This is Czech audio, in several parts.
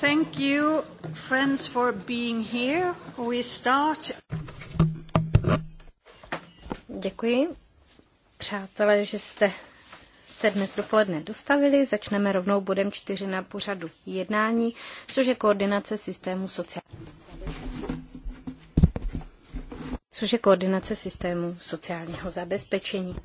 Thank you, friends, for being here. We start. Děkuji, přátelé, že jste se dnes dopoledne dostavili. Začneme rovnou bodem čtyři na pořadu jednání, což je koordinace systému sociální což je koordinace systému sociálního zabezpečení.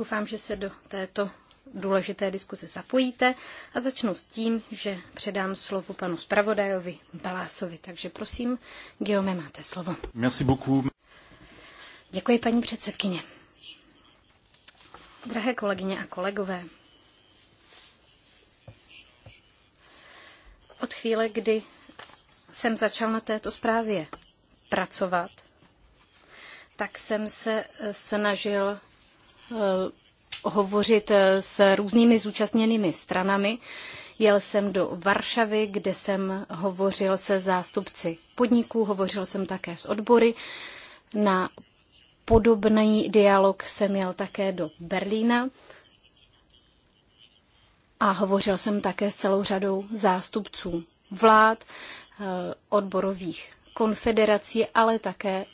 Doufám, že se do této důležité diskuse zapojíte a začnu s tím, že předám slovo panu zpravodajovi Balásovi. Takže prosím, Guillaume, máte slovo. Merci beaucoup. Děkuji, paní předsedkyně. Drahé kolegyně a kolegové, od chvíle, kdy jsem začal na této zprávě pracovat, tak jsem se snažil Eh, hovořit eh, s různými zúčastněnými stranami. Jel jsem do Varšavy, kde jsem hovořil se zástupci podniků, hovořil jsem také s odbory. Na podobný dialog jsem jel také do Berlína a hovořil jsem také s celou řadou zástupců vlád, eh, odborových konfederací, ale také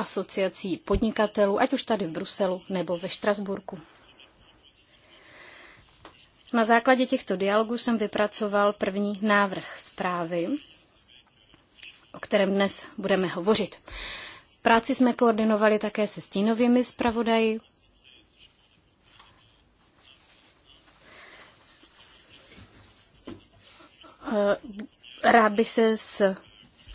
asociací podnikatelů, ať už tady v Bruselu nebo ve Štrasburku. Na základě těchto dialogů jsem vypracoval první návrh zprávy, o kterém dnes budeme hovořit. Práci jsme koordinovali také se stínovými zpravodaji. Rád bych se s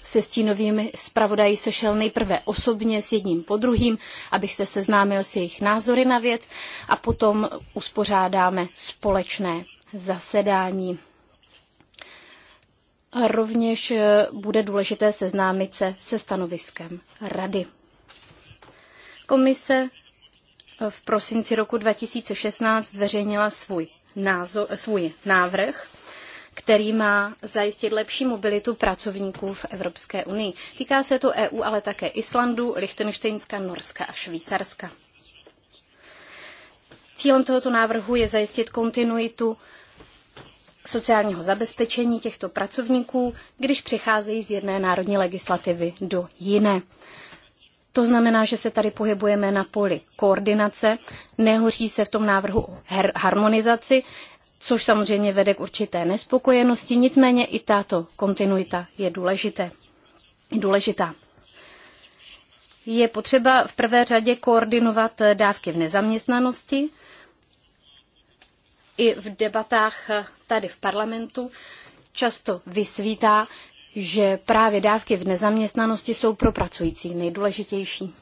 se stínovými zpravodají sešel nejprve osobně s jedním po druhým, abych se seznámil s jejich názory na věc a potom uspořádáme společné zasedání. A rovněž eh, bude důležité seznámit se se stanoviskem rady. Komise eh, v prosinci roku 2016 zveřejnila svůj, názor, eh, svůj návrh který má zajistit lepší mobilitu pracovníků v Evropské unii. Týká se to EU, ale také Islandu, Lichtenštejnska, Norska a Švýcarska. Cílem tohoto návrhu je zajistit kontinuitu sociálního zabezpečení těchto pracovníků, když přecházejí z jedné národní legislativy do jiné. To znamená, že se tady pohybujeme na poli koordinace, nehoří se v tom návrhu o harmonizaci, což samozřejmě vede k určité nespokojenosti, nicméně i tato kontinuita je důležité, důležitá. Je potřeba v prvé řadě koordinovat dávky v nezaměstnanosti. I v debatách tady v parlamentu často vysvítá, že právě dávky v nezaměstnanosti jsou pro pracující nejdůležitější.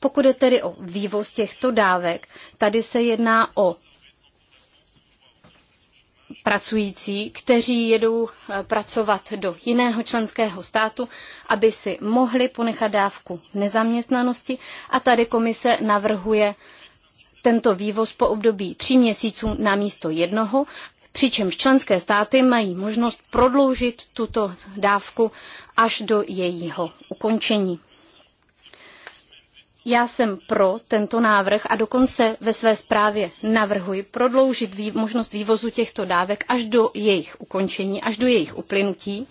Pokud je tedy o vývoz těchto dávek, tady se jedná o pracující, kteří jedou eh, pracovat do jiného členského státu, aby si mohli ponechat dávku nezaměstnanosti. A tady komise navrhuje tento vývoz po období tří měsíců na místo jednoho, přičemž členské státy mají možnost prodloužit tuto dávku až do jejího ukončení já jsem pro tento návrh a dokonce ve své zprávě navrhuji prodloužit vý, možnost vývozu těchto dávek až do jejich ukončení, až do jejich uplynutí,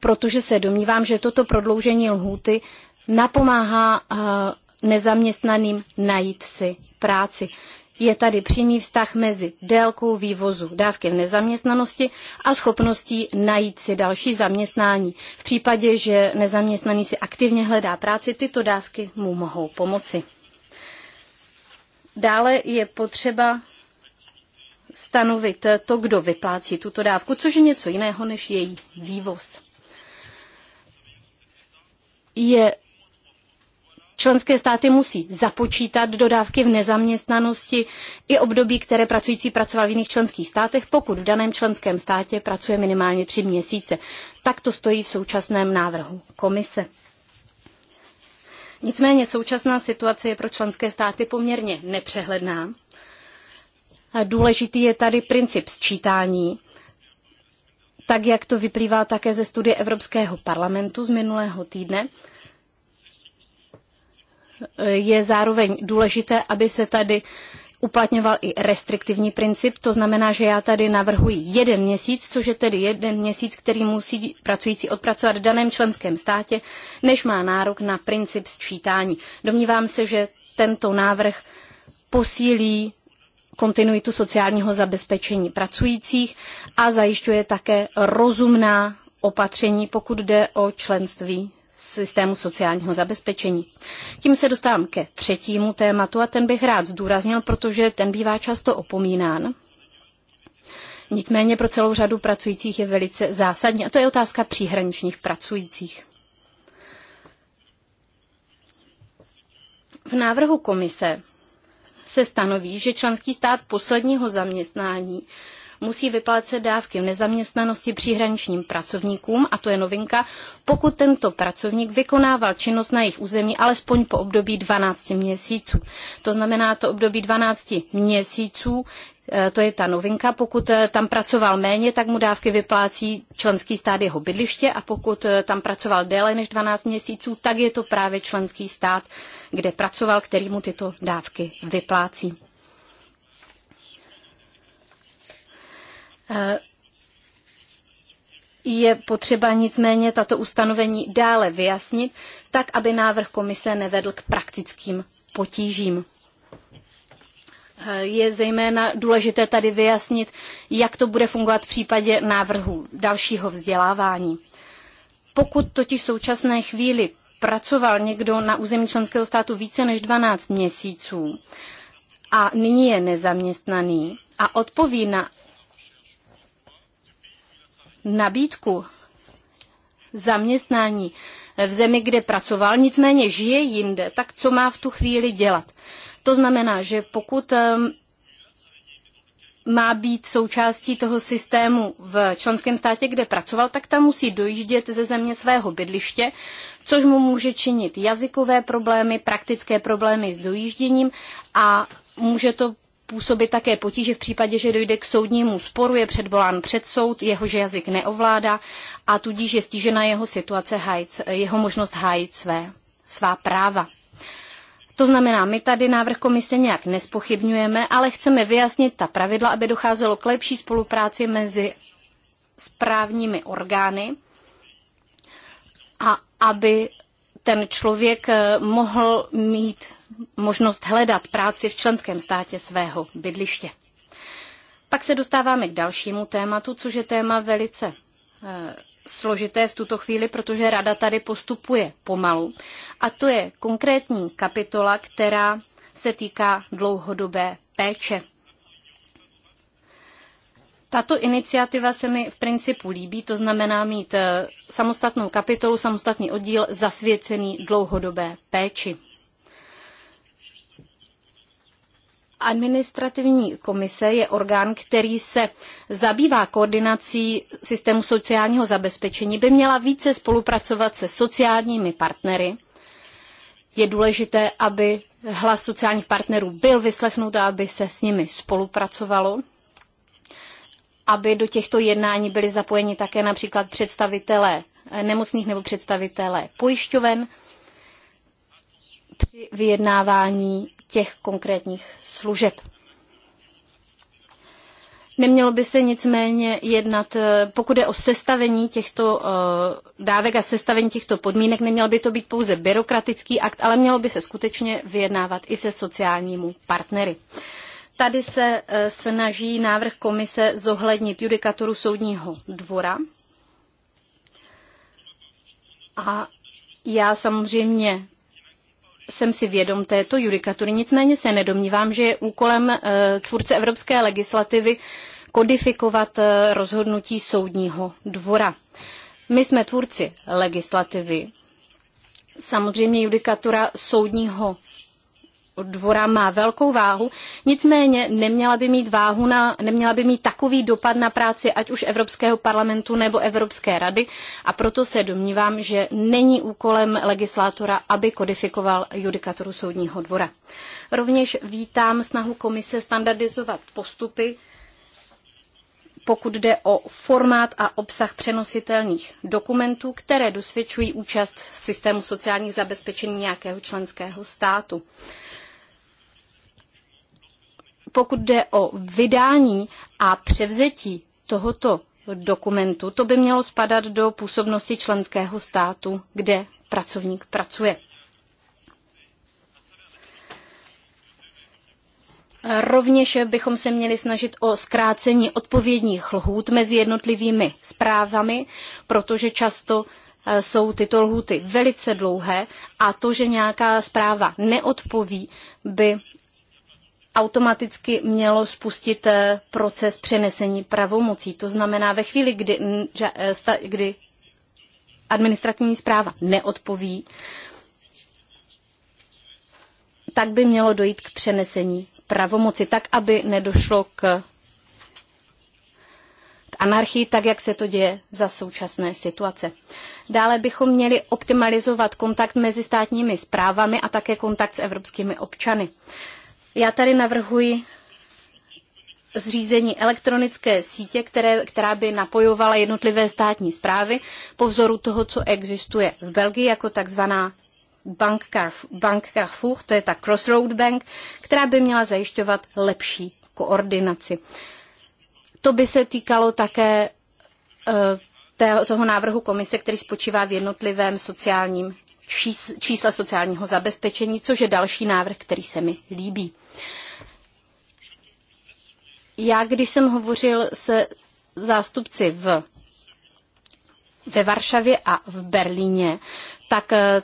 protože se domnívám, že toto prodloužení lhůty napomáhá eh, nezaměstnaným najít si práci je tady přímý vztah mezi délkou vývozu dávky v nezaměstnanosti a schopností najít si další zaměstnání. V případě, že nezaměstnaný si aktivně hledá práci, tyto dávky mu mohou pomoci. Dále je potřeba stanovit to, kdo vyplácí tuto dávku, což je něco jiného než její vývoz. Je členské státy musí započítat dodávky v nezaměstnanosti i období, které pracující pracoval v jiných členských státech, pokud v daném členském státě pracuje minimálně tři měsíce. Tak to stojí v současném návrhu komise. Nicméně současná situace je pro členské státy poměrně nepřehledná. Důležitý je tady princip sčítání, tak jak to vyplývá také ze studie Evropského parlamentu z minulého týdne, je zároveň důležité, aby se tady uplatňoval i restriktivní princip, to znamená, že já tady navrhuji jeden měsíc, což je tedy jeden měsíc, který musí pracující odpracovat v daném členském státě, než má nárok na princip sčítání. Domnívám se, že tento návrh posílí kontinuitu sociálního zabezpečení pracujících a zajišťuje také rozumná opatření, pokud jde o členství systému sociálního zabezpečení. Tím se dostávám ke třetímu tématu a ten bych rád zdůraznil, protože ten bývá často opomínán. Nicméně pro celou řadu pracujících je velice zásadní a to je otázka příhraničních pracujících. V návrhu komise se stanoví, že členský stát posledního zaměstnání musí vyplácet dávky v nezaměstnanosti příhraničním pracovníkům, a to je novinka, pokud tento pracovník vykonával činnost na jejich území alespoň po období 12 měsíců. To znamená to období 12 měsíců, eh, to je ta novinka. Pokud eh, tam pracoval méně, tak mu dávky vyplácí členský stát jeho bydliště a pokud eh, tam pracoval déle než 12 měsíců, tak je to právě členský stát, kde pracoval, který mu tyto dávky vyplácí. Eh, je potřeba nicméně tato ustanovení dále vyjasnit, tak aby návrh komise nevedl k praktickým potížím. Eh, je zejména důležité tady vyjasnit, jak to bude fungovat v případě návrhu dalšího vzdělávání. Pokud totiž v současné chvíli pracoval někdo na území členského státu více než 12 měsíců a nyní je nezaměstnaný a odpoví na nabídku zaměstnání v zemi, kde pracoval, nicméně žije jinde, tak co má v tu chvíli dělat? To znamená, že pokud má být součástí toho systému v členském státě, kde pracoval, tak tam musí dojíždět ze země svého bydliště, což mu může činit jazykové problémy, praktické problémy s dojížděním a může to působit také potíže v případě, že dojde k soudnímu sporu, je předvolán před soud, jehož jazyk neovládá a tudíž je stížena jeho situace, hájit, jeho možnost hájit své, svá práva. To znamená, my tady návrh komise nějak nespochybňujeme, ale chceme vyjasnit ta pravidla, aby docházelo k lepší spolupráci mezi správními orgány a aby ten člověk eh, mohl mít možnost hledat práci v členském státě svého bydliště. Pak se dostáváme k dalšímu tématu, což je téma velice eh, složité v tuto chvíli, protože rada tady postupuje pomalu. A to je konkrétní kapitola, která se týká dlouhodobé péče. Tato iniciativa se mi v principu líbí, to znamená mít eh, samostatnou kapitolu, samostatný oddíl zasvěcený dlouhodobé péči. Administrativní komise je orgán, který se zabývá koordinací systému sociálního zabezpečení, by měla více spolupracovat se sociálními partnery. Je důležité, aby hlas sociálních partnerů byl vyslechnut a aby se s nimi spolupracovalo aby do těchto jednání byli zapojeni také například představitelé nemocných nebo představitelé pojišťoven při vyjednávání těch konkrétních služeb. Nemělo by se nicméně jednat, eh, pokud je o sestavení těchto eh, dávek a sestavení těchto podmínek, neměl by to být pouze byrokratický akt, ale mělo by se skutečně vyjednávat i se sociálnímu partnery. Tady se eh, snaží návrh komise zohlednit judikaturu soudního dvora. A já samozřejmě jsem si vědom této judikatury, nicméně se nedomnívám, že je úkolem eh, tvůrce evropské legislativy kodifikovat eh, rozhodnutí soudního dvora. My jsme tvůrci legislativy. Samozřejmě judikatura soudního dvora má velkou váhu, nicméně neměla by mít váhu na, neměla by mít takový dopad na práci ať už Evropského parlamentu nebo Evropské rady a proto se domnívám, že není úkolem legislátora, aby kodifikoval judikaturu soudního dvora. Rovněž vítám snahu komise standardizovat postupy, pokud jde o formát a obsah přenositelných dokumentů, které dosvědčují účast v systému sociálních zabezpečení nějakého členského státu pokud jde o vydání a převzetí tohoto dokumentu, to by mělo spadat do působnosti členského státu, kde pracovník pracuje. Rovněž bychom se měli snažit o zkrácení odpovědních lhůt mezi jednotlivými zprávami, protože často eh, jsou tyto lhůty velice dlouhé a to, že nějaká zpráva neodpoví, by automaticky mělo spustit eh, proces přenesení pravomocí. To znamená, ve chvíli, kdy, eh, kdy administrativní zpráva neodpoví, tak by mělo dojít k přenesení pravomoci, tak aby nedošlo k, k anarchii, tak jak se to děje za současné situace. Dále bychom měli optimalizovat kontakt mezi státními zprávami a také kontakt s evropskými občany. Uh, já tady navrhuji zřízení elektronické sítě, které, která by napojovala jednotlivé státní zprávy po vzoru toho, co existuje v Belgii jako takzvaná Bank, Carrefour, to je ta Crossroad Bank, která by měla zajišťovat lepší koordinaci. To by se týkalo také eh, toho návrhu komise, který spočívá v jednotlivém sociálním čísla sociálního zabezpečení, což je další návrh, který se mi líbí. Já, když jsem hovořil se zástupci v, ve Varšavě a v Berlíně, tak eh,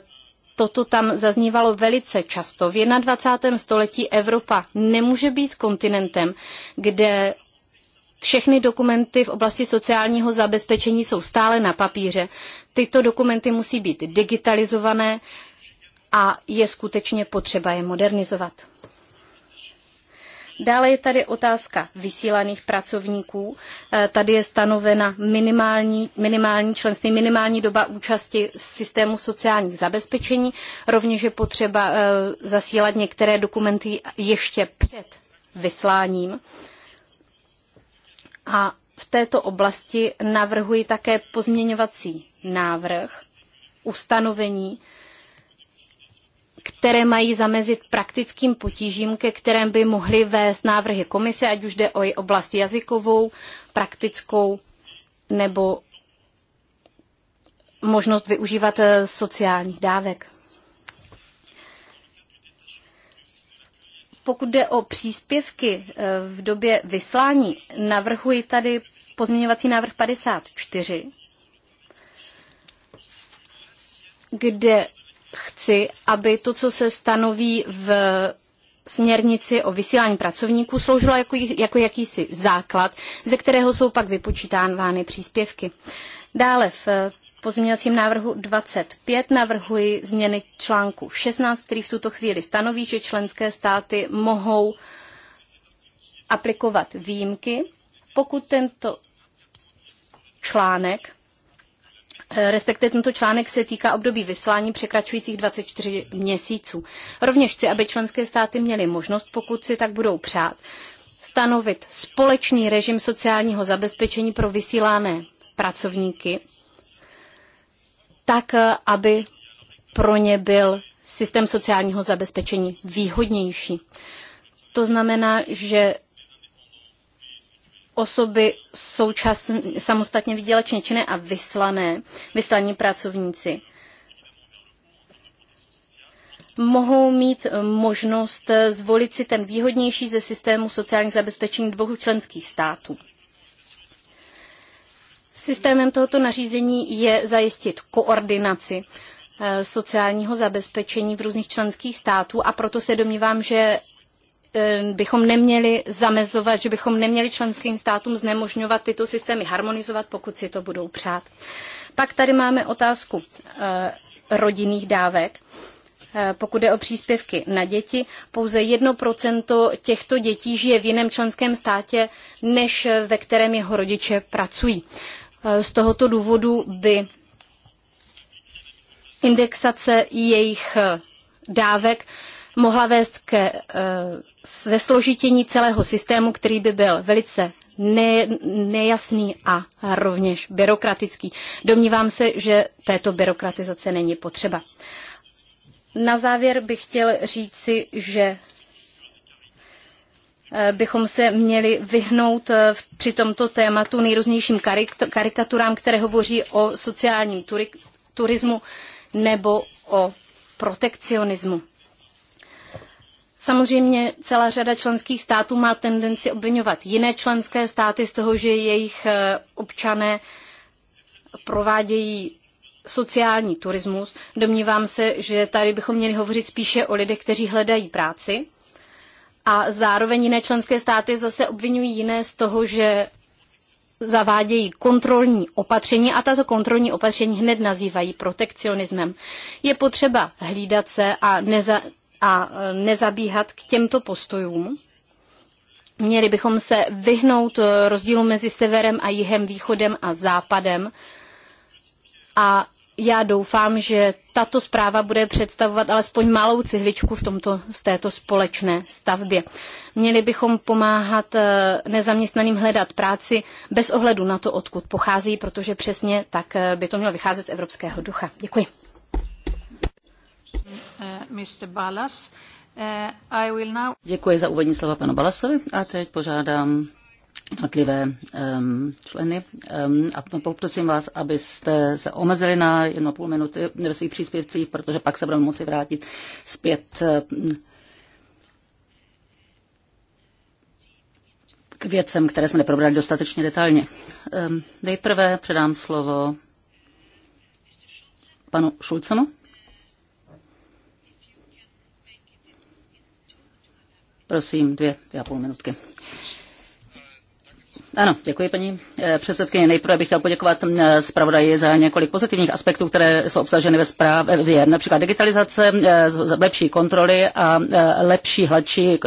toto tam zaznívalo velice často. V 21. století Evropa nemůže být kontinentem, kde všechny dokumenty v oblasti sociálního zabezpečení jsou stále na papíře. Tyto dokumenty musí být digitalizované a je skutečně potřeba je modernizovat. Dále je tady otázka vysílaných pracovníků. Eh, tady je stanovena minimální, minimální členství, minimální doba účasti v systému sociálních zabezpečení. Rovněž je potřeba eh, zasílat některé dokumenty ještě před vysláním. A v této oblasti navrhuji také pozměňovací návrh, ustanovení, které mají zamezit praktickým potížím, ke kterým by mohly vést návrhy komise, ať už jde o oblast jazykovou, praktickou nebo možnost využívat eh, sociálních dávek. Pokud jde o příspěvky eh, v době vyslání, navrhuji tady pozměňovací návrh 54, kde chci, aby to, co se stanoví v směrnici o vysílání pracovníků, sloužilo jako, jako jakýsi základ, ze kterého jsou pak vypočítávány příspěvky. Dále v pozměňovacím návrhu 25 navrhuji změny článku 16, který v tuto chvíli stanoví, že členské státy mohou aplikovat výjimky, pokud tento článek eh, respektive tento článek se týká období vyslání překračujících 24 měsíců. Rovněž chci, aby členské státy měly možnost, pokud si tak budou přát, stanovit společný režim sociálního zabezpečení pro vysílané pracovníky tak eh, aby pro ně byl systém sociálního zabezpečení výhodnější. To znamená, že osoby současně, samostatně vydělečně činné a vyslané, vyslaní pracovníci mohou mít možnost zvolit si ten výhodnější ze systému sociálních zabezpečení dvou členských států. Systémem tohoto nařízení je zajistit koordinaci eh, sociálního zabezpečení v různých členských států a proto se domnívám, že eh, bychom neměli zamezovat, že bychom neměli členským státům znemožňovat tyto systémy harmonizovat, pokud si to budou přát. Pak tady máme otázku eh, rodinných dávek. Pokud je o příspěvky na děti, pouze 1% těchto dětí žije v jiném členském státě, než ve kterém jeho rodiče pracují. Eh, z tohoto důvodu by indexace jejich eh, dávek mohla vést ke eh, zesložitění celého systému, který by byl velice ne, nejasný a rovněž byrokratický. Domnívám se, že této byrokratizace není potřeba. Na závěr bych chtěl říci, že Eh, bychom se měli vyhnout eh, při tomto tématu nejrůznějším karikaturám, které hovoří o sociálním turismu nebo o protekcionismu. Samozřejmě celá řada členských států má tendenci obvinovat jiné členské státy z toho, že jejich eh, občané provádějí sociální turismus. Domnívám se, že tady bychom měli hovořit spíše o lidech, kteří hledají práci a zároveň jiné členské státy zase obvinují jiné z toho, že zavádějí kontrolní opatření a tato kontrolní opatření hned nazývají protekcionismem. Je potřeba hlídat se a, neza, a e, nezabíhat k těmto postojům. Měli bychom se vyhnout e, rozdílu mezi severem a jihem, východem a západem a já doufám, že tato zpráva bude představovat alespoň malou cihličku v tomto, z této společné stavbě. Měli bychom pomáhat eh, nezaměstnaným hledat práci bez ohledu na to, odkud pochází, protože přesně tak eh, by to mělo vycházet z evropského ducha. Děkuji. Eh, Mr. Balas. Děkuji za úvodní slova panu Balasovi a teď požádám jednotlivé um, členy. Um, a poprosím vás, abyste se omezili na jedno půl minuty ve svých příspěvcích, protože pak se budeme moci vrátit zpět eh, k věcem, které jsme neprobrali dostatečně detailně. Um, nejprve předám slovo panu Šulcenu. Prosím, dvě, dvě a půl minutky. Ano, děkuji paní eh, předsedkyně. Nejprve bych chtěl poděkovat mm, eh, zpravodaji za několik pozitivních aspektů, které jsou obsaženy ve zprávě. Například digitalizace, eh, lepší kontroly a lepší, hladší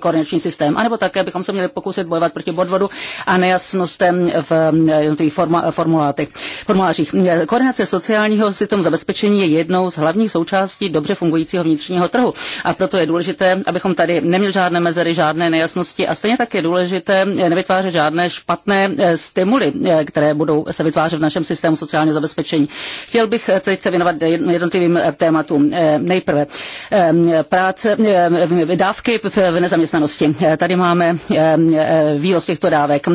koordinační systém. A nebo také bychom se měli pokusit bojovat proti podvodu a nejasnostem v mm, jednotlivých formulářích. Mm, koordinace sociálního systému zabezpečení je jednou z hlavních součástí dobře fungujícího vnitřního trhu. A proto je důležité, abychom tady neměli žádné mezery, žádné nejasnosti a stejně tak je důležité nevytvářet žádné špatné eh, stimuly, eh, které budou se vytvářet v našem systému sociálního zabezpečení. Chtěl bych eh, teď se věnovat jednotlivým tématům. Nejprve ehm, práce, dávky v nezaměstnanosti. Tady máme ehm, výrost těchto dávek.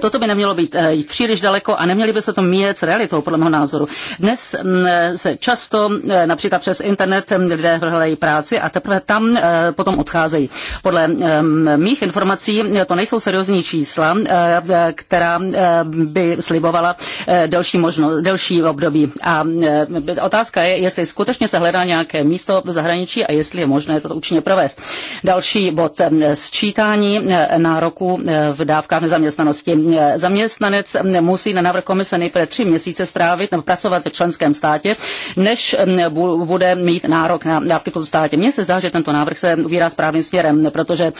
Toto by nemělo být příliš daleko a neměli by se to míjet s realitou, podle mého názoru. Dnes mm, se často například přes internet mm, lidé hledají práci a teprve tam potom odcházejí. Podle ehm, mých informací to nejsou seriózní čísla, Eh, eh, která eh, by slibovala delší, možno, delší období. A otázka je, jestli skutečně se hledá nějaké místo v zahraničí a jestli je možné toto účinně provést. Další bod sčítání nároku v dávkách nezaměstnanosti. Zaměstnanec musí na návrh komise nejprve tři měsíce strávit nebo pracovat v členském státě, než bude mít nárok na dávky v tom státě. Mně se zdá, že tento návrh se ubírá správným směrem, protože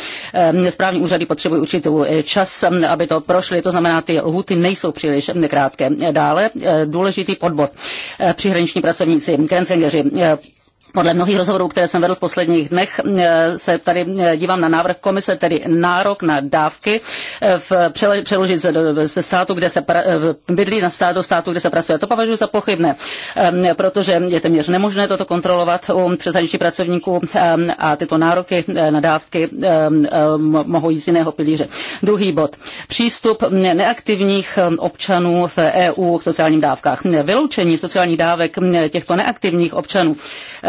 správní úřady potřebují určitou čas aby to prošli, to znamená, ty lhuty nejsou příliš krátké. Dále eh, důležitý podbod. Eh, Přihraniční pracovníci, krenskengeři, eh, podle mnohých rozhovorů, které jsem vedl v posledních dnech, eh, se tady eh, dívám na návrh komise, tedy nárok na dávky eh, v přeložit ze, se státu, kde se pra, bydlí na stát do státu, kde se pracuje. To považuji za pochybné, ehm, protože je téměř nemožné toto kontrolovat u přeshraničních pracovníků ehm, a tyto nároky na dávky ehm, mohou jít z jiného pilíře. Druhý bod. Přístup neaktivních občanů v EU k sociálním dávkách. Vyloučení sociálních dávek těchto neaktivních občanů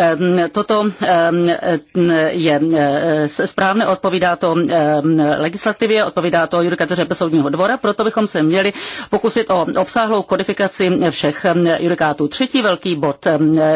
Ehm, toto ehm, ehm, je eh, správné, odpovídá to legislativě, odpovídá to judikatuře soudního dvora, proto bychom se měli pokusit o obsáhlou kodifikaci všech judikátů. Třetí velký bod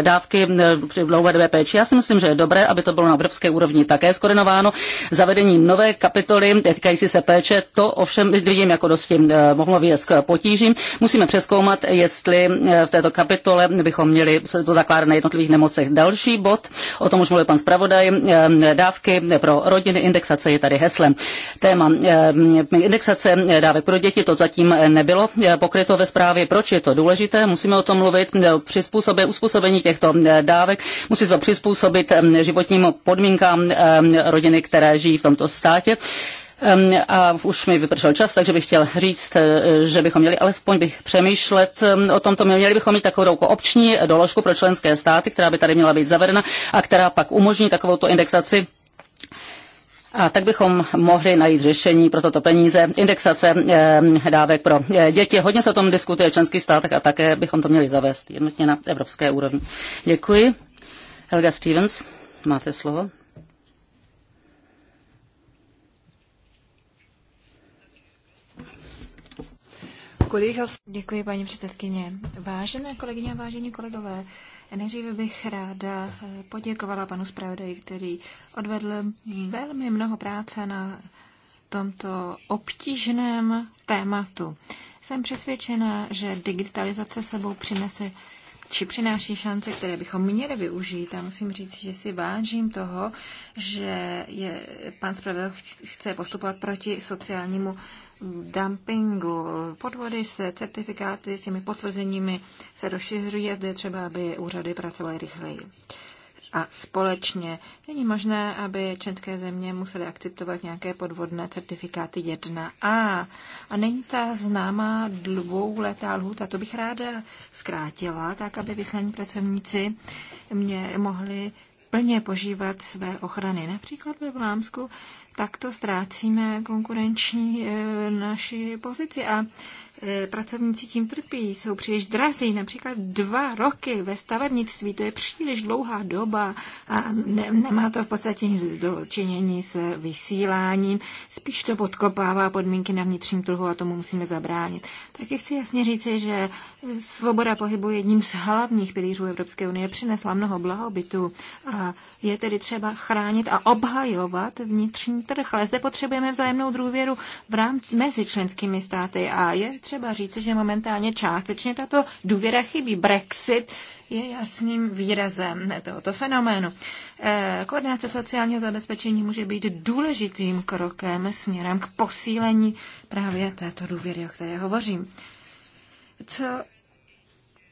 dávky při dlouhodobé péči. Já si myslím, že je dobré, aby to bylo na evropské úrovni také skorenováno. zavedení nové kapitoly týkající se péče, to ovšem vidím jako dosti mohlo vést k potížím. Musíme přeskoumat, jestli v této kapitole bychom měli to zakládat na jednotlivých nemocech. Další další bod, o tom už mluvil pan zpravodaj, ehm, dávky pro rodiny, indexace je tady heslem. Téma ehm, indexace dávek pro děti, to zatím nebylo eh, pokryto ve zprávě. Proč je to důležité? Musíme o tom mluvit. Eh, způsobě uspůsobení těchto eh, dávek musí se přizpůsobit ehm, životním podmínkám rodiny, které žijí v tomto státě. A už mi vypršel čas, takže bych chtěl říct, eh, že bychom měli alespoň bych přemýšlet o tomto. Měli bychom mít takovou opční eh, doložku pro členské státy, která by tady měla být zavedena a která pak umožní takovouto indexaci a tak bychom mohli najít řešení pro toto peníze. Indexace dávek pro eh, děti. Hodně se o tom diskutuje v členských státech a také bychom to měli zavést jednotně na evropské úrovni. Děkuji. Helga Stevens, máte slovo. Děkuji, paní předsedkyně. Vážené kolegyně a vážení kolegové, nejdříve bych ráda eh, poděkovala panu zpravodaji, který odvedl velmi mnoho práce na tomto obtížném tématu. Jsem přesvědčena, že digitalizace sebou přinese či přináší šance, které bychom měli využít. A musím říct, že si vážím toho, že je, pan zpravodaj chce postupovat proti sociálnímu dumpingu. Podvody se certifikáty s těmi potvrzeními se rozšiřují a zde třeba, aby úřady pracovaly rychleji a společně. Není možné, aby členské země musely akceptovat nějaké podvodné certifikáty 1A. A není ta známá dvouletá lhůta. To bych ráda zkrátila, tak aby vyslaní pracovníci mě mohli plně požívat své ochrany. Například ve Vlámsku takto ztrácíme konkurenční eh, naši pozici a eh, pracovníci tím trpí, jsou příliš drazí, například dva roky ve stavebnictví, to je příliš dlouhá doba a ne, nemá to v podstatě nic do činění s vysíláním, spíš to podkopává podmínky na vnitřním trhu a tomu musíme zabránit. Taky chci jasně říci, že svoboda pohybu jedním z hlavních pilířů Evropské unie přinesla mnoho blahobytu a je tedy třeba chránit a obhajovat vnitřní trh, ale zde potřebujeme vzájemnou důvěru v rámci mezi členskými státy a je třeba říci, že momentálně částečně tato důvěra chybí. Brexit je jasným výrazem tohoto fenoménu. Eh, koordinace sociálního zabezpečení může být důležitým krokem směrem k posílení právě této důvěry, o které hovořím. Co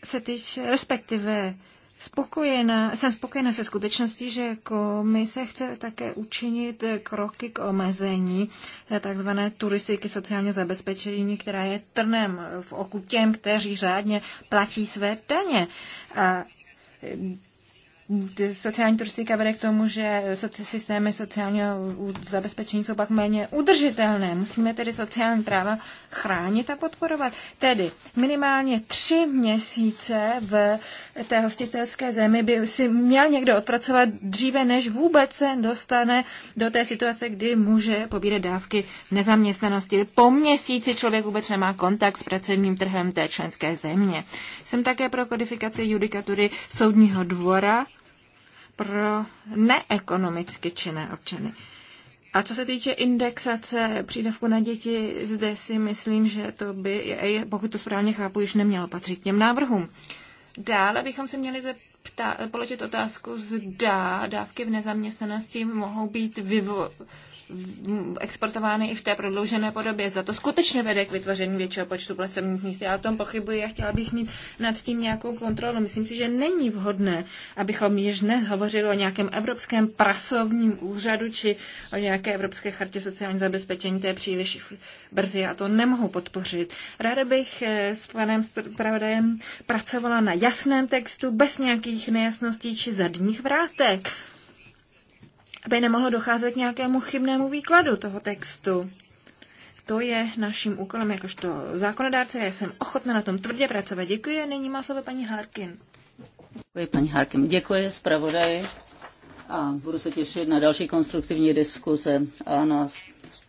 se týče, respektive Spokojená, jsem spokojená se skutečností, že komise chce také učinit kroky k omezení eh, tzv. turistiky sociálního zabezpečení, která je trnem v oku těm, kteří řádně platí své daně sociální turistika vede k tomu, že systémy sociálního zabezpečení jsou pak méně udržitelné. Musíme tedy sociální práva chránit a podporovat. Tedy minimálně tři měsíce v té hostitelské zemi by si měl někdo odpracovat dříve, než vůbec se dostane do té situace, kdy může pobírat dávky nezaměstnanosti. Po měsíci člověk vůbec nemá kontakt s pracovním trhem té členské země. Jsem také pro kodifikaci judikatury soudního dvora, pro neekonomicky činné občany. A co se týče indexace přídavku na děti, zde si myslím, že to by, pokud to správně chápu, již nemělo patřit k těm návrhům. Dále bychom se měli zeptat, položit otázku, zda dávky v nezaměstnanosti mohou být vyvo, exportovány i v té prodloužené podobě. Za to skutečně vede k vytvoření většího počtu pracovních míst. Já o tom pochybuji a chtěla bych mít nad tím nějakou kontrolu. Myslím si, že není vhodné, abychom již dnes hovořili o nějakém evropském prasovním úřadu či o nějaké evropské chartě sociální zabezpečení. To je příliš brzy. A to nemohu podpořit. Ráda bych eh, s panem Pravdajem pracovala na jasném textu, bez nějakých nejasností či zadních vrátek aby nemohlo docházet k nějakému chybnému výkladu toho textu. To je naším úkolem jakožto zákonodárce. Já jsem ochotna na tom tvrdě pracovat. Děkuji nyní má slovo paní Harkin. Děkuji, paní Harkin. Děkuji, zpravodaj. A budu se těšit na další konstruktivní diskuze a na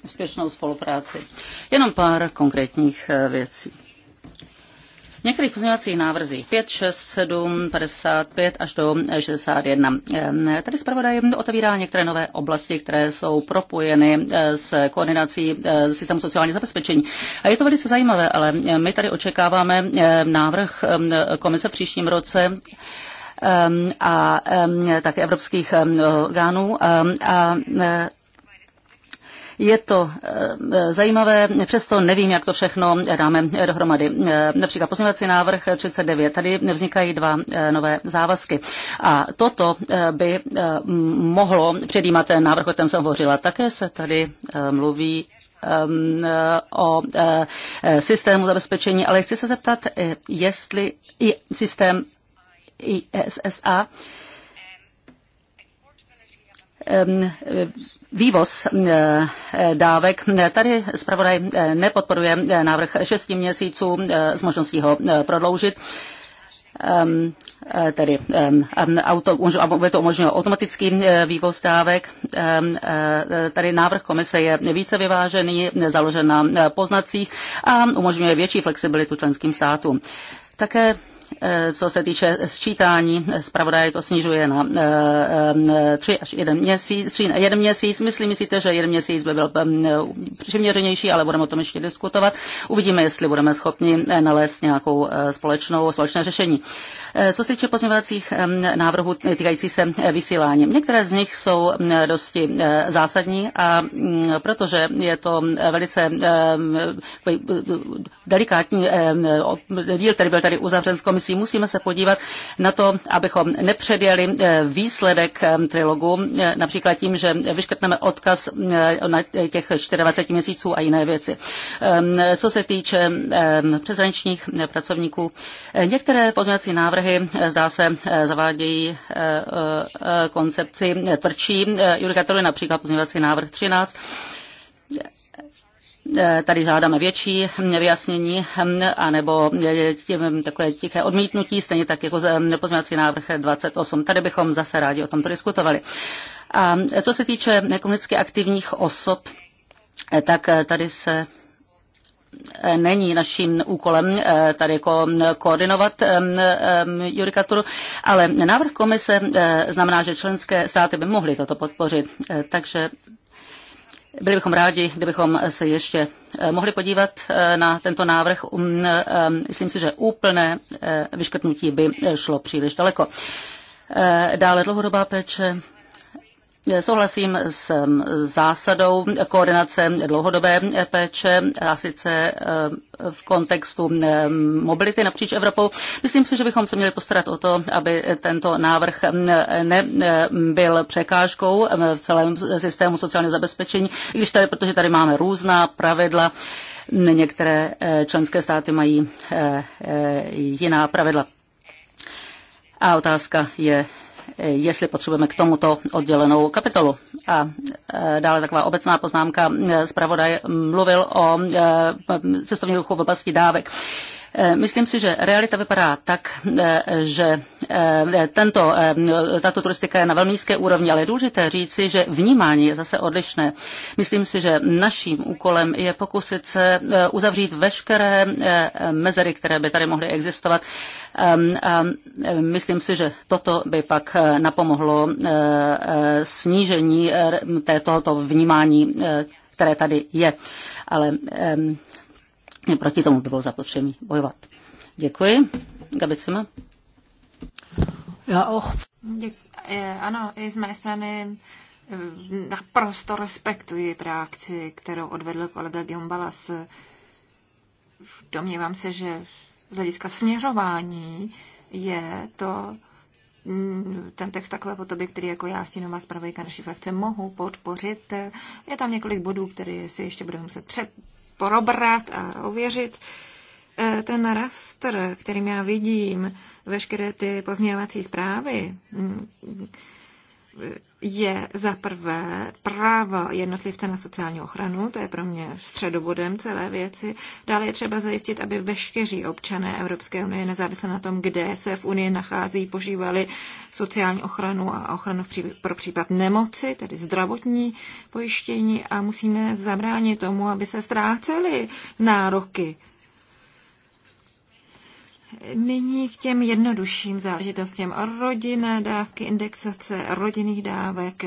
úspěšnou spolupráci. Jenom pár konkrétních eh, věcí. V některých pozměňovacích návrzích 5, 6, 7, 55 až do 61. Eh, tady zpravodaj otevírá některé nové oblasti, které jsou propojeny eh, s koordinací eh, systému sociálního zabezpečení. A je to velice zajímavé, ale my tady očekáváme návrh komise v příštím roce a také evropských orgánů. A je to eh, zajímavé, přesto nevím, jak to všechno dáme dohromady. Eh, například pozměňovací návrh 39. Tady vznikají dva eh, nové závazky. A toto by mohlo předjímat ten návrh, o kterém jsem hovořila. Také se tady mluví o systému zabezpečení, ale chci se zeptat, jestli i systém ISSA Vývoz eh, eh, dávek. Tady zpravodaj eh, nepodporuje návrh 6 měsíců s možností ho prodloužit ehm, tedy ehm, ehm, auto, bude to umožnilo automatický vývoz dávek. Tady návrh komise je více vyvážený, založen na poznacích a umožňuje větší flexibilitu členským státům. Také Eh, co se týče sčítání, zpravodaj to snižuje na 3 eh, eh, až 1 měsíc, 3 jeden měsíc. Myslím, myslíte, že jeden měsíc by byl mm, přiměřenější, ale budeme o tom ještě diskutovat. Uvidíme, jestli budeme schopni nalézt nějakou společnou, společné řešení. Co se týče pozměňovacích návrhů týkajících se vysílání, některé z nich jsou mm, dosti zásadní a mm, protože je to velice delikátní díl, který byl tady uzavřen s komisí, musíme se podívat na to, abychom nepředjeli eh, výsledek eh, trilogu, eh, například tím, že vyškrtneme odkaz na těch 24 měsíců a jiné věci. Ehm, co se týče ehm, přezraničních pracovníků, některé pozměňovací návrhy, zdá se, zavádějí koncepci tvrdší judikatory, například pozměňovací návrh 13 Eh, tady žádáme větší vyjasnění hm, anebo eh, takové tiché odmítnutí, stejně tak jako eh, pozměňovací návrh 28. Tady bychom zase rádi o tomto diskutovali. A co se týče ekonomicky aktivních osob, tak tady se není naším úkolem tady jako hm, koordinovat hm, judikaturu, ale návrh komise znamená, že členské státy by mohly toto podpořit. Takže byli bychom rádi, kdybychom se ještě eh, mohli podívat eh, na tento návrh. Um, eh, myslím si, že úplné vyškrtnutí by šlo příliš daleko. Dále dlouhodobá péče Souhlasím s um, zásadou koordinace dlouhodobé péče, a sice eh, v kontextu eh, mobility napříč Evropou. Myslím si, že bychom se měli postarat o to, aby tento návrh eh, nebyl překážkou v celém systému sociálního zabezpečení, i když tady, protože tady máme různá pravidla, některé členské státy mají jiná pravidla. A otázka je, jestli potřebujeme k tomuto oddělenou kapitolu. A e, dále taková obecná poznámka. E, zpravodaj mluvil o e, cestovním ruchu v oblasti dávek. Eh, myslím si, že realita vypadá tak, eh, že eh, tento, tato turistika je na velmi nízké úrovni, ale je důležité říci, že vnímání je zase odlišné. Myslím si, že naším úkolem je pokusit se uzavřít veškeré mezery, které by tady mohly existovat. A ehm, ehm, myslím si, že toto by pak napomohlo snížení tohoto vnímání které tady je. Ale ehm, proti tomu by bylo zapotřebí bojovat. Děkuji. Gabicema. Já och. Děk- eh, ano, i z mé strany eh, naprosto respektuji práci, kterou odvedl kolega Gimbalas. Domnívám se, že z hlediska směřování je to mm, ten text takové podoby, který jako já tím zpravodajka naší frakce mohu podpořit. Je tam několik bodů, které si ještě budeme muset probrat a ověřit. E, ten rastr, kterým já vidím veškeré ty pozměňovací zprávy, je za prvé právo jednotlivce na sociální ochranu, to je pro mě středobodem celé věci. Dále je třeba zajistit, aby veškeří občané Evropské unie, nezávisle na tom, kde se v unii nachází, požívali sociální ochranu a ochranu pro případ nemoci, tedy zdravotní pojištění a musíme zabránit tomu, aby se ztráceli nároky Nyní k těm jednodušším záležitostem. Rodinné dávky, indexace rodinných dávek.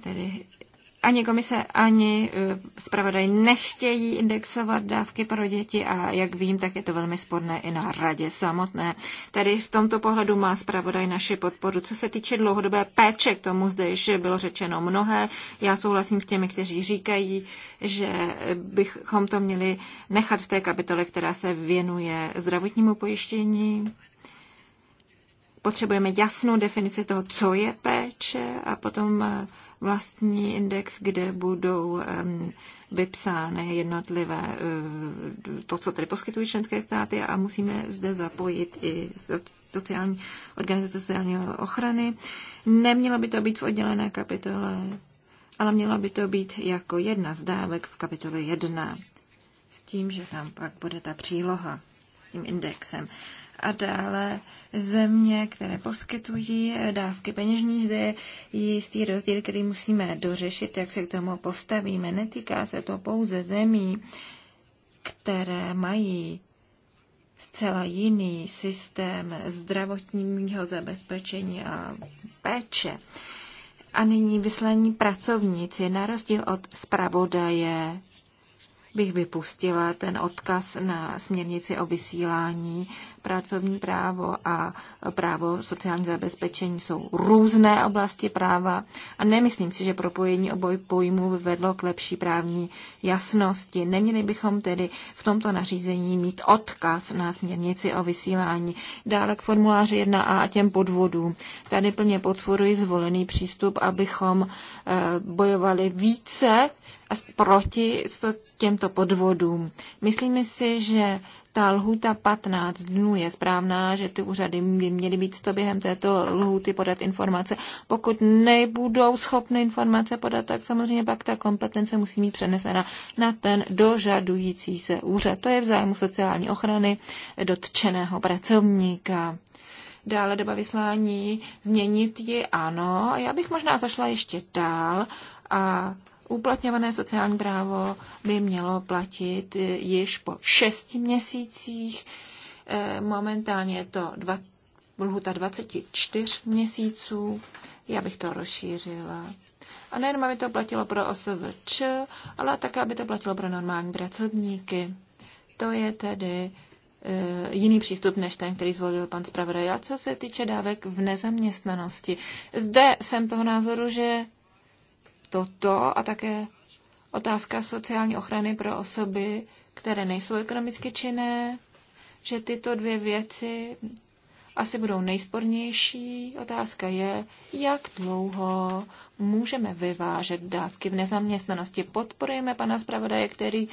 Tedy ani komise, ani e, zpravodaj nechtějí indexovat dávky pro děti a jak vím, tak je to velmi sporné i na radě samotné. Tady v tomto pohledu má zpravodaj naši podporu. Co se týče dlouhodobé péče, k tomu zde již bylo řečeno mnohé. Já souhlasím s těmi, kteří říkají, že bychom to měli nechat v té kapitole, která se věnuje zdravotnímu pojištění. Potřebujeme jasnou definici toho, co je péče a potom e, vlastní index, kde budou vypsány jednotlivé eh, to, co tady poskytují členské státy a musíme zde zapojit i sociální, organizace sociální ochrany. Nemělo by to být v oddělené kapitole, ale mělo by to být jako jedna z dávek v kapitole 1 s tím, že tam pak bude ta příloha s tím indexem a dále země, které poskytují dávky peněžní, zde je jistý rozdíl, který musíme dořešit, jak se k tomu postavíme. Netýká se to pouze zemí, které mají zcela jiný systém zdravotního zabezpečení a péče. A nyní vyslaní pracovníci, na rozdíl od zpravodaje, bych vypustila ten odkaz na směrnici o vysílání, pracovní právo a právo sociální zabezpečení jsou různé oblasti práva a nemyslím si, že propojení oboj pojmů vedlo k lepší právní jasnosti. Neměli bychom tedy v tomto nařízení mít odkaz na směrnici o vysílání. Dále k formuláři 1a a těm podvodům. Tady plně potvoruji zvolený přístup, abychom eh, bojovali více proti těmto podvodům. Myslíme si, že ta lhuta 15 dnů je správná, že ty úřady by měly být to během této lhuty podat informace. Pokud nebudou schopny informace podat, tak samozřejmě pak ta kompetence musí být přenesena na ten dožadující se úřad. To je v zájmu sociální ochrany dotčeného pracovníka dále doba vyslání, změnit ji, ano. Já bych možná zašla ještě dál a uplatňované sociální právo by mělo platit eh, již po šesti měsících. Eh, momentálně je to dva, lhuta 24 měsíců. Já bych to rozšířila. A nejenom, aby to platilo pro OSVČ, ale také, aby to platilo pro normální pracovníky. To je tedy eh, jiný přístup než ten, který zvolil pan zpravodaj. A co se týče dávek v nezaměstnanosti, zde jsem toho názoru, že toto a také otázka sociální ochrany pro osoby, které nejsou ekonomicky činné, že tyto dvě věci asi budou nejspornější. Otázka je, jak dlouho můžeme vyvážet dávky v nezaměstnanosti. Podporujeme pana zpravodaje, který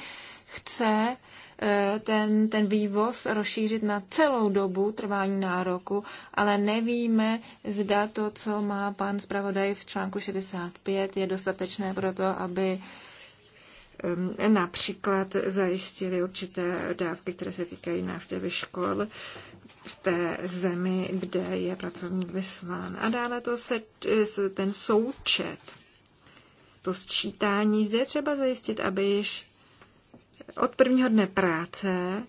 chce Eh, ten, ten vývoz rozšířit na celou dobu trvání nároku, ale nevíme, zda to, co má pan zpravodaj v článku 65, je dostatečné pro to, aby například zajistili určité dávky, které se týkají návštěvy škol v té zemi, kde je pracovník vyslán. A dále to se, eh, ten součet, to sčítání. Zde je třeba zajistit, aby již od prvního dne práce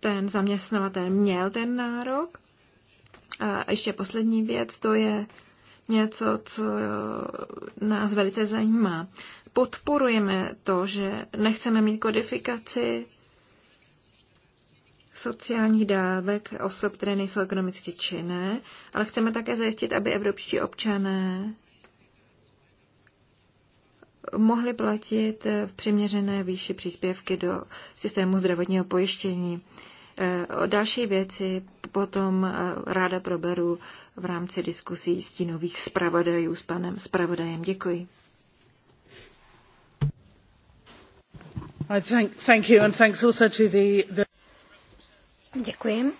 ten zaměstnavatel měl ten nárok. A ještě poslední věc, to je něco, co nás velice zajímá. Podporujeme to, že nechceme mít kodifikaci sociálních dávek osob, které nejsou ekonomicky činné, ale chceme také zajistit, aby evropští občané Mohli platit v eh, přiměřené výši příspěvky do systému zdravotního pojištění. Eh, další věci potom eh, ráda proberu v rámci diskusí stínových zpravodajů s panem zpravodajem. Děkuji. Děkuji.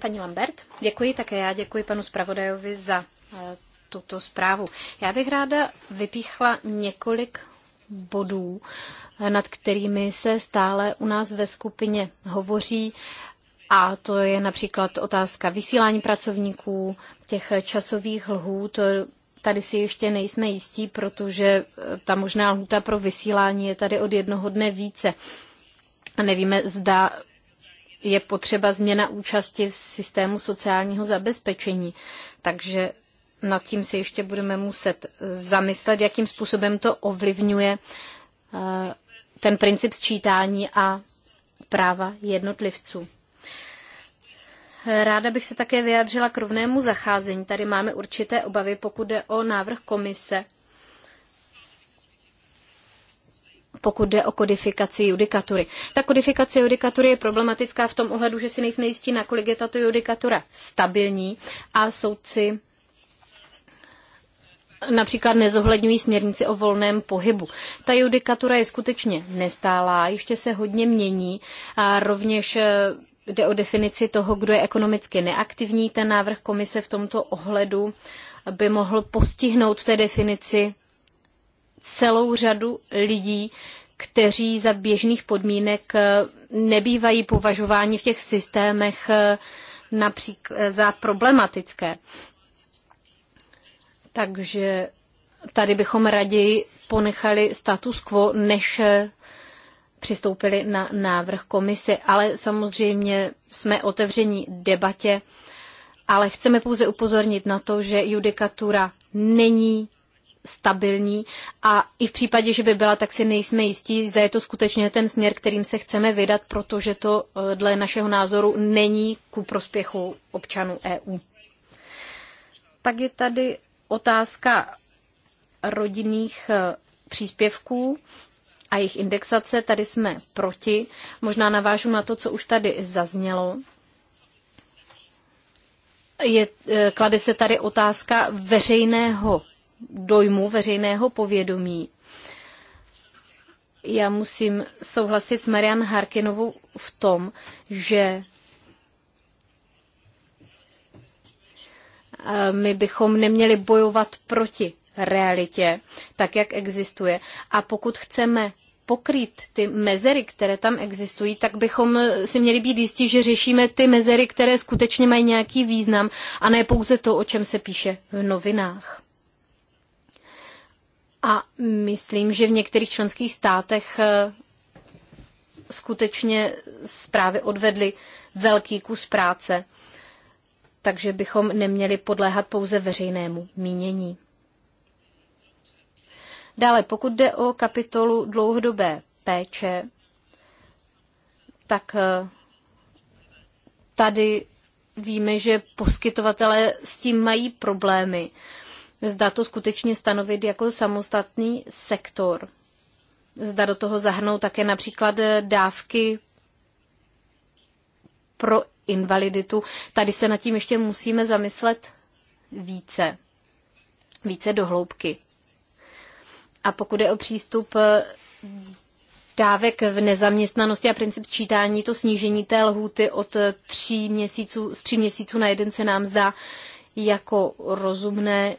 Paní Lambert, děkuji také já, děkuji panu zpravodajovi za tuto zprávu. Já bych ráda vypíchla několik bodů, nad kterými se stále u nás ve skupině hovoří. A to je například otázka vysílání pracovníků, těch časových lhůt. Tady si ještě nejsme jistí, protože ta možná lhůta pro vysílání je tady od jednoho dne více. A nevíme, zda je potřeba změna účasti v systému sociálního zabezpečení. Takže nad tím se ještě budeme muset zamyslet, jakým způsobem to ovlivňuje eh, ten princip sčítání a práva jednotlivců. Ráda bych se také vyjádřila k rovnému zacházení. Tady máme určité obavy, pokud jde o návrh komise, pokud jde o kodifikaci judikatury. Ta kodifikace judikatury je problematická v tom ohledu, že si nejsme jistí, nakolik je tato judikatura stabilní a soudci například nezohledňují směrnici o volném pohybu. Ta judikatura je skutečně nestálá, ještě se hodně mění a rovněž eh, jde o definici toho, kdo je ekonomicky neaktivní. Ten návrh komise v tomto ohledu by mohl postihnout té definici celou řadu lidí, kteří za běžných podmínek eh, nebývají považováni v těch systémech eh, například za problematické. Takže tady bychom raději ponechali status quo, než přistoupili na návrh komise. Ale samozřejmě jsme otevření debatě, ale chceme pouze upozornit na to, že judikatura není stabilní a i v případě, že by byla, tak si nejsme jistí, zda je to skutečně ten směr, kterým se chceme vydat, protože to eh, dle našeho názoru není ku prospěchu občanů EU. Pak je tady otázka rodinných eh, příspěvků a jejich indexace, tady jsme proti. Možná navážu na to, co už tady zaznělo. Je, eh, klade se tady otázka veřejného dojmu, veřejného povědomí. Já musím souhlasit s Marian Harkinovou v tom, že my bychom neměli bojovat proti realitě, tak jak existuje. A pokud chceme pokrýt ty mezery, které tam existují, tak bychom si měli být jistí, že řešíme ty mezery, které skutečně mají nějaký význam a ne pouze to, o čem se píše v novinách. A myslím, že v některých členských státech eh, skutečně zprávy odvedly velký kus práce takže bychom neměli podléhat pouze veřejnému mínění. Dále, pokud jde o kapitolu dlouhodobé péče, tak eh, tady víme, že poskytovatelé s tím mají problémy. Zda to skutečně stanovit jako samostatný sektor. Zda do toho zahrnou také například dávky pro invaliditu. Tady se nad tím ještě musíme zamyslet více, více do hloubky. A pokud je o přístup eh, dávek v nezaměstnanosti a princip čítání, to snížení té lhůty od eh, tří měsíců, z tří měsíců na jeden se nám zdá jako rozumné.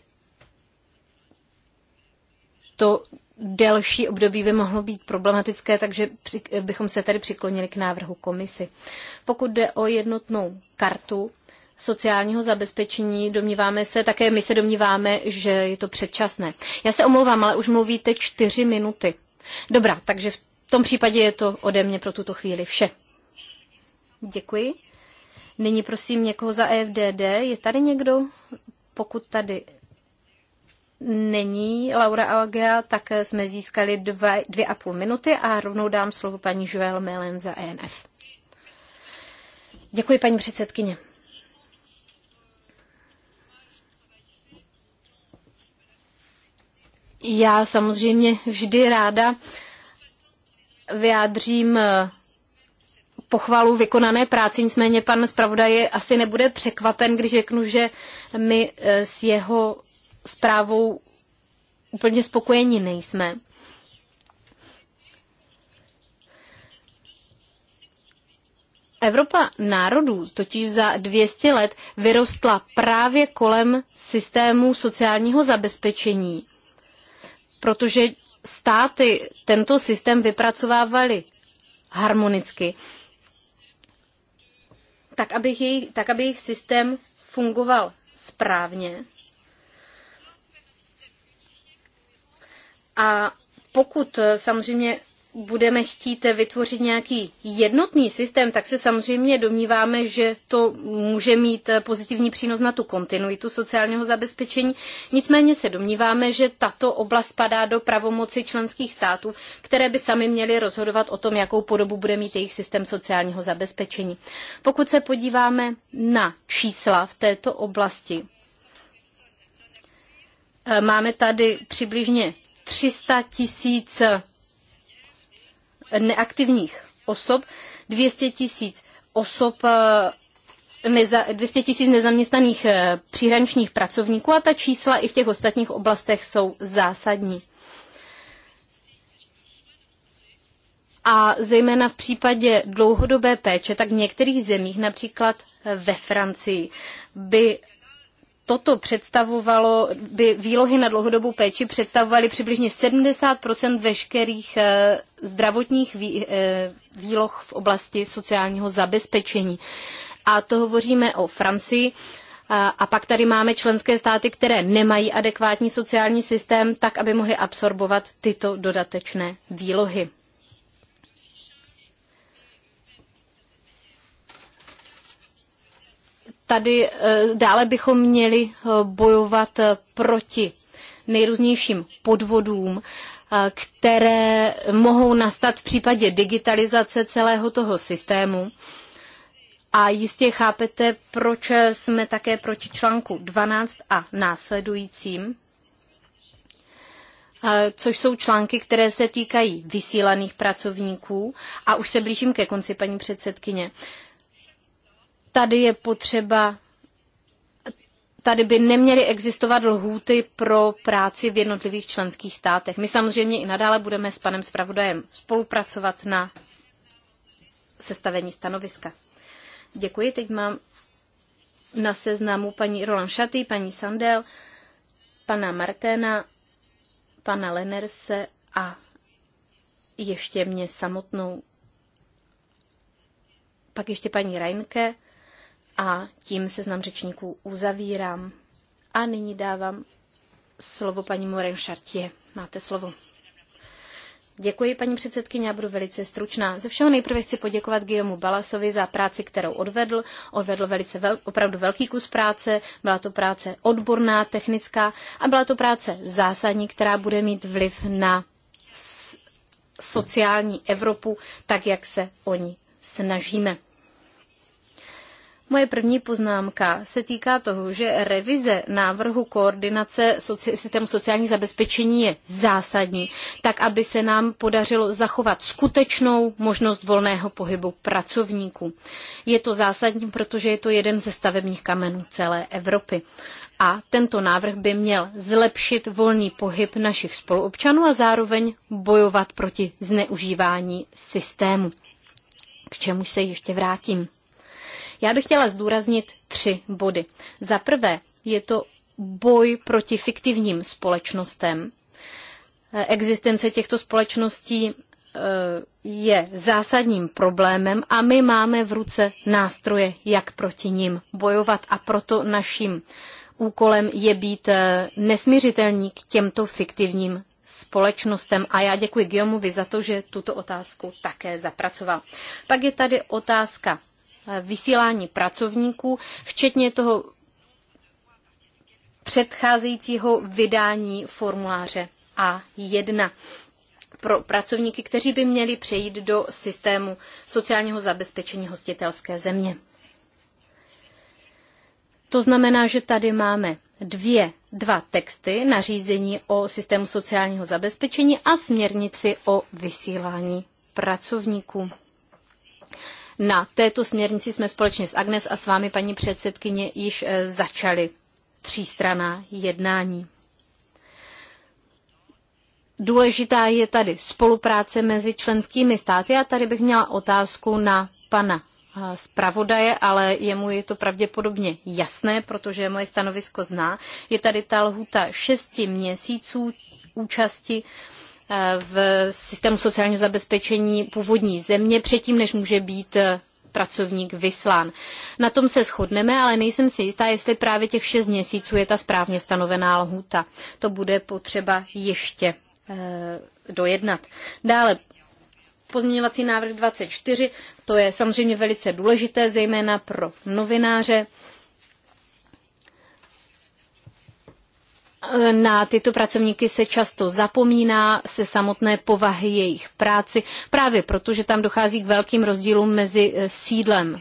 To delší období by mohlo být problematické, takže bychom se tady přiklonili k návrhu komisy. Pokud jde o jednotnou kartu sociálního zabezpečení, domníváme se, také my se domníváme, že je to předčasné. Já se omlouvám, ale už mluvíte čtyři minuty. Dobrá, takže v tom případě je to ode mě pro tuto chvíli vše. Děkuji. Nyní prosím někoho za EFDD. Je tady někdo? Pokud tady není Laura Algea, tak jsme získali dva, dvě a půl minuty a rovnou dám slovo paní Joel Melen za ENF. Děkuji, paní předsedkyně. Já samozřejmě vždy ráda vyjádřím eh, pochvalu vykonané práci, nicméně pan zpravodaj asi nebude překvapen, když řeknu, že my eh, s jeho zprávou úplně spokojeni nejsme. Evropa národů totiž za 200 let vyrostla právě kolem systému sociálního zabezpečení, protože státy tento systém vypracovávaly harmonicky, tak aby jejich, tak aby jejich systém fungoval správně. A pokud eh, samozřejmě budeme chtít vytvořit nějaký jednotný systém, tak se samozřejmě domníváme, že to může mít eh, pozitivní přínos na tu kontinuitu sociálního zabezpečení. Nicméně se domníváme, že tato oblast padá do pravomoci členských států, které by sami měly rozhodovat o tom, jakou podobu bude mít jejich systém sociálního zabezpečení. Pokud se podíváme na čísla v této oblasti, eh, máme tady přibližně 300 tisíc neaktivních osob, 200 tisíc osob 200 eh, tisíc nezaměstnaných eh, příhraničních pracovníků a ta čísla i v těch ostatních oblastech jsou zásadní. A zejména v případě dlouhodobé péče, tak v některých zemích, například ve Francii, by toto představovalo, by výlohy na dlouhodobou péči představovaly přibližně 70 veškerých eh, zdravotních eh, výloh v oblasti sociálního zabezpečení. A to hovoříme o Francii. A pak tady máme členské státy, které nemají adekvátní sociální systém, tak aby mohly absorbovat tyto dodatečné výlohy. tady eh, dále bychom měli eh, bojovat eh, proti nejrůznějším podvodům, které mohou nastat v případě digitalizace celého toho systému. A jistě chápete, proč jsme také proti článku 12 a následujícím, což jsou články, které se týkají vysílaných pracovníků. A už se blížím ke konci, paní předsedkyně. Tady je potřeba tady by neměly existovat lhůty pro práci v jednotlivých členských státech. My samozřejmě i nadále budeme s panem Spravodajem spolupracovat na sestavení stanoviska. Děkuji, teď mám na seznamu paní Roland Šaty, paní Sandel, pana Marténa, pana Lenerse a ještě mě samotnou. Pak ještě paní Reinke a tím seznam řečníků uzavírám. A nyní dávám slovo paní Moren Šartě. Máte slovo. Děkuji, paní předsedkyně, já budu velice stručná. Ze všeho nejprve chci poděkovat Guillaume Balasovi za práci, kterou odvedl. Odvedl velice vel, opravdu velký kus práce, byla to práce odborná, technická a byla to práce zásadní, která bude mít vliv na sociální Evropu, tak jak se o ní snažíme. Moje první poznámka se týká toho, že revize návrhu koordinace soci- systému sociální zabezpečení je zásadní, tak aby se nám podařilo zachovat skutečnou možnost volného pohybu pracovníků. Je to zásadní, protože je to jeden ze stavebních kamenů celé Evropy a tento návrh by měl zlepšit volný pohyb našich spoluobčanů a zároveň bojovat proti zneužívání systému, k čemu se ještě vrátím. Já bych chtěla zdůraznit tři body. Za prvé je to boj proti fiktivním společnostem. Existence těchto společností e, je zásadním problémem a my máme v ruce nástroje, jak proti nim bojovat a proto naším úkolem je být e, nesmířitelní k těmto fiktivním společnostem. A já děkuji Guillaumeovi za to, že tuto otázku také zapracoval. Pak je tady otázka vysílání pracovníků, včetně toho předcházejícího vydání formuláře A1 pro pracovníky, kteří by měli přejít do systému sociálního zabezpečení hostitelské země. To znamená, že tady máme dvě, dva texty, nařízení o systému sociálního zabezpečení a směrnici o vysílání pracovníků. Na této směrnici jsme společně s Agnes a s vámi, paní předsedkyně, již eh, začali třístraná jednání. Důležitá je tady spolupráce mezi členskými státy a tady bych měla otázku na pana eh, zpravodaje, ale jemu je to pravděpodobně jasné, protože moje stanovisko zná. Je tady ta lhuta šesti měsíců účasti Eh, v systému sociálního zabezpečení původní země předtím, než může být eh, pracovník vyslán. Na tom se shodneme, ale nejsem si jistá, jestli právě těch šest měsíců je ta správně stanovená lhůta. To bude potřeba ještě eh, dojednat. Dále pozměňovací návrh 24, to je samozřejmě velice důležité, zejména pro novináře. na tyto pracovníky se často zapomíná se samotné povahy jejich práci, právě proto, že tam dochází k velkým rozdílům mezi eh, sídlem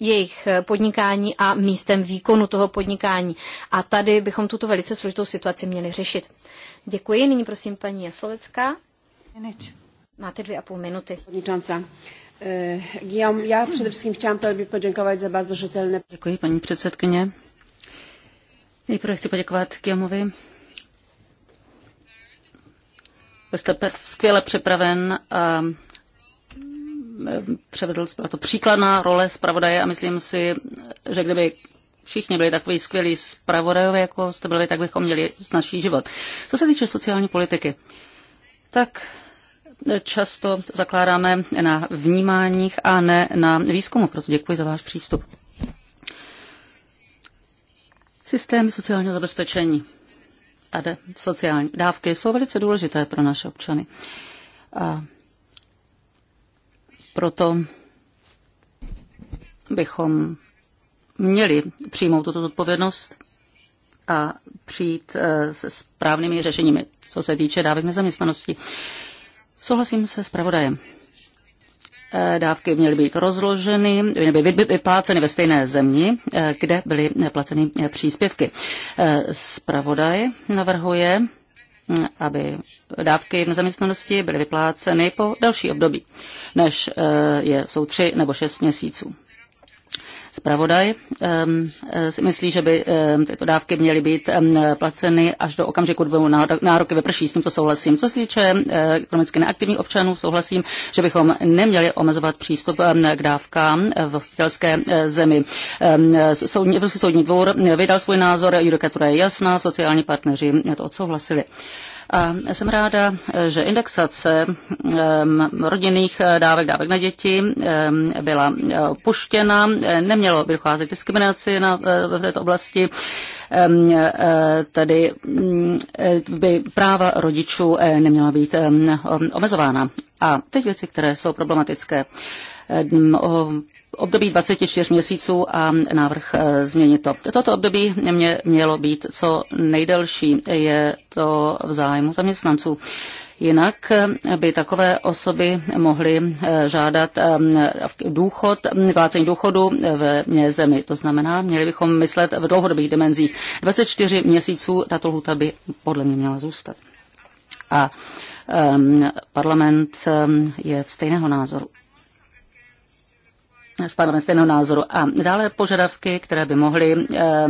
jejich eh, podnikání a místem výkonu toho podnikání. A tady bychom tuto velice složitou situaci měli řešit. Děkuji. Nyní prosím paní Jaslovecká. Máte dvě a půl minuty. Eh, Guillaume, já především chtěla poděkovat za bardzo rzetelne... Děkuji, paní předsedkyně. Nejprve chci poděkovat Kiamovi. jste skvěle připraven a převedl, byla to příkladná role zpravodaje a myslím si, že kdyby všichni byli takový skvělí zpravodajové, jako jste byli, tak bychom měli naší život. Co se týče sociální politiky, tak často zakládáme na vnímáních a ne na výzkumu, proto děkuji za váš přístup. Systém sociálního zabezpečení a sociální dávky jsou velice důležité pro naše občany. A proto bychom měli přijmout tuto odpovědnost a přijít e, se správnými řešeními, co se týče dávek nezaměstnanosti. Souhlasím se s pravodajem. Eh, dávky měly být rozloženy, měly být vypláceny ve stejné zemi, eh, kde byly placeny eh, příspěvky. Spravodaj navrhuje, mm, aby dávky v nezaměstnanosti byly vypláceny po další období, než je, jsou tři nebo šest měsíců. Spravodaj ehm, eh, si myslí, že by ehm, tyto dávky měly být ehm, placeny až do okamžiku, kdy nároky vyprší. S tímto souhlasím. Co se týče eh, ekonomicky neaktivních občanů, souhlasím, že bychom neměli omezovat přístup k dávkám eh, v hostitelské zemi. Soudní, soudní dvor vydal svůj názor, judikatura je jasná, sociální partneři to odsouhlasili. A jsem ráda, že indexace rodinných eh, dávek, dávek na děti byla eh, puštěna. Nemělo by docházet k diskriminaci na, eh, v této oblasti. Tedy mm, by práva rodičů neměla být omezována. A teď věci, které jsou problematické. Eh, období 24 měsíců a návrh eh, změnit to. Toto období mě mělo být co nejdelší. Je to v zájmu zaměstnanců. Jinak eh, by takové osoby mohly žádat důchod, vlácení důchodu v zemi. To znamená, měli bychom myslet v dlouhodobých dimenzích. 24 měsíců tato lhuta by podle mě měla zůstat. A ehm, parlament ehm, je v stejného názoru v parlament stejného názoru. A dále požadavky, které by mohly eh,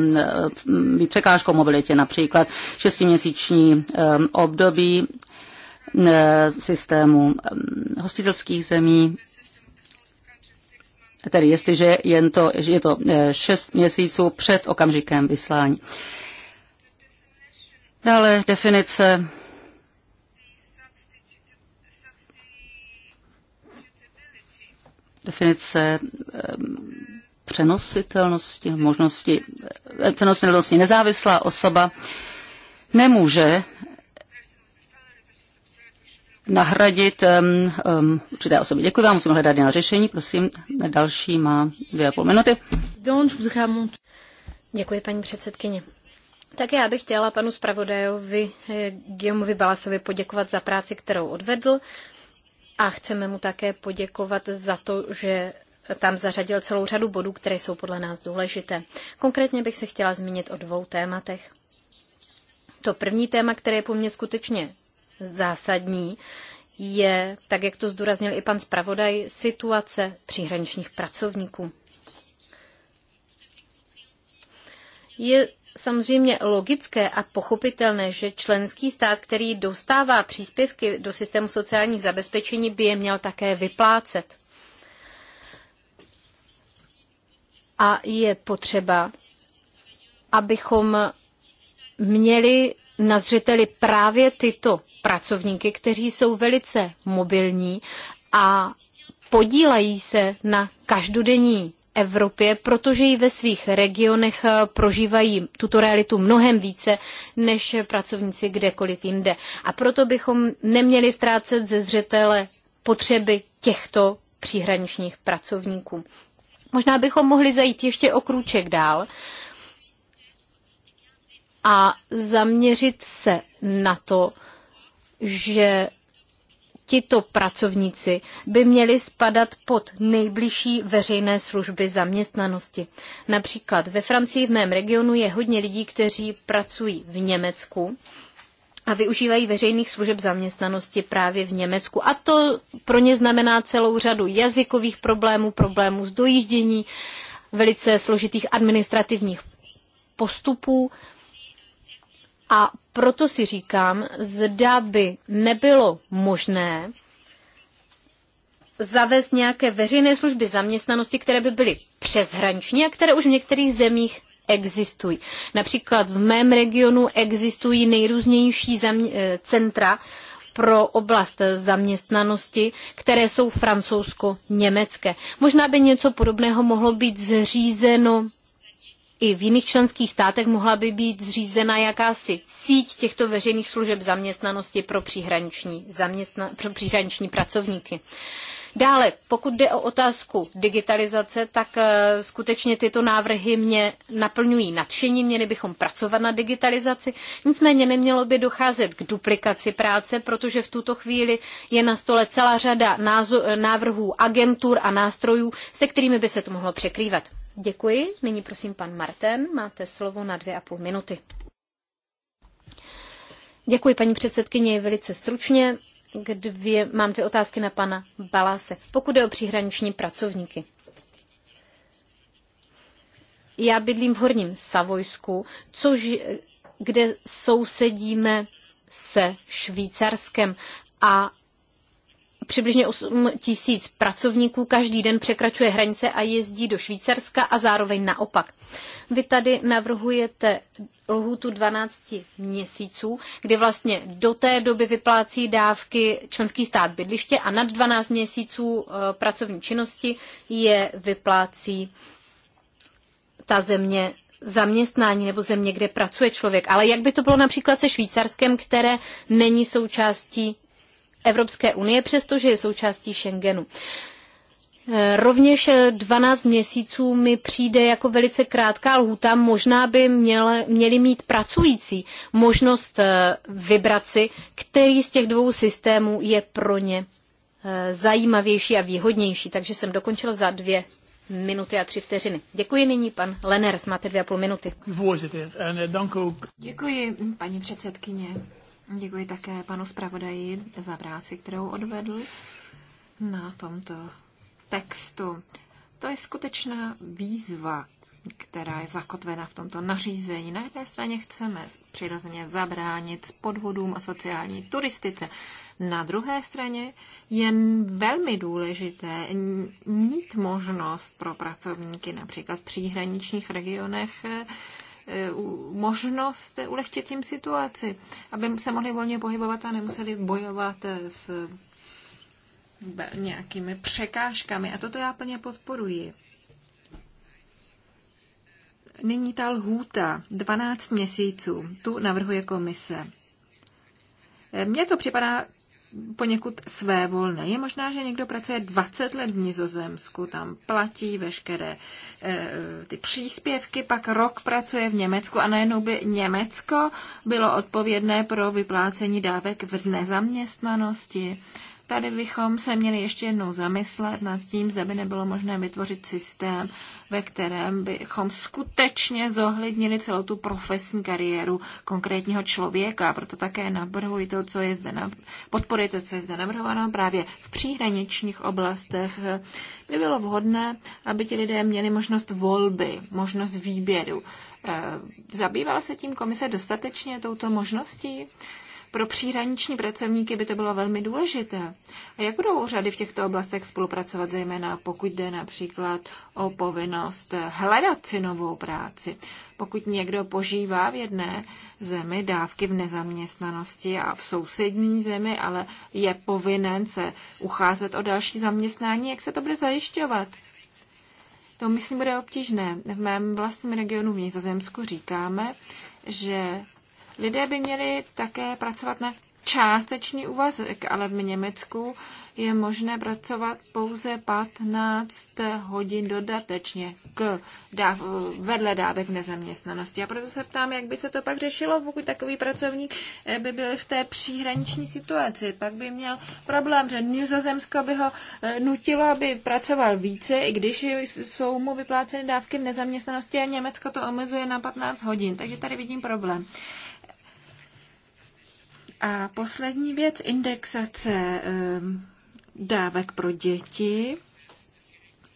být překážkou mobilitě, například šestiměsíční eh, období eh, systému hostitelských zemí, tedy jestliže jen to, je to šest měsíců před okamžikem vyslání. Dále definice definice eh, přenositelnosti, možnosti, eh, přenositelnosti nezávislá osoba nemůže nahradit um, um, určité osoby. Děkuji vám, musím hledat na řešení. Prosím, další má dvě a půl minuty. Děkuji, paní předsedkyně. Tak já bych chtěla panu zpravodajovi eh, Guillaumeovi Balasovi poděkovat za práci, kterou odvedl a chceme mu také poděkovat za to, že tam zařadil celou řadu bodů, které jsou podle nás důležité. Konkrétně bych se chtěla zmínit o dvou tématech. To první téma, které je po mně skutečně zásadní, je, tak jak to zdůraznil i pan zpravodaj, situace příhraničních pracovníků. Je samozřejmě logické a pochopitelné, že členský stát, který dostává příspěvky do systému sociálních zabezpečení, by je měl také vyplácet. A je potřeba, abychom měli na zřeteli právě tyto pracovníky, kteří jsou velice mobilní a podílají se na každodenní Evropě, protože ji ve svých regionech eh, prožívají tuto realitu mnohem více než pracovníci kdekoliv jinde. A proto bychom neměli ztrácet ze zřetele potřeby těchto příhraničních pracovníků. Možná bychom mohli zajít ještě o krůček dál a zaměřit se na to, že tito pracovníci by měli spadat pod nejbližší veřejné služby zaměstnanosti. Například ve Francii v mém regionu je hodně lidí, kteří pracují v Německu a využívají veřejných služeb zaměstnanosti právě v Německu. A to pro ně znamená celou řadu jazykových problémů, problémů s dojíždění, velice složitých administrativních postupů a proto si říkám, zda by nebylo možné zavést nějaké veřejné služby zaměstnanosti, které by byly přeshraniční a které už v některých zemích existují. Například v mém regionu existují nejrůznější eh, centra pro oblast zaměstnanosti, které jsou francouzsko-německé. Možná by něco podobného mohlo být zřízeno i v jiných členských státech mohla by být zřízena jakási síť těchto veřejných služeb zaměstnanosti pro příhraniční, zaměstna, pro příhraniční pracovníky. Dále, pokud jde o otázku digitalizace, tak eh, skutečně tyto návrhy mě naplňují nadšení, měli bychom pracovat na digitalizaci, nicméně nemělo by docházet k duplikaci práce, protože v tuto chvíli je na stole celá řada návrhů agentur a nástrojů, se kterými by se to mohlo překrývat. Děkuji. Nyní prosím pan Marten, máte slovo na dvě a půl minuty. Děkuji, paní předsedkyně, velice stručně. Dvě, mám dvě otázky na pana Balase. Pokud je o příhraniční pracovníky. Já bydlím v Horním Savojsku, což, kde sousedíme se Švýcarskem a přibližně 8 tisíc pracovníků každý den překračuje hranice a jezdí do Švýcarska a zároveň naopak. Vy tady navrhujete lhůtu 12 měsíců, kdy vlastně do té doby vyplácí dávky členský stát bydliště a nad 12 měsíců e, pracovní činnosti je vyplácí ta země zaměstnání nebo země, kde pracuje člověk. Ale jak by to bylo například se Švýcarskem, které není součástí Evropské unie, přestože je součástí Schengenu. Eh, rovněž 12 eh, měsíců mi přijde jako velice krátká lhůta. Možná by měl, měli mít pracující možnost eh, vybrat si, který z těch dvou systémů je pro ně zajímavější a výhodnější. Takže jsem dokončil za dvě minuty a tři vteřiny. Děkuji nyní pan Lenners, máte dvě a půl minuty. Děkuji, paní předsedkyně. Děkuji také panu zpravodaji za práci, kterou odvedl na tomto textu. To je skutečná výzva, která je zakotvena v tomto nařízení. Na jedné straně chceme přirozeně zabránit podvodům a sociální turistice. Na druhé straně je velmi důležité mít možnost pro pracovníky například v příhraničních regionech E, možnost ulehčit jim situaci, aby se mohli volně pohybovat a nemuseli bojovat e, s nějakými překážkami. A toto já plně podporuji. Nyní ta lhůta 12 měsíců, tu navrhuje komise. E, mně to připadá poněkud volné. Je možná, že někdo pracuje 20 let v Nizozemsku, tam platí veškeré e, ty příspěvky, pak rok pracuje v Německu a najednou by Německo bylo odpovědné pro vyplácení dávek v nezaměstnanosti. E, Tady bychom se měli ještě jednou zamyslet nad tím, zda by nebylo možné vytvořit systém, ve kterém bychom skutečně zohlednili celou tu profesní kariéru konkrétního člověka. Proto také navrhuji to, co je zde na, podporuji to, co je zde navrhováno právě v příhraničních oblastech. By bylo vhodné, aby ti lidé měli možnost volby, možnost výběru. Eh, zabývala se tím komise dostatečně touto možností? Pro příhraniční pracovníky by to bylo velmi důležité. A jak budou úřady v těchto oblastech spolupracovat, zejména pokud jde například o povinnost hledat si novou práci? Pokud někdo požívá v jedné zemi dávky v nezaměstnanosti a v sousední zemi, ale je povinen se ucházet o další zaměstnání, jak se to bude zajišťovat? To, myslím, bude obtížné. V mém vlastním regionu v Nizozemsku říkáme, že Lidé by měli také pracovat na částečný úvazek, ale v Německu je možné pracovat pouze 15 hodin dodatečně k dáv, vedle dávek nezaměstnanosti. A proto se ptám, jak by se to pak řešilo, pokud takový pracovník eh, by byl v té příhraniční situaci. Pak by měl problém, že Nizozemsko by ho eh, nutilo, aby pracoval více, i když jsou mu vypláceny dávky v nezaměstnanosti a Německo to omezuje na 15 hodin. Takže tady vidím problém. A poslední věc, indexace ehm, dávek pro děti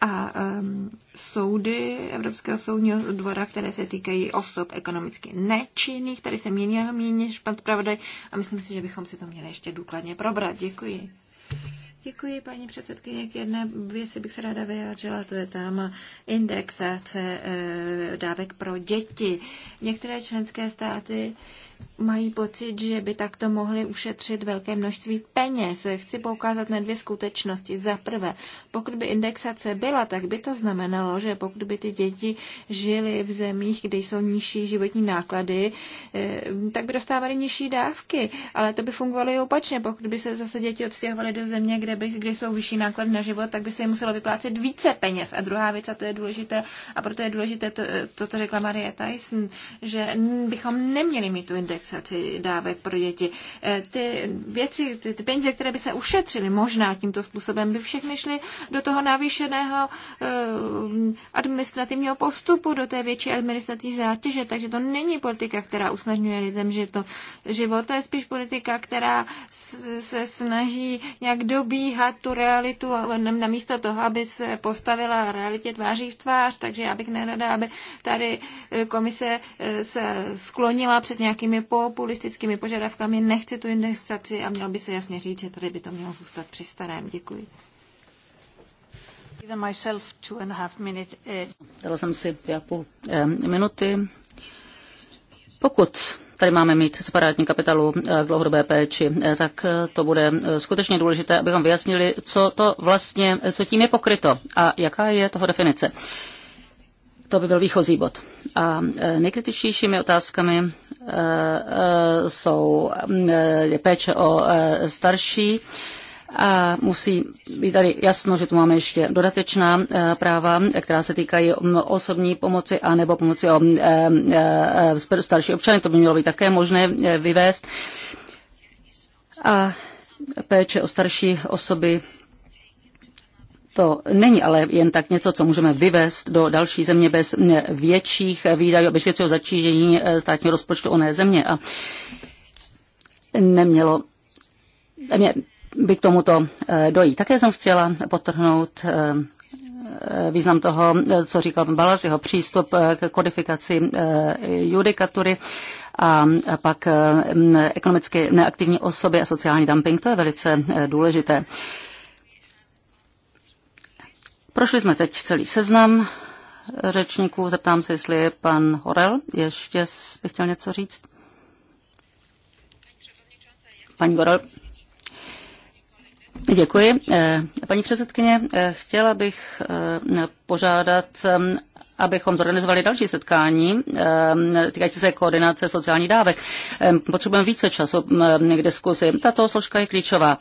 a ehm, soudy Evropského soudního dvora, které se týkají osob ekonomicky nečinných. Tady se mění a mění špat pravdaj a myslím si, že bychom si to měli ještě důkladně probrat. Děkuji. Děkuji, paní předsedkyně. K jedné věci bych se ráda vyjádřila, to je tam indexace eh, dávek pro děti. Některé členské státy mají pocit, že by takto mohli ušetřit velké množství peněz. Chci poukázat na dvě skutečnosti. Za prvé, pokud by indexace byla, tak by to znamenalo, že pokud by ty děti žily v zemích, kde jsou nižší životní náklady, eh, tak by dostávaly nižší dávky. Ale to by fungovalo i opačně. Pokud by se zase děti odstěhovaly do země, kde, by, kde jsou vyšší náklady na život, tak by se jim muselo vyplácet více peněz. A druhá věc, a to je důležité, a proto je důležité, to, eh, to, to řekla Marie Tyson, že bychom neměli mít tu indexaci dávek pro děti. E, ty věci, ty peníze, které by se ušetřily možná tímto způsobem, by všechny šly do toho navýšeného e, administrativního postupu, do té větší administrativní zátěže, takže to není politika, která usnadňuje lidem že to život, to je spíš politika, která se snaží nějak dobíhat tu realitu namísto toho, aby se postavila realitě tváří v tvář, takže já bych nerada, aby tady e, komise se sklonila před nějakými různými populistickými požadavkami. nechce tu indexaci a měl by se jasně říct, že tady by to mělo zůstat při starém. Děkuji. Eh, Dala jsem si dvě a půl eh, minuty. Pokud tady máme mít separátní kapitálu eh, k dlouhodobé péči, tak to bude skutečně důležité, abychom vyjasnili, co to vlastně, co tím je pokryto a jaká je toho definice. To by byl výchozí bod. A e, nejkritičtějšími otázkami e, e, jsou péče o starší a musí být tady jasno, že tu máme ještě dodatečná práva, která se týkají osobní pomoci a nebo pomoci o starší občany. To by mělo být také možné vyvést. A péče o starší osoby to není ale jen tak něco, co můžeme vyvést do další země bez eh, větších eh, výdajů, bez většího začížení eh, státního rozpočtu oné země. A nemělo by k tomuto dojít. Také jsem chtěla potrhnout význam toho, co říkal Balas, jeho přístup k kodifikaci judikatury a pak ekonomicky neaktivní osoby a sociální dumping. To je velice důležité. Prošli jsme teď celý seznam řečníků. Zeptám se, jestli je pan Horel. Ještě bych chtěl něco říct. Paní Horel. Děkuji. Eh, paní předsedkyně, eh, chtěla bych eh, požádat abychom zorganizovali další setkání ehm, týkající se koordinace sociálních dávek. Ehm, potřebujeme více času k diskusi. Tato složka je klíčová.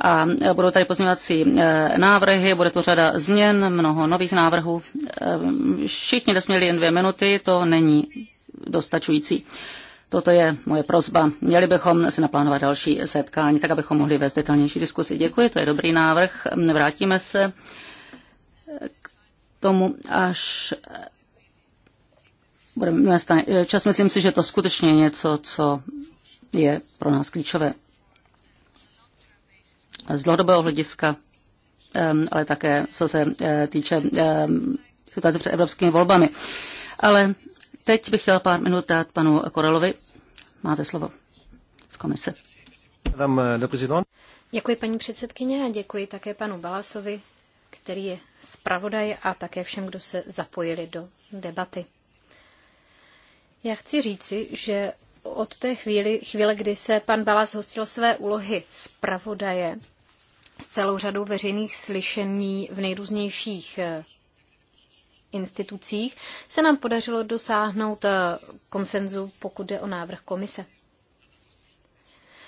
A e, budou tady pozměňovací e, návrhy, bude to řada změn, mnoho nových návrhů. Ehm, všichni nesměli jen dvě minuty, to není dostačující. Toto je moje prozba. Měli bychom si naplánovat další setkání, tak abychom mohli vést detailnější diskusi. Děkuji, to je dobrý návrh. Vrátíme se tomu, až eh, budeme eh, čas. Myslím si, že to skutečně je něco, co je pro nás klíčové. Z dlouhodobého hlediska, ehm, ale také co se eh, týče ehm, situace před evropskými volbami. Ale teď bych chtěl pár minut dát panu Korelovi. Máte slovo z komise. Děkuji paní předsedkyně a děkuji také panu Balasovi který je zpravodaj a také všem, kdo se zapojili do debaty. Já chci říci, že od té chvíli, chvíle, kdy se pan Balas hostil své úlohy zpravodaje s celou řadou veřejných slyšení v nejrůznějších eh, institucích, se nám podařilo dosáhnout eh, konsenzu, pokud jde o návrh komise.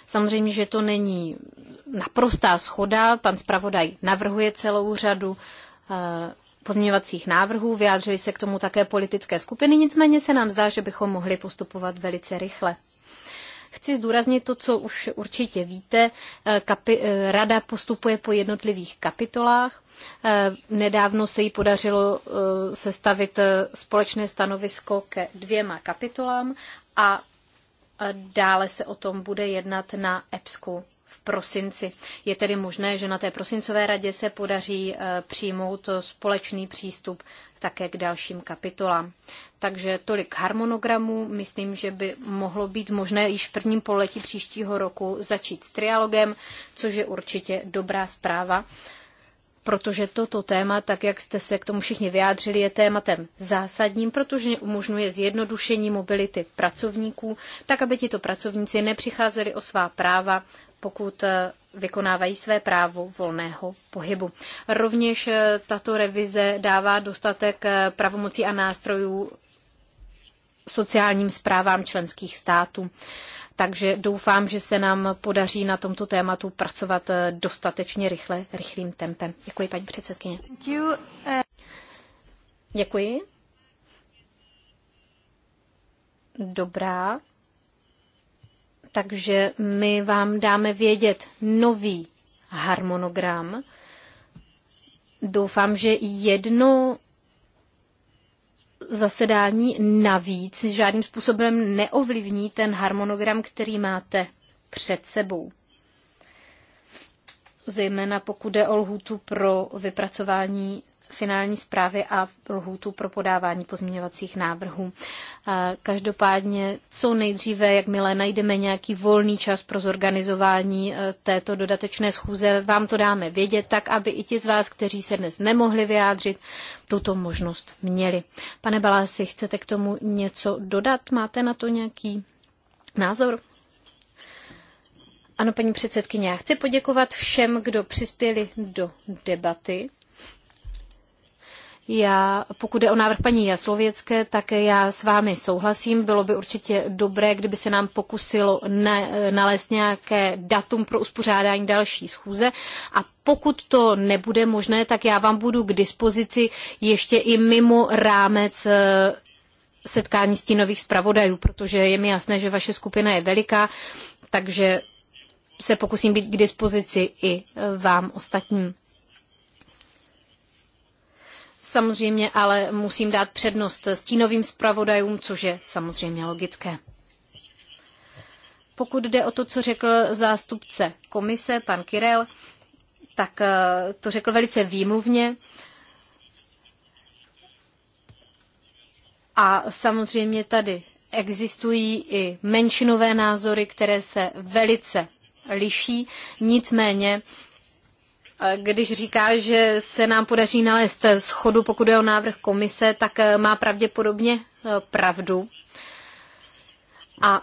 Samozřejmě, že to není naprostá schoda. Pan zpravodaj navrhuje celou řadu eh, pozměňovacích návrhů, vyjádřily se k tomu také politické skupiny, nicméně se nám zdá, že bychom mohli postupovat velice rychle. Chci zdůraznit to, co už určitě víte. Eh, eh, rada postupuje po jednotlivých kapitolách. Nedávno se jí podařilo sestavit společné stanovisko ke dvěma kapitolám a Dále se o tom bude jednat na EPSku v prosinci. Je tedy možné, že na té prosincové radě se podaří eh, přijmout společný přístup také k dalším kapitolám. Takže tolik harmonogramu. Myslím, že by mohlo být možné již v prvním poletí příštího roku začít s trialogem, což je určitě dobrá zpráva protože toto téma, tak jak jste se k tomu všichni vyjádřili, je tématem zásadním, protože umožňuje zjednodušení mobility pracovníků, tak aby tito pracovníci nepřicházeli o svá práva, pokud eh, vykonávají své právo volného pohybu. Rovněž eh, tato revize dává dostatek eh, pravomocí a nástrojů sociálním zprávám členských států takže doufám, že se nám podaří na tomto tématu pracovat eh, dostatečně rychle, rychlým tempem. Děkuji, paní předsedkyně. Eh. Děkuji. Dobrá. Takže my vám dáme vědět nový harmonogram. Doufám, že jedno zasedání navíc žádným způsobem neovlivní ten harmonogram, který máte před sebou. Zejména pokud jde o lhutu pro vypracování finální zprávy a lhůtu pro podávání pozměňovacích návrhů. Každopádně co nejdříve, jakmile najdeme nějaký volný čas pro zorganizování e, této dodatečné schůze, vám to dáme vědět, tak aby i ti z vás, kteří se dnes nemohli vyjádřit, tuto možnost měli. Pane Balási, chcete k tomu něco dodat? Máte na to nějaký názor? Ano, paní předsedkyně, já chci poděkovat všem, kdo přispěli do debaty. Já, pokud jde o návrh paní Jaslověcké, tak já s vámi souhlasím. Bylo by určitě dobré, kdyby se nám pokusilo nalézt nějaké datum pro uspořádání další schůze a pokud to nebude možné, tak já vám budu k dispozici ještě i mimo rámec eh, setkání stínových zpravodajů, protože je mi jasné, že vaše skupina je veliká, takže se pokusím být k dispozici i eh, vám ostatním. Samozřejmě ale musím dát přednost stínovým zpravodajům, což je samozřejmě logické. Pokud jde o to, co řekl zástupce komise, pan Kirel, tak eh, to řekl velice výmluvně. A samozřejmě tady existují i menšinové názory, které se velice liší. Nicméně když říká, že se nám podaří nalézt schodu, pokud je o návrh komise, tak eh, má pravděpodobně eh, pravdu. A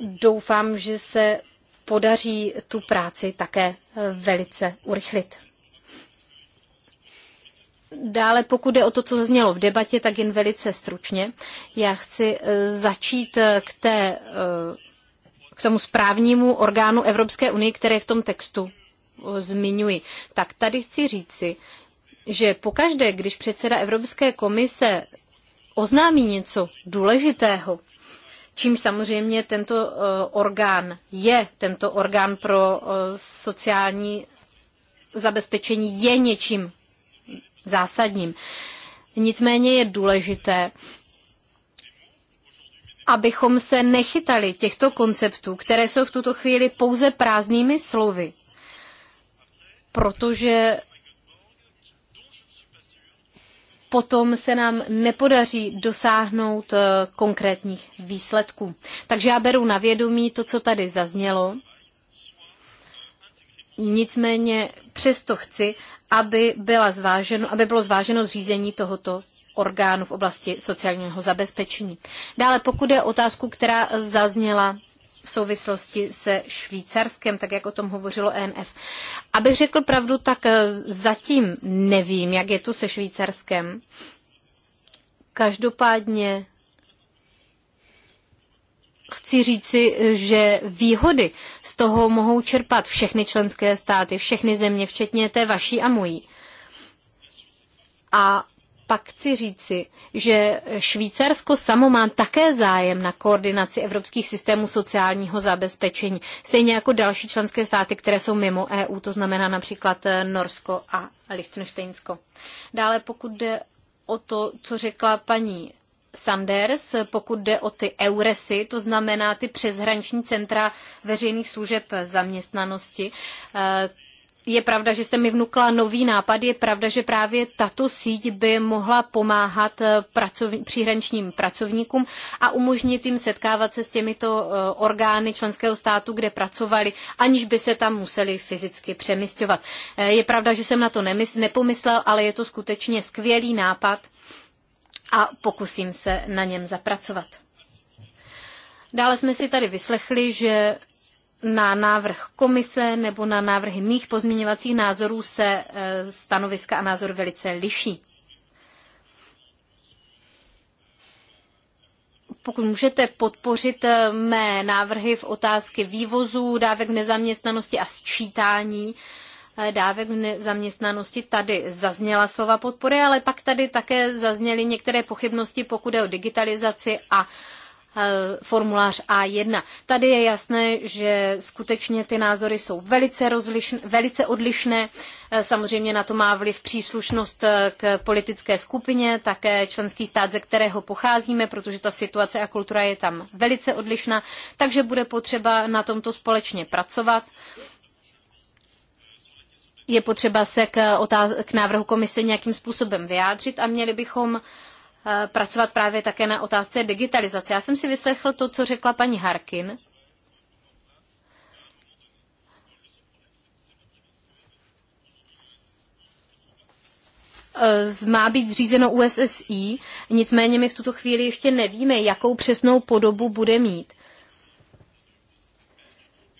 doufám, že se podaří tu práci také eh, velice urychlit. Dále, pokud je o to, co zaznělo v debatě, tak jen velice stručně. Já chci začít k, té, k tomu správnímu orgánu Evropské unie, který je v tom textu zmiňuji. Tak tady chci říci, že pokaždé, když předseda Evropské komise oznámí něco důležitého, čím samozřejmě tento eh, orgán je, tento orgán pro eh, sociální zabezpečení je něčím zásadním. Nicméně je důležité, abychom se nechytali těchto konceptů, které jsou v tuto chvíli pouze prázdnými slovy protože potom se nám nepodaří dosáhnout eh, konkrétních výsledků. Takže já beru na vědomí to, co tady zaznělo. Nicméně přesto chci, aby, byla zváženo, aby bylo zváženo zřízení tohoto orgánu v oblasti sociálního zabezpečení. Dále pokud je otázku, která zazněla v souvislosti se Švýcarskem, tak jak o tom hovořilo ENF. Abych řekl pravdu, tak eh, zatím nevím, jak je to se Švýcarskem. Každopádně chci říci, že výhody z toho mohou čerpat všechny členské státy, všechny země, včetně té vaší a mojí. A pak chci říci, že Švýcarsko samo má také zájem na koordinaci evropských systémů sociálního zabezpečení, stejně jako další členské státy, které jsou mimo EU, to znamená například eh, Norsko a Liechtensteinsko. Dále pokud jde o to, co řekla paní Sanders, pokud jde o ty EURESy, to znamená ty přeshraniční centra veřejných služeb zaměstnanosti, eh, je pravda, že jste mi vnukla nový nápad, je pravda, že právě tato síť by mohla pomáhat eh, pracov, příhraničním pracovníkům a umožnit jim setkávat se s těmito eh, orgány členského státu, kde pracovali, aniž by se tam museli fyzicky přemysťovat. Eh, je pravda, že jsem na to nemysl, nepomyslel, ale je to skutečně skvělý nápad a pokusím se na něm zapracovat. Dále jsme si tady vyslechli, že na návrh komise nebo na návrhy mých pozměňovacích názorů se e, stanoviska a názor velice liší. pokud můžete podpořit e, mé návrhy v otázky vývozu, dávek v nezaměstnanosti a sčítání e, dávek v nezaměstnanosti. Tady zazněla slova podpory, ale pak tady také zazněly některé pochybnosti, pokud je o digitalizaci a Eh, formulář A1. Tady je jasné, že skutečně ty názory jsou velice, rozlišné, velice odlišné. Eh, samozřejmě na to má vliv příslušnost eh, k politické skupině, také členský stát, ze kterého pocházíme, protože ta situace a kultura je tam velice odlišná, takže bude potřeba na tomto společně pracovat je potřeba se k, otáz- k návrhu komise nějakým způsobem vyjádřit a měli bychom Eh, pracovat právě také na otázce digitalizace. Já jsem si vyslechl to, co řekla paní Harkin. Eh, má být zřízeno USSI, nicméně my v tuto chvíli ještě nevíme, jakou přesnou podobu bude mít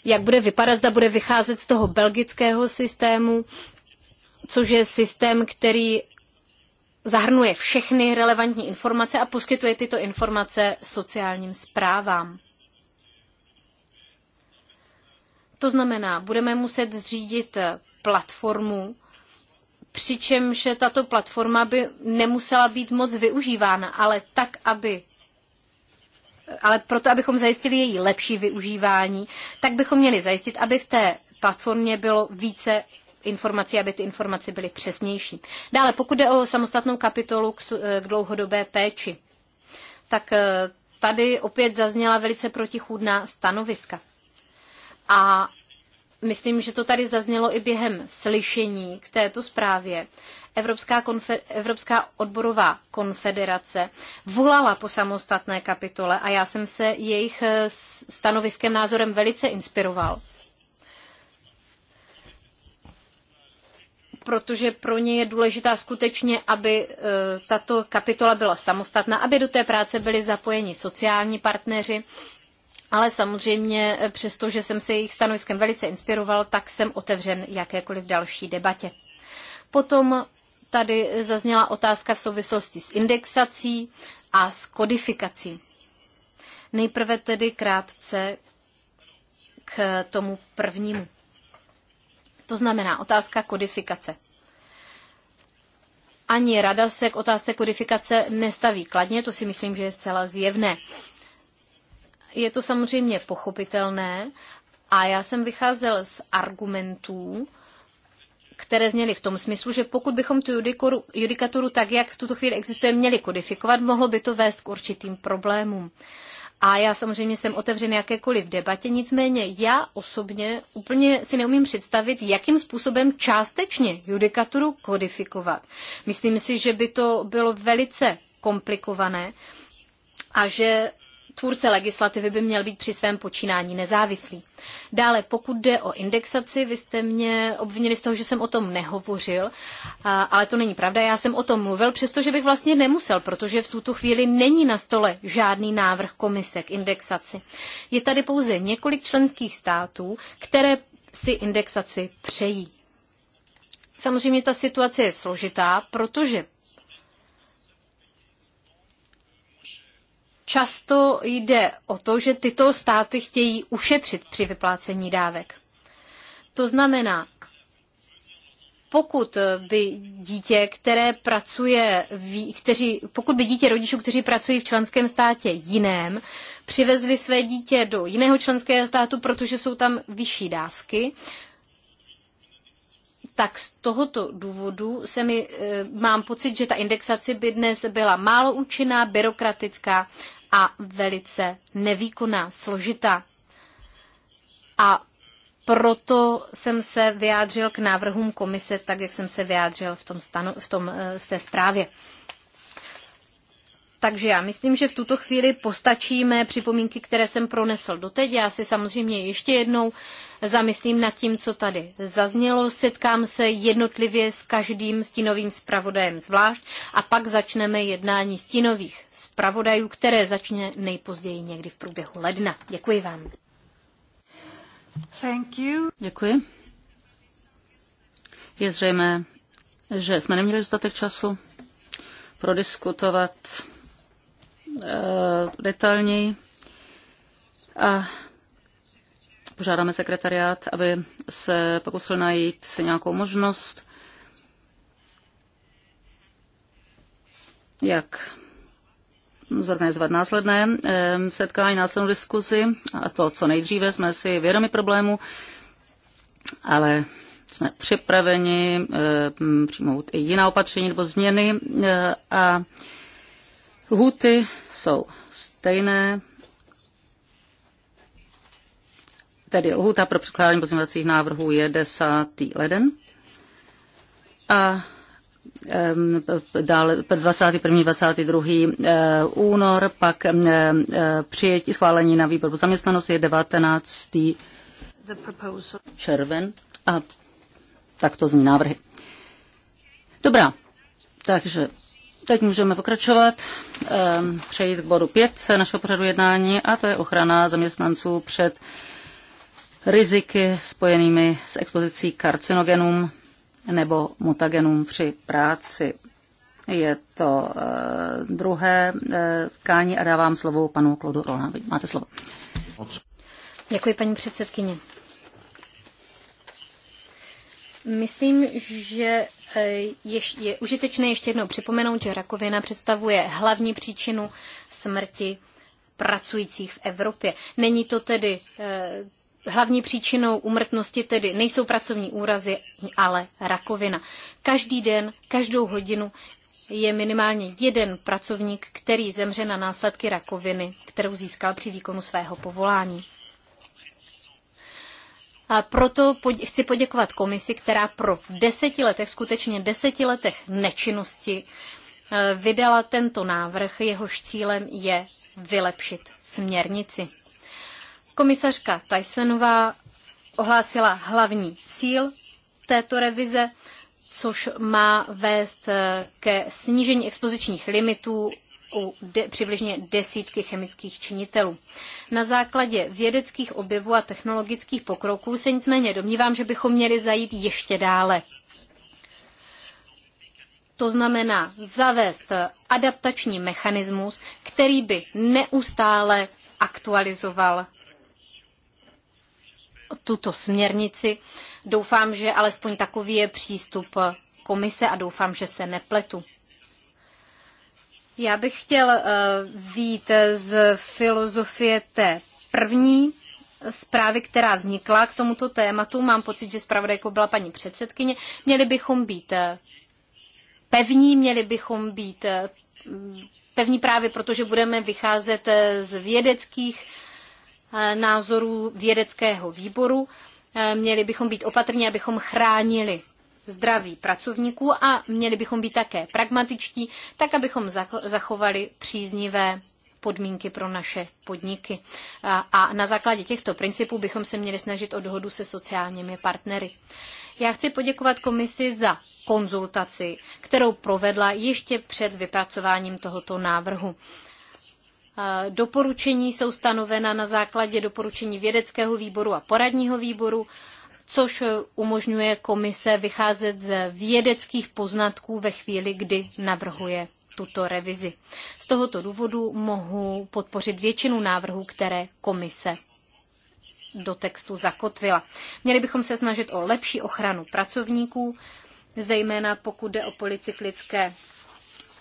jak bude vypadat, zda bude vycházet z toho belgického systému, což je systém, který zahrnuje všechny relevantní informace a poskytuje tyto informace sociálním zprávám. To znamená, budeme muset zřídit platformu, přičemž tato platforma by nemusela být moc využívána, ale tak, aby ale proto, abychom zajistili její lepší využívání, tak bychom měli zajistit, aby v té platformě bylo více informací, aby ty informace byly přesnější. Dále, pokud jde o samostatnou kapitolu k eh, dlouhodobé péči, tak eh, tady opět zazněla velice protichůdná stanoviska. A myslím, že to tady zaznělo i během slyšení k této zprávě. Evropská, konfe- Evropská odborová konfederace volala po samostatné kapitole a já jsem se jejich eh, stanoviskem názorem velice inspiroval. protože pro ně je důležitá skutečně, aby e, tato kapitola byla samostatná, aby do té práce byli zapojeni sociální partneři, ale samozřejmě, e, přestože jsem se jejich stanoviskem velice inspiroval, tak jsem otevřen jakékoliv další debatě. Potom tady zazněla otázka v souvislosti s indexací a s kodifikací. Nejprve tedy krátce k tomu prvnímu. To znamená otázka kodifikace. Ani rada se k otázce kodifikace nestaví kladně, to si myslím, že je zcela zjevné. Je to samozřejmě pochopitelné a já jsem vycházel z argumentů, které zněly v tom smyslu, že pokud bychom tu judikuru, judikaturu tak, jak v tuto chvíli existuje, měli kodifikovat, mohlo by to vést k určitým problémům. A já samozřejmě jsem otevřen jakékoliv debatě, nicméně já osobně úplně si neumím představit, jakým způsobem částečně judikaturu kodifikovat. Myslím si, že by to bylo velice komplikované a že tvůrce legislativy by měl být při svém počínání nezávislý. Dále, pokud jde o indexaci, vy jste mě obvinili z toho, že jsem o tom nehovořil, ale to není pravda. Já jsem o tom mluvil, přestože bych vlastně nemusel, protože v tuto chvíli není na stole žádný návrh komise k indexaci. Je tady pouze několik členských států, které si indexaci přejí. Samozřejmě ta situace je složitá, protože často jde o to, že tyto státy chtějí ušetřit při vyplácení dávek. To znamená, pokud by dítě, které pracuje, kteří, pokud by dítě rodičů, kteří pracují v členském státě jiném, přivezli své dítě do jiného členského státu, protože jsou tam vyšší dávky, tak z tohoto důvodu se mi, e, mám pocit, že ta indexace by dnes byla málo účinná, byrokratická a velice nevýkonná, složitá. A proto jsem se vyjádřil k návrhům komise, tak jak jsem se vyjádřil v, tom stanu, v, tom, eh, v té zprávě. Takže já myslím, že v tuto chvíli postačíme připomínky, které jsem pronesl doteď. Já si samozřejmě ještě jednou zamyslím nad tím, co tady zaznělo, setkám se jednotlivě s každým stínovým zpravodajem zvlášť a pak začneme jednání stínových zpravodajů, které začne nejpozději někdy v průběhu ledna. Děkuji vám. Thank you. Děkuji. Je zřejmé, že jsme neměli dostatek času prodiskutovat eh, detailněji. A Požádáme sekretariát, aby se pokusil najít nějakou možnost, jak zorganizovat následné setkání, následnou diskuzi a to, co nejdříve jsme si vědomi problému, ale jsme připraveni přijmout i jiná opatření nebo změny e, a lhuty jsou stejné Tedy lhůta pro předkládání pozměňovacích návrhů je 10. leden. A dále 21. 22. Eh, únor, pak eh, přijetí schválení na výboru zaměstnanosti je 19. červen a tak to zní návrhy. Dobrá, takže teď můžeme pokračovat, přejít k bodu 5 našeho pořadu jednání a to je ochrana zaměstnanců před riziky spojenými s expozicí karcinogenům nebo mutagenům při práci. Je to e, druhé e, tkání a dávám slovo panu Klodu Rolnávi. Máte slovo. Děkuji, paní předsedkyně. Myslím, že eh, ještě, je užitečné ještě jednou připomenout, že rakovina představuje hlavní příčinu smrti pracujících v Evropě. Není to tedy Hlavní příčinou umrtnosti tedy nejsou pracovní úrazy, ale rakovina. Každý den, každou hodinu je minimálně jeden pracovník, který zemře na následky rakoviny, kterou získal při výkonu svého povolání. A proto chci poděkovat komisi, která pro deseti letech, skutečně deseti letech nečinnosti e, vydala tento návrh, jehož cílem je vylepšit směrnici. Komisařka Tysonová ohlásila hlavní cíl této revize, což má vést eh, ke snížení expozičních limitů u de, přibližně desítky chemických činitelů. Na základě vědeckých objevů a technologických pokroků se nicméně domnívám, že bychom měli zajít ještě dále. To znamená zavést eh, adaptační mechanismus, který by neustále aktualizoval tuto směrnici. Doufám, že alespoň takový je přístup komise a doufám, že se nepletu. Já bych chtěl eh, vít z filozofie té první zprávy, která vznikla k tomuto tématu. Mám pocit, že zpravodajkou byla paní předsedkyně. Měli bychom být eh, pevní, měli bychom být eh, pevní právě proto, že budeme vycházet z vědeckých Eh, názorů vědeckého výboru. Eh, měli bychom být opatrní, abychom chránili zdraví pracovníků a měli bychom být také pragmatičtí, tak abychom zachovali příznivé podmínky pro naše podniky. A na základě těchto principů bychom se měli snažit o dohodu se sociálními partnery. Já chci poděkovat komisi za konzultaci, kterou provedla ještě před vypracováním tohoto návrhu. Doporučení jsou stanovena na základě doporučení vědeckého výboru a poradního výboru, což umožňuje komise vycházet z vědeckých poznatků ve chvíli, kdy navrhuje tuto revizi. Z tohoto důvodu mohu podpořit většinu návrhů, které komise do textu zakotvila. Měli bychom se snažit o lepší ochranu pracovníků, zejména pokud jde o polycyklické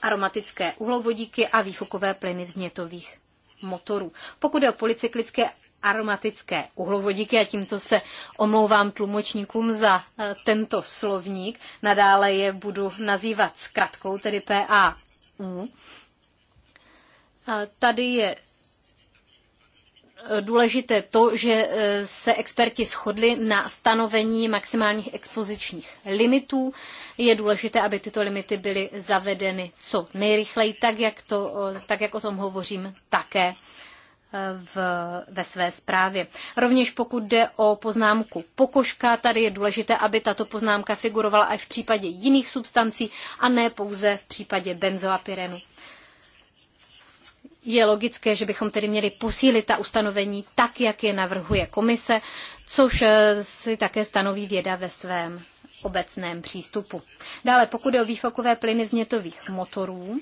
aromatické uhlovodíky a výfukové plyny z nětových motorů. Pokud je o policyklické aromatické uhlovodíky, a tímto se omlouvám tlumočníkům za eh, tento slovník, nadále je budu nazývat zkratkou, tedy PAU. Eh, tady je důležité to, že eh, se experti shodli na stanovení maximálních expozičních limitů. Je důležité, aby tyto limity byly zavedeny co nejrychleji, tak jak, to, eh, tak jak o tom hovořím také eh, v, ve své zprávě. Rovněž pokud jde o poznámku pokožka, tady je důležité, aby tato poznámka figurovala i v případě jiných substancí a ne pouze v případě benzoapyrenu je logické, že bychom tedy měli posílit ta ustanovení tak, jak je navrhuje komise, což eh, si také stanoví věda ve svém obecném přístupu. Dále, pokud je o výfokové plyny z nětových motorů, eh,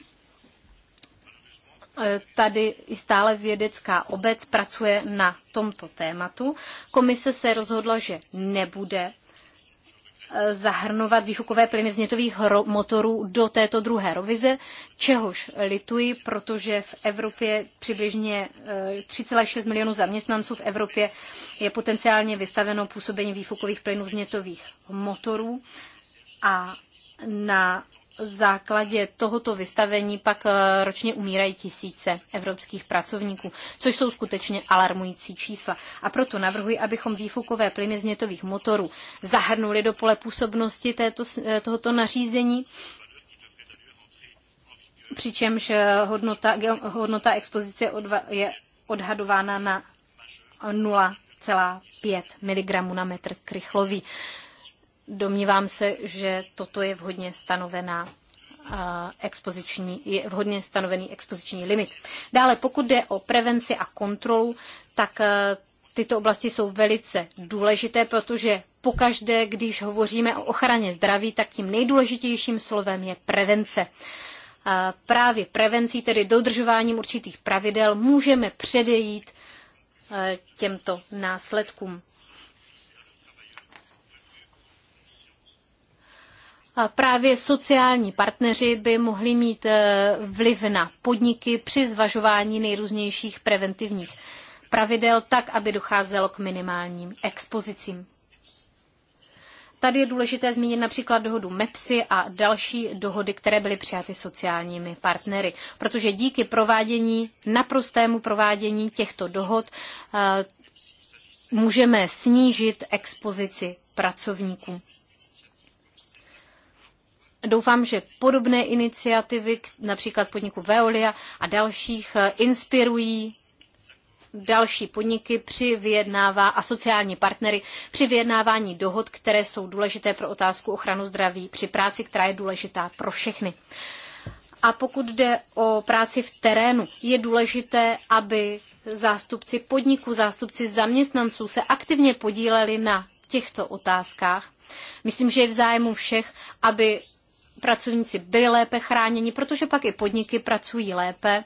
Tady i stále vědecká obec pracuje na tomto tématu. Komise se rozhodla, že nebude zahrnovat výfukové plyny vznětových motorů do této druhé rovize, čehož lituji, protože v Evropě přibližně 3,6 eh, milionů zaměstnanců v Evropě je potenciálně vystaveno působení výfukových plynů vznětových motorů a na základě tohoto vystavení pak eh, ročně umírají tisíce evropských pracovníků, což jsou skutečně alarmující čísla. A proto navrhuji, abychom výfukové plyny z nětových motorů zahrnuli do pole působnosti této, eh, tohoto nařízení, přičemž eh, hodnota, hodnota expozice je odhadována na 0,5 mg na metr krychlový. Domnívám se, že toto je vhodně stanovená expoziční, je vhodně stanovený expoziční limit. Dále, pokud jde o prevenci a kontrolu, tak e, tyto oblasti jsou velice důležité, protože pokaždé, když hovoříme o ochraně zdraví, tak tím nejdůležitějším slovem je prevence. Právě prevencí, tedy dodržováním určitých pravidel, můžeme předejít e, těmto následkům. právě sociální partneři by mohli mít eh, vliv na podniky při zvažování nejrůznějších preventivních pravidel tak, aby docházelo k minimálním expozicím. Tady je důležité zmínit například dohodu MEPSy a další dohody, které byly přijaty sociálními partnery, protože díky provádění, naprostému provádění těchto dohod eh, můžeme snížit expozici pracovníků. Doufám, že podobné iniciativy, například podniku Veolia a dalších, eh, inspirují další podniky při vyjednává a sociální partnery při vyjednávání dohod, které jsou důležité pro otázku ochranu zdraví při práci, která je důležitá pro všechny. A pokud jde o práci v terénu, je důležité, aby zástupci podniků, zástupci zaměstnanců se aktivně podíleli na těchto otázkách. Myslím, že je v zájmu všech, aby pracovníci byli lépe chráněni, protože pak i podniky pracují lépe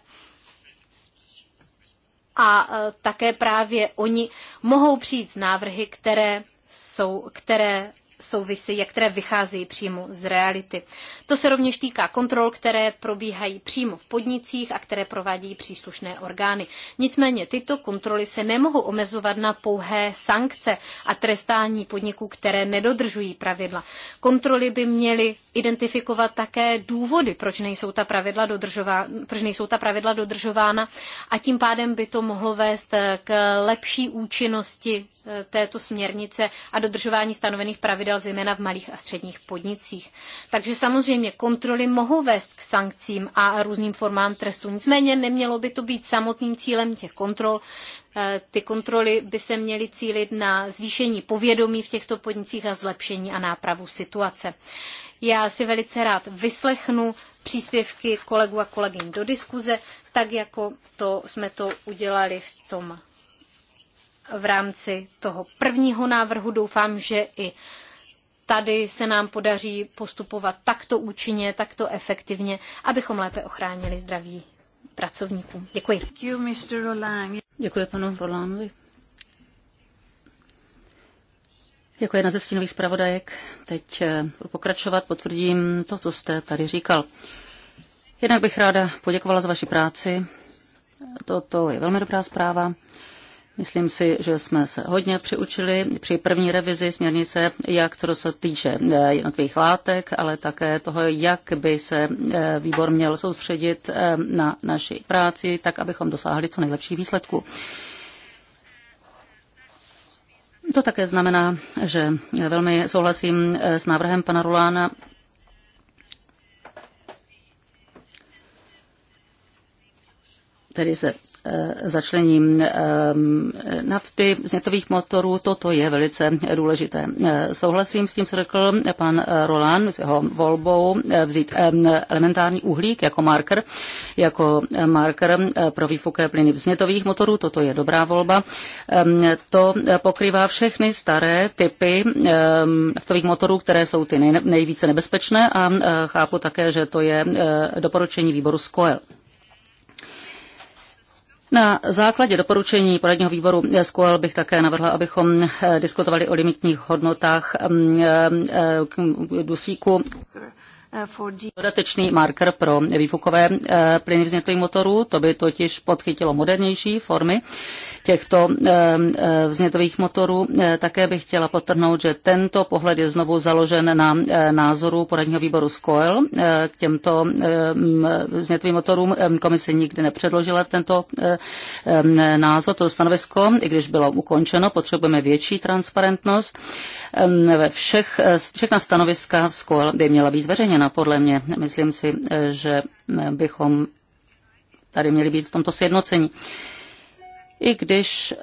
a e, také právě oni mohou přijít z návrhy, které, jsou, které souvisejí a které vycházejí přímo z reality. To se rovněž týká kontrol, které probíhají přímo v podnicích a které provádějí příslušné orgány. Nicméně tyto kontroly se nemohou omezovat na pouhé sankce a trestání podniků, které nedodržují pravidla. Kontroly by měly identifikovat také důvody, proč nejsou ta pravidla, proč nejsou ta pravidla dodržována a tím pádem by to mohlo vést k lepší účinnosti této směrnice a dodržování stanovených pravidel zejména v malých a středních podnicích. Takže samozřejmě kontroly mohou vést k sankcím a různým formám trestu. Nicméně nemělo by to být samotným cílem těch kontrol. Eh, ty kontroly by se měly cílit na zvýšení povědomí v těchto podnicích a zlepšení a nápravu situace. Já si velice rád vyslechnu příspěvky kolegů a kolegyň do diskuze, tak jako to jsme to udělali v tom v rámci toho prvního návrhu. Doufám, že i tady se nám podaří postupovat takto účinně, takto efektivně, abychom lépe ochránili zdraví pracovníků. Děkuji. Děkuji panu Rolánovi. Jako jedna ze stínových zpravodajek teď eh, budu pokračovat, potvrdím to, co jste tady říkal. Jednak bych ráda poděkovala za vaši práci. Toto je velmi dobrá zpráva. Myslím si, že jsme se hodně přiučili při první revizi směrnice, jak co se týče eh, jednotlivých látek, ale také toho, jak by se eh, výbor měl soustředit eh, na naši práci, tak abychom dosáhli co nejlepší výsledků. To také znamená, že velmi souhlasím s návrhem pana Rulána tedy se Eh, začlením eh, nafty, netových motorů, toto je velice důležité. Eh, souhlasím s tím, co řekl pan Roland s jeho volbou vzít elementární uhlík jako marker, jako marker pro výfuké plyny vznětových motorů, toto je dobrá volba. To pokrývá všechny staré typy naftových motorů, které jsou ty nejvíce nebezpečné a chápu také, že to je doporučení výboru SCOEL. Na základě doporučení poradního výboru SQL bych také navrhla, abychom eh, diskutovali o limitních hodnotách mm, eh, mm, eh, dusíku. Dodatečný marker pro výfukové plyny vznětlých motorů, to by totiž podchytilo modernější formy těchto vznětových motorů. Také bych chtěla potrhnout, že tento pohled je znovu založen na názoru poradního výboru SCOEL. K těmto vznětovým motorům komise nikdy nepředložila tento názor, to stanovisko, i když bylo ukončeno, potřebujeme větší transparentnost. Ve všech, všechna stanoviska v SCOEL by měla být zveřejněna změna podle mě. Myslím si, že bychom tady měli být v tomto sjednocení. I když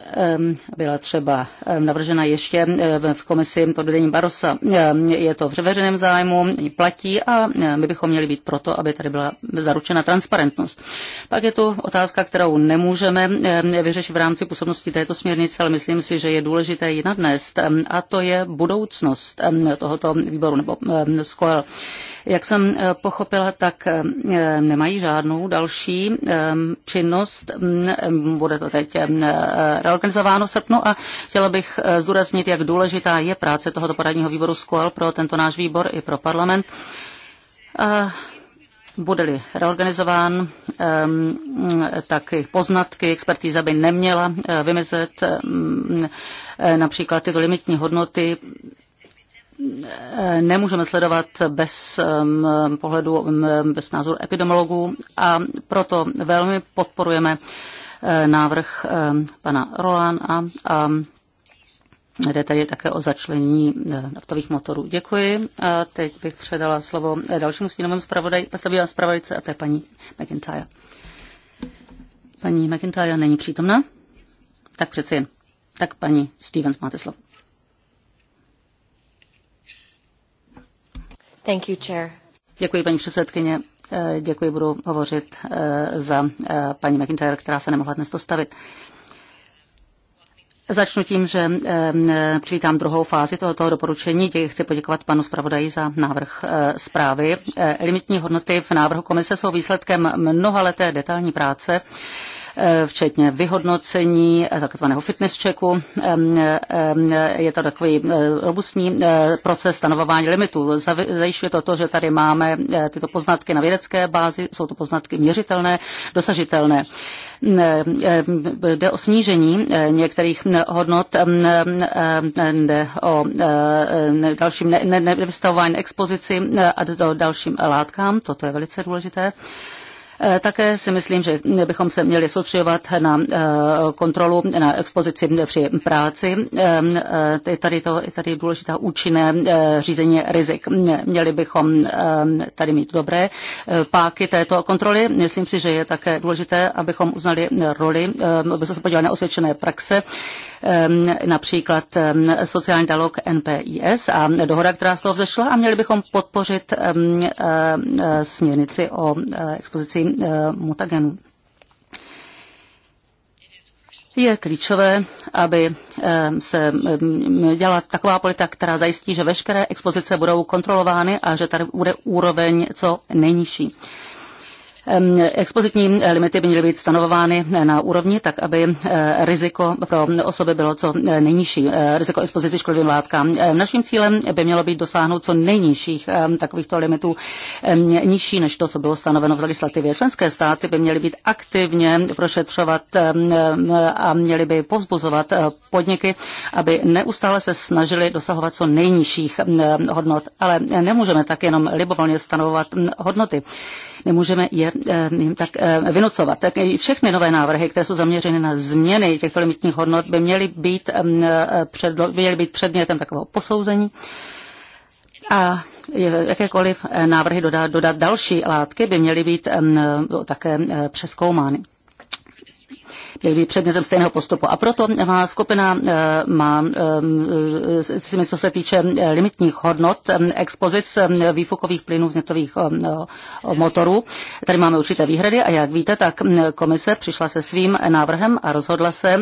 byla třeba navržena ještě v komisi pod vedením Barosa, je to v veřejném zájmu, platí a my bychom měli být proto, aby tady byla zaručena transparentnost. Pak je tu otázka, kterou nemůžeme vyřešit v rámci působnosti této směrnice, ale myslím si, že je důležité ji nadnést a to je budoucnost tohoto výboru nebo skoel. Jak jsem eh, pochopila, tak eh, nemají žádnou další eh, činnost. Mm, bude to teď reorganizováno v srpnu a chtěla bych zdůraznit, jak důležitá je práce tohoto poradního výboru SQL pro tento náš výbor i pro parlament. A bude-li reorganizován, tak poznatky expertíza by neměla vymezet například tyto limitní hodnoty nemůžeme sledovat bez um, pohledu, um, bez názoru epidemiologů a proto velmi podporujeme eh, návrh eh, pana Rolána a Jde tady také o začlení eh, naftových motorů. Děkuji. A teď bych předala slovo dalšímu stínovému zpravodaj, zpravodajce, a to je paní McIntyre. Paní McIntyre není přítomna? Tak přeci jen. Tak paní Stevens, máte slovo. Děkuji, paní předsedkyně. Eh, děkuji, budu hovořit eh, za eh, paní McIntyre, která se nemohla dnes dostavit. Začnu tím, že přivítám druhou fázi tohoto doporučení, kde chci poděkovat panu zpravodaji za návrh zprávy. Limitní hodnoty v návrhu komise jsou výsledkem mnohaleté detailní práce Eh, včetně vyhodnocení eh, takzvaného fitness checku. Eh, je to takový robustní proces stanovování limitů. Zajišťuje to to, že tady máme tyto poznatky na vědecké bázi, jsou to poznatky měřitelné, dosažitelné. Jde o snížení některých hodnot, jde o dalším nevystavování expozici a dalším látkám, toto je velice důležité. Eh, také si myslím, že bychom se měli soustředovat na eh, kontrolu, na expozici při práci. Eh, tady, to, tady je důležitá účinné řízení rizik. Měli bychom tady mít dobré páky této kontroly. Myslím si, že je také důležité, abychom uznali roli, aby se podívali na osvědčené praxe například sociální dialog NPIS a dohoda, která z toho vzešla a měli bychom podpořit e, směrnici o e, expozici e, mutagenů. Je klíčové, aby se dělala taková politika, která zajistí, že veškeré expozice budou kontrolovány a že tady bude úroveň co nejnižší. Expozitní limity by měly být stanovovány na úrovni, tak aby eh, riziko pro osoby bylo co nejnižší, eh, riziko expozice škodlivým látkám. Naším cílem by mělo být dosáhnout co nejnižších takovýchto limitů, nižší než to, co bylo stanoveno v legislativě. Členské státy by měly být aktivně prošetřovat a měly by povzbuzovat eh, podniky, aby neustále se snažili dosahovat co nejnižších hodnot. Ale nemůžeme tak jenom libovolně stanovovat hodnoty nemůžeme je eh, jim tak eh, vynucovat. Tak všechny nové návrhy, které jsou zaměřeny na změny těchto limitních hodnot, by měly být, eh, by měly být předmětem takového posouzení. A jakékoliv návrhy dodat, dodat další látky by měly být také přeskoumány měl být předmětem stejného postupu. A proto má skupina, eh, má, eh, eh, co se týče limitních hodnot expozic výfukových plynů z netových motorů, tady máme určité výhrady a jak víte, tak komise přišla se svým návrhem a rozhodla se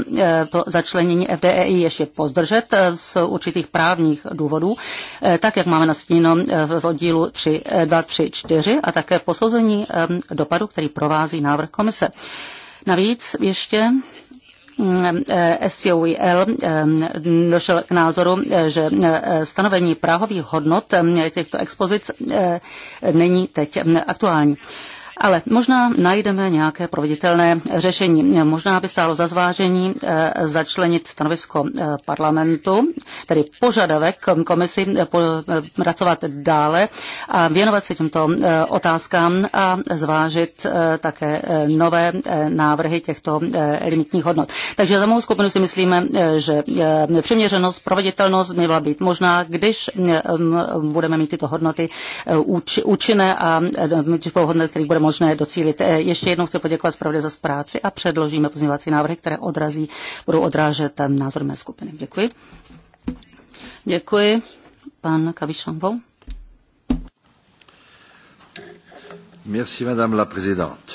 to začlenění FDEI ještě pozdržet z určitých právních důvodů, tak jak máme nastíněno v oddílu 3, 2, 3, 4 a také v posouzení dopadu, který provází návrh komise. Navíc ještě mm, eh, SCOEL eh, došel k názoru, eh, že stanovení prahových hodnot těchto expozic není teď mm, aktuální. Ale možná najdeme nějaké proveditelné řešení. Možná by stálo za zvážení eh, začlenit stanovisko eh, parlamentu, tedy požadavek komisi eh, pracovat dále a věnovat se těmto otázkám a zvážit také nové návrhy těchto limitních hodnot. Takže za mou skupinu si myslíme, že přiměřenost, proveditelnost by měla být možná, když budeme mít tyto hodnoty účinné a když budou hodnoty, kterých budeme možné docílit. Eh, ještě jednou chci poděkovat zpravodě za práci a předložíme pozměňovací návrhy, které odrazí, budou odrážet názor mé skupiny. Děkuji. Děkuji. Pan Kavišanvou. Merci, madame la présidente.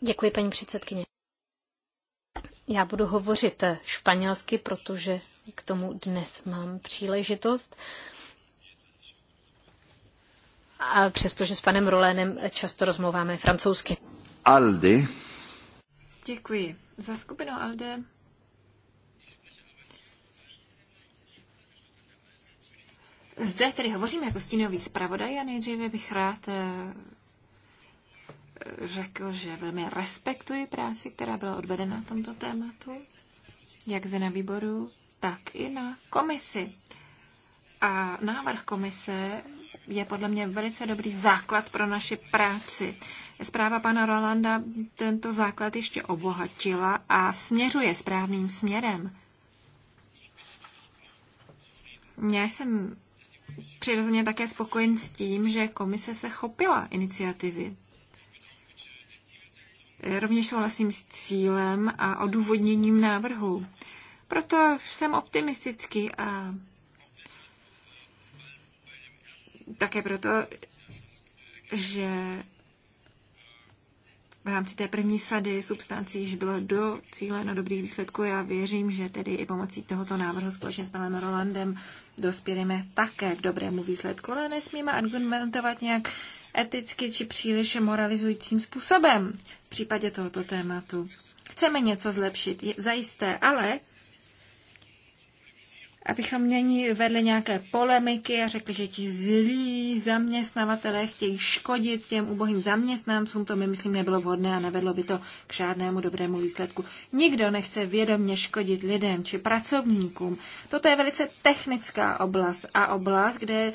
Děkuji, paní předsedkyně. Já budu hovořit španělsky, protože k tomu dnes mám příležitost. Uh, a přestože s panem Rolénem často rozmluváme francouzsky. Aldi. Děkuji. Za skupinu Aldi. Zde tedy hovořím jako stínový zpravodaj a nejdříve bych rád eh, řekl, že velmi respektuji práci, která byla odvedena na tomto tématu, jak ze na výboru, tak i na komisi. A návrh komise je podle mě velice dobrý základ pro naši práci. Zpráva pana Rolanda tento základ ještě obohatila a směřuje správným směrem. Já jsem přirozeně také spokojen s tím, že komise se chopila iniciativy. Rovněž souhlasím s cílem a odůvodněním návrhu. Proto jsem optimistický a také proto, že v rámci té první sady substancí již bylo do cíle na dobrých výsledků. Já věřím, že tedy i pomocí tohoto návrhu společně s panem Rolandem dospějeme také k dobrému výsledku, ale nesmíme argumentovat nějak eticky či příliš moralizujícím způsobem v případě tohoto tématu. Chceme něco zlepšit, zajisté, ale abychom nyní vedli nějaké polemiky a řekli, že ti zlí zaměstnavatelé chtějí škodit těm ubohým zaměstnancům, to mi myslím nebylo vhodné a nevedlo by to k žádnému dobrému výsledku. Nikdo nechce vědomně škodit lidem či pracovníkům. Toto je velice technická oblast a oblast, kde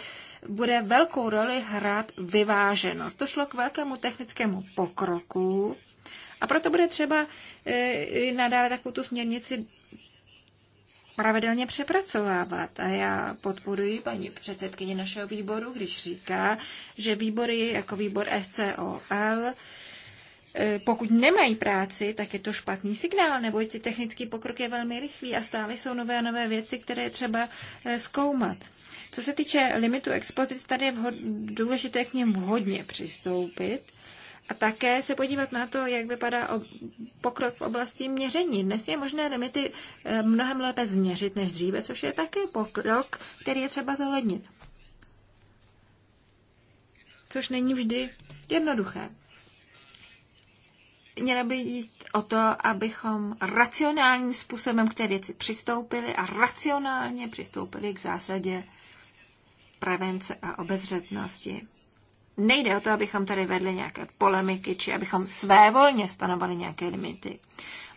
bude velkou roli hrát vyváženost. To šlo k velkému technickému pokroku, a proto bude třeba eh, nadále takovou tu směrnici pravidelně přepracovávat. A já podporuji paní předsedkyni našeho výboru, když říká, že výbory jako výbor SCOL eh, pokud nemají práci, tak je to špatný signál, nebo ti technický pokrok je velmi rychlý a stále jsou nové a nové věci, které je třeba eh, zkoumat. Co se týče limitu expozic, tady je vhod, důležité k něm vhodně přistoupit a také se podívat na to, jak vypadá pokrok v oblasti měření. Dnes je možné limity eh, mnohem lépe změřit než dříve, což je také pokrok, který je třeba zohlednit. Což není vždy jednoduché. Mělo by jít o to, abychom racionálním způsobem k té věci přistoupili a racionálně přistoupili k zásadě prevence a obezřetnosti nejde o to, abychom tady vedli nějaké polemiky, či abychom svévolně stanovali nějaké limity.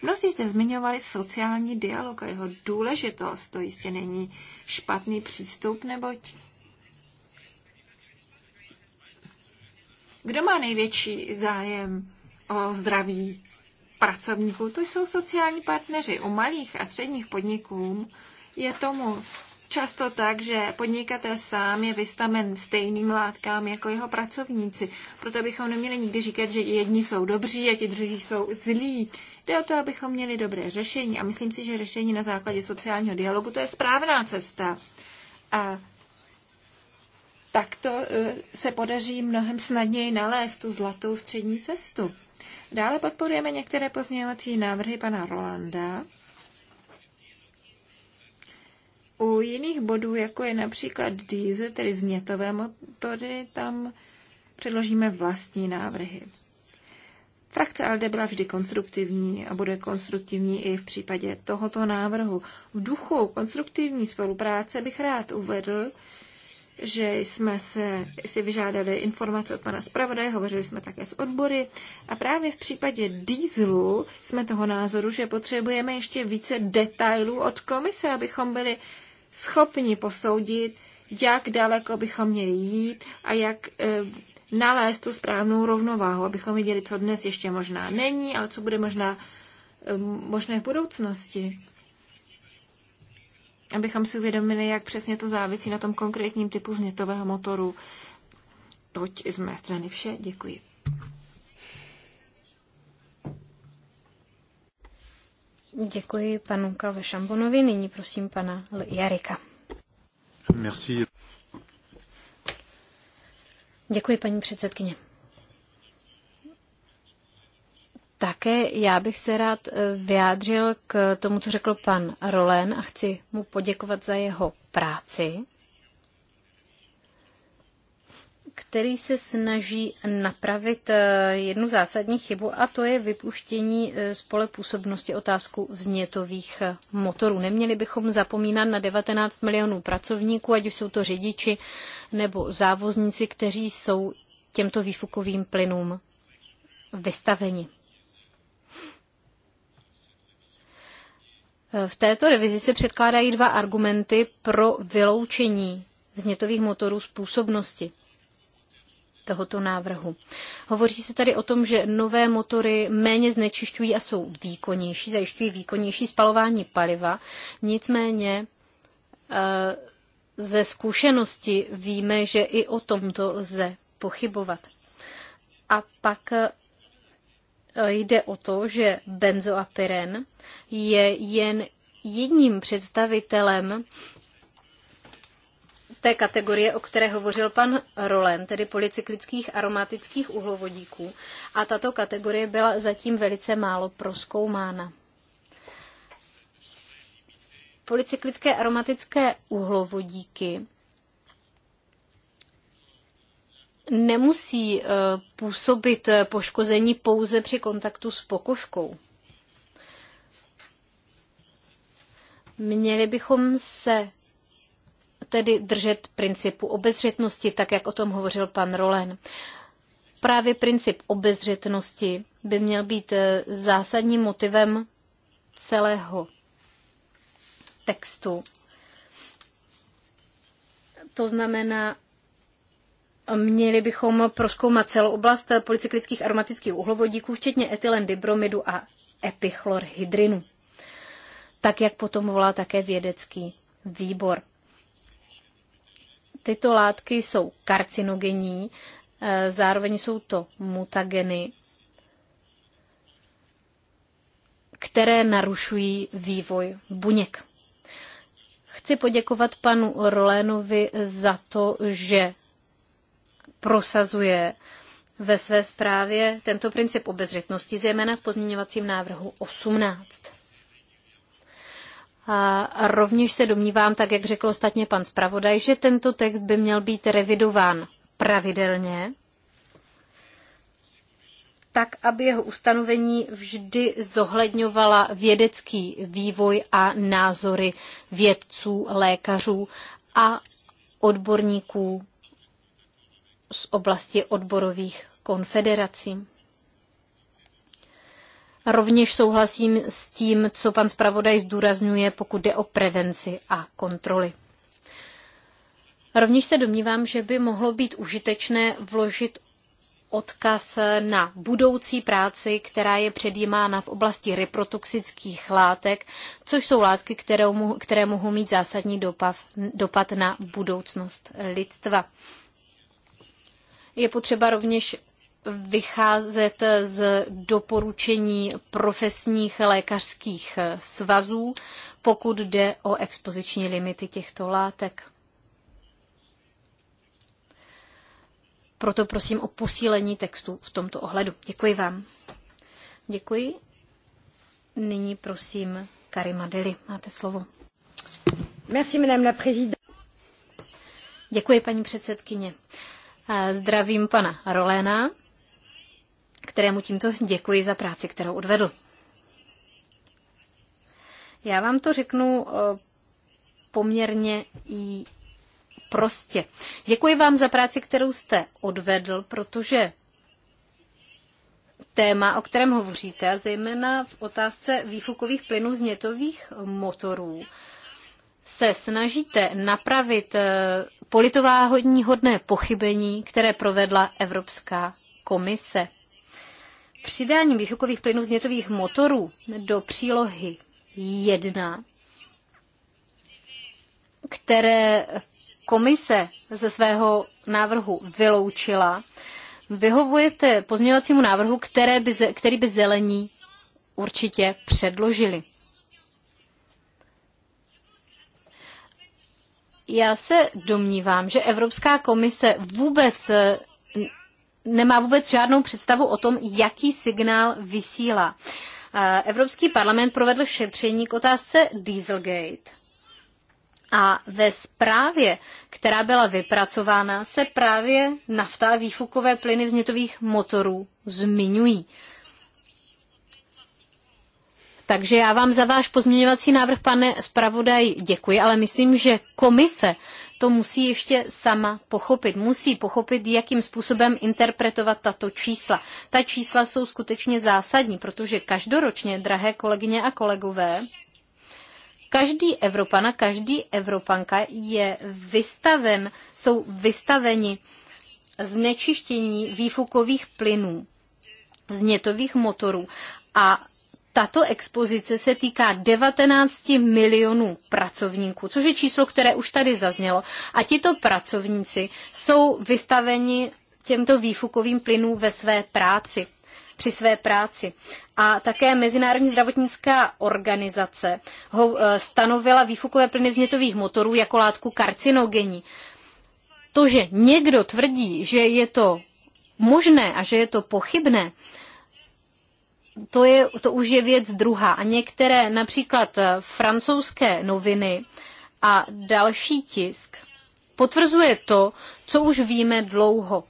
Mnozí zde zmiňovali sociální dialog a jeho důležitost. To jistě není špatný přístup, neboť kdo má největší zájem o zdraví pracovníků, to jsou sociální partneři. U malých a středních podniků je tomu Často tak, že podnikatel sám je vystaven stejným látkám jako jeho pracovníci. Proto bychom neměli nikdy říkat, že jedni jsou dobří a ti druzí jsou zlí. Jde o to, abychom měli dobré řešení a myslím si, že řešení na základě sociálního dialogu to je správná cesta. A takto e, se podaří mnohem snadněji nalézt tu zlatou střední cestu. Dále podporujeme některé pozměňovací návrhy pana Rolanda u jiných bodů, jako je například diesel, tedy znětové motory, tam předložíme vlastní návrhy. Frakce ALDE byla vždy konstruktivní a bude konstruktivní i v případě tohoto návrhu. V duchu konstruktivní spolupráce bych rád uvedl, že jsme se, si vyžádali informace od pana zpravodaje, hovořili jsme také s odbory a právě v případě dýzlu jsme toho názoru, že potřebujeme ještě více detailů od komise, abychom byli schopni posoudit, jak daleko bychom měli jít a jak eh, nalézt tu správnou rovnováhu, abychom viděli, co dnes ještě možná není, ale co bude možná eh, možné v budoucnosti. Abychom si uvědomili, jak přesně to závisí na tom konkrétním typu vznětového motoru. Toť z mé strany vše. Děkuji. Děkuji panu Kalve Šambonovi. Nyní prosím pana Jarika. Merci. Děkuji, paní předsedkyně. Také já bych se rád eh, vyjádřil k tomu, co řekl pan Rolen a chci mu poděkovat za jeho práci který se snaží napravit eh, jednu zásadní chybu a to je vypuštění spole eh, působnosti otázku vznětových eh, motorů. Neměli bychom zapomínat na 19 milionů pracovníků, ať už jsou to řidiči nebo závozníci, kteří jsou těmto výfukovým plynům vystaveni. V této revizi se předkládají dva argumenty pro vyloučení vznětových motorů z působnosti tohoto návrhu. Hovoří se tady o tom, že nové motory méně znečišťují a jsou výkonnější, zajišťují výkonnější spalování paliva, nicméně eh, ze zkušenosti víme, že i o tomto lze pochybovat. A pak eh, jde o to, že benzoapiren je jen jedním představitelem té kategorie, o které hovořil pan Rolen, tedy polycyklických aromatických uhlovodíků. A tato kategorie byla zatím velice málo proskoumána. Polycyklické aromatické uhlovodíky nemusí eh, působit poškození pouze při kontaktu s pokožkou. Měli bychom se tedy držet principu obezřetnosti, tak jak o tom hovořil pan Rolen. Právě princip obezřetnosti by měl být eh, zásadním motivem celého textu. To znamená, měli bychom proskoumat celou oblast polycyklických aromatických uhlovodíků, včetně etylen dibromidu a epichlorhydrinu, tak jak potom volá také vědecký výbor tyto látky jsou karcinogenní, eh, zároveň jsou to mutageny, které narušují vývoj buněk. Chci poděkovat panu Rolénovi za to, že prosazuje ve své zprávě tento princip obezřetnosti, zejména v pozměňovacím návrhu 18. A rovněž se domnívám, tak jak řekl ostatně pan zpravodaj, že tento text by měl být revidován pravidelně, tak, aby jeho ustanovení vždy zohledňovala vědecký vývoj a názory vědců, lékařů a odborníků z oblasti odborových konfederací. Rovněž souhlasím s tím, co pan zpravodaj zdůrazňuje, pokud jde o prevenci a kontroly. Rovněž se domnívám, že by mohlo být užitečné vložit odkaz na budoucí práci, která je předjímána v oblasti reprotoxických látek, což jsou látky, které, které mohou mít zásadní dopad, dopad na budoucnost lidstva. Je potřeba rovněž vycházet z doporučení profesních lékařských svazů, pokud jde o expoziční limity těchto látek. Proto prosím o posílení textu v tomto ohledu. Děkuji vám. Děkuji. Nyní prosím Karima Deli. Máte slovo. Merci, madame la Děkuji, paní předsedkyně. Zdravím pana Rolena kterému tímto děkuji za práci, kterou odvedl. Já vám to řeknu eh, poměrně i prostě. Děkuji vám za práci, kterou jste odvedl, protože téma, o kterém hovoříte, a zejména v otázce výfukových plynů z nětových motorů, se snažíte napravit eh, politováhodní hodné pochybení, které provedla Evropská komise. Přidáním výfukových plynů z motorů do přílohy 1, které komise ze svého návrhu vyloučila, vyhovujete pozměňovacímu návrhu, které by, který by zelení určitě předložili. Já se domnívám, že Evropská komise vůbec nemá vůbec žádnou představu o tom, jaký signál vysílá. Eh, Evropský parlament provedl šetření k otázce Dieselgate. A ve zprávě, která byla vypracována, se právě nafta a výfukové plyny vznětových motorů zmiňují. Takže já vám za váš pozměňovací návrh, pane zpravodaj, děkuji, ale myslím, že komise to musí ještě sama pochopit. Musí pochopit, jakým způsobem interpretovat tato čísla. Ta čísla jsou skutečně zásadní, protože každoročně, drahé kolegyně a kolegové, každý evropan a každý Evropanka je vystaven, jsou vystaveni znečištění výfukových plynů z motorů a tato expozice se týká 19 milionů pracovníků, což je číslo, které už tady zaznělo. A tito pracovníci jsou vystaveni těmto výfukovým plynům ve své práci při své práci. A také Mezinárodní zdravotnická organizace ho eh, stanovila výfukové plyny vznětových motorů jako látku karcinogenní. To, že někdo tvrdí, že je to možné a že je to pochybné, to, je, to už je věc druhá. A některé, například eh, francouzské noviny a další tisk, potvrzuje to, co už víme dlouho.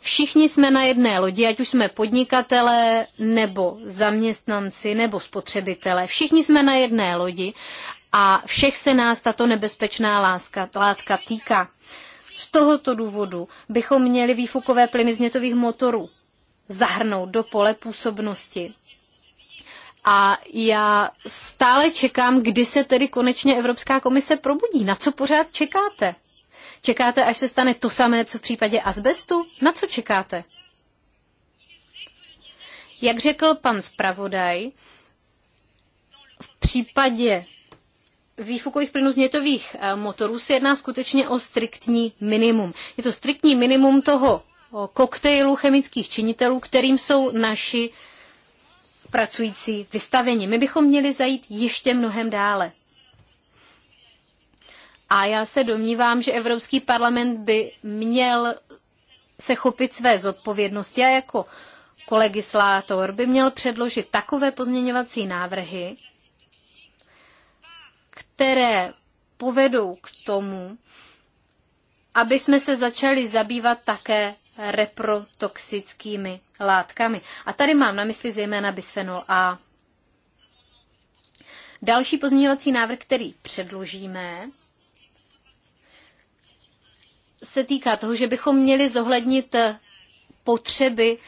Všichni jsme na jedné lodi, ať už jsme podnikatelé, nebo zaměstnanci, nebo spotřebitelé. Všichni jsme na jedné lodi a všech se nás tato nebezpečná láska, látka týká. Z tohoto důvodu bychom měli výfukové plyny z motorů zahrnout do pole působnosti. A já stále čekám, kdy se tedy konečně Evropská komise probudí. Na co pořád čekáte? Čekáte, až se stane to samé, co v případě asbestu? Na co čekáte? Jak řekl pan zpravodaj, v případě výfukových plynů z eh, motorů se jedná skutečně o striktní minimum. Je to striktní minimum toho koktejlu chemických činitelů, kterým jsou naši pracující vystaveni. My bychom měli zajít ještě mnohem dále. A já se domnívám, že Evropský parlament by měl se chopit své zodpovědnosti a jako kolegislátor by měl předložit takové pozměňovací návrhy, které povedou k tomu, aby jsme se začali zabývat také reprotoxickými látkami. A tady mám na mysli zejména bisfenol A. Další pozměňovací návrh, který předložíme, se týká toho, že bychom měli zohlednit potřeby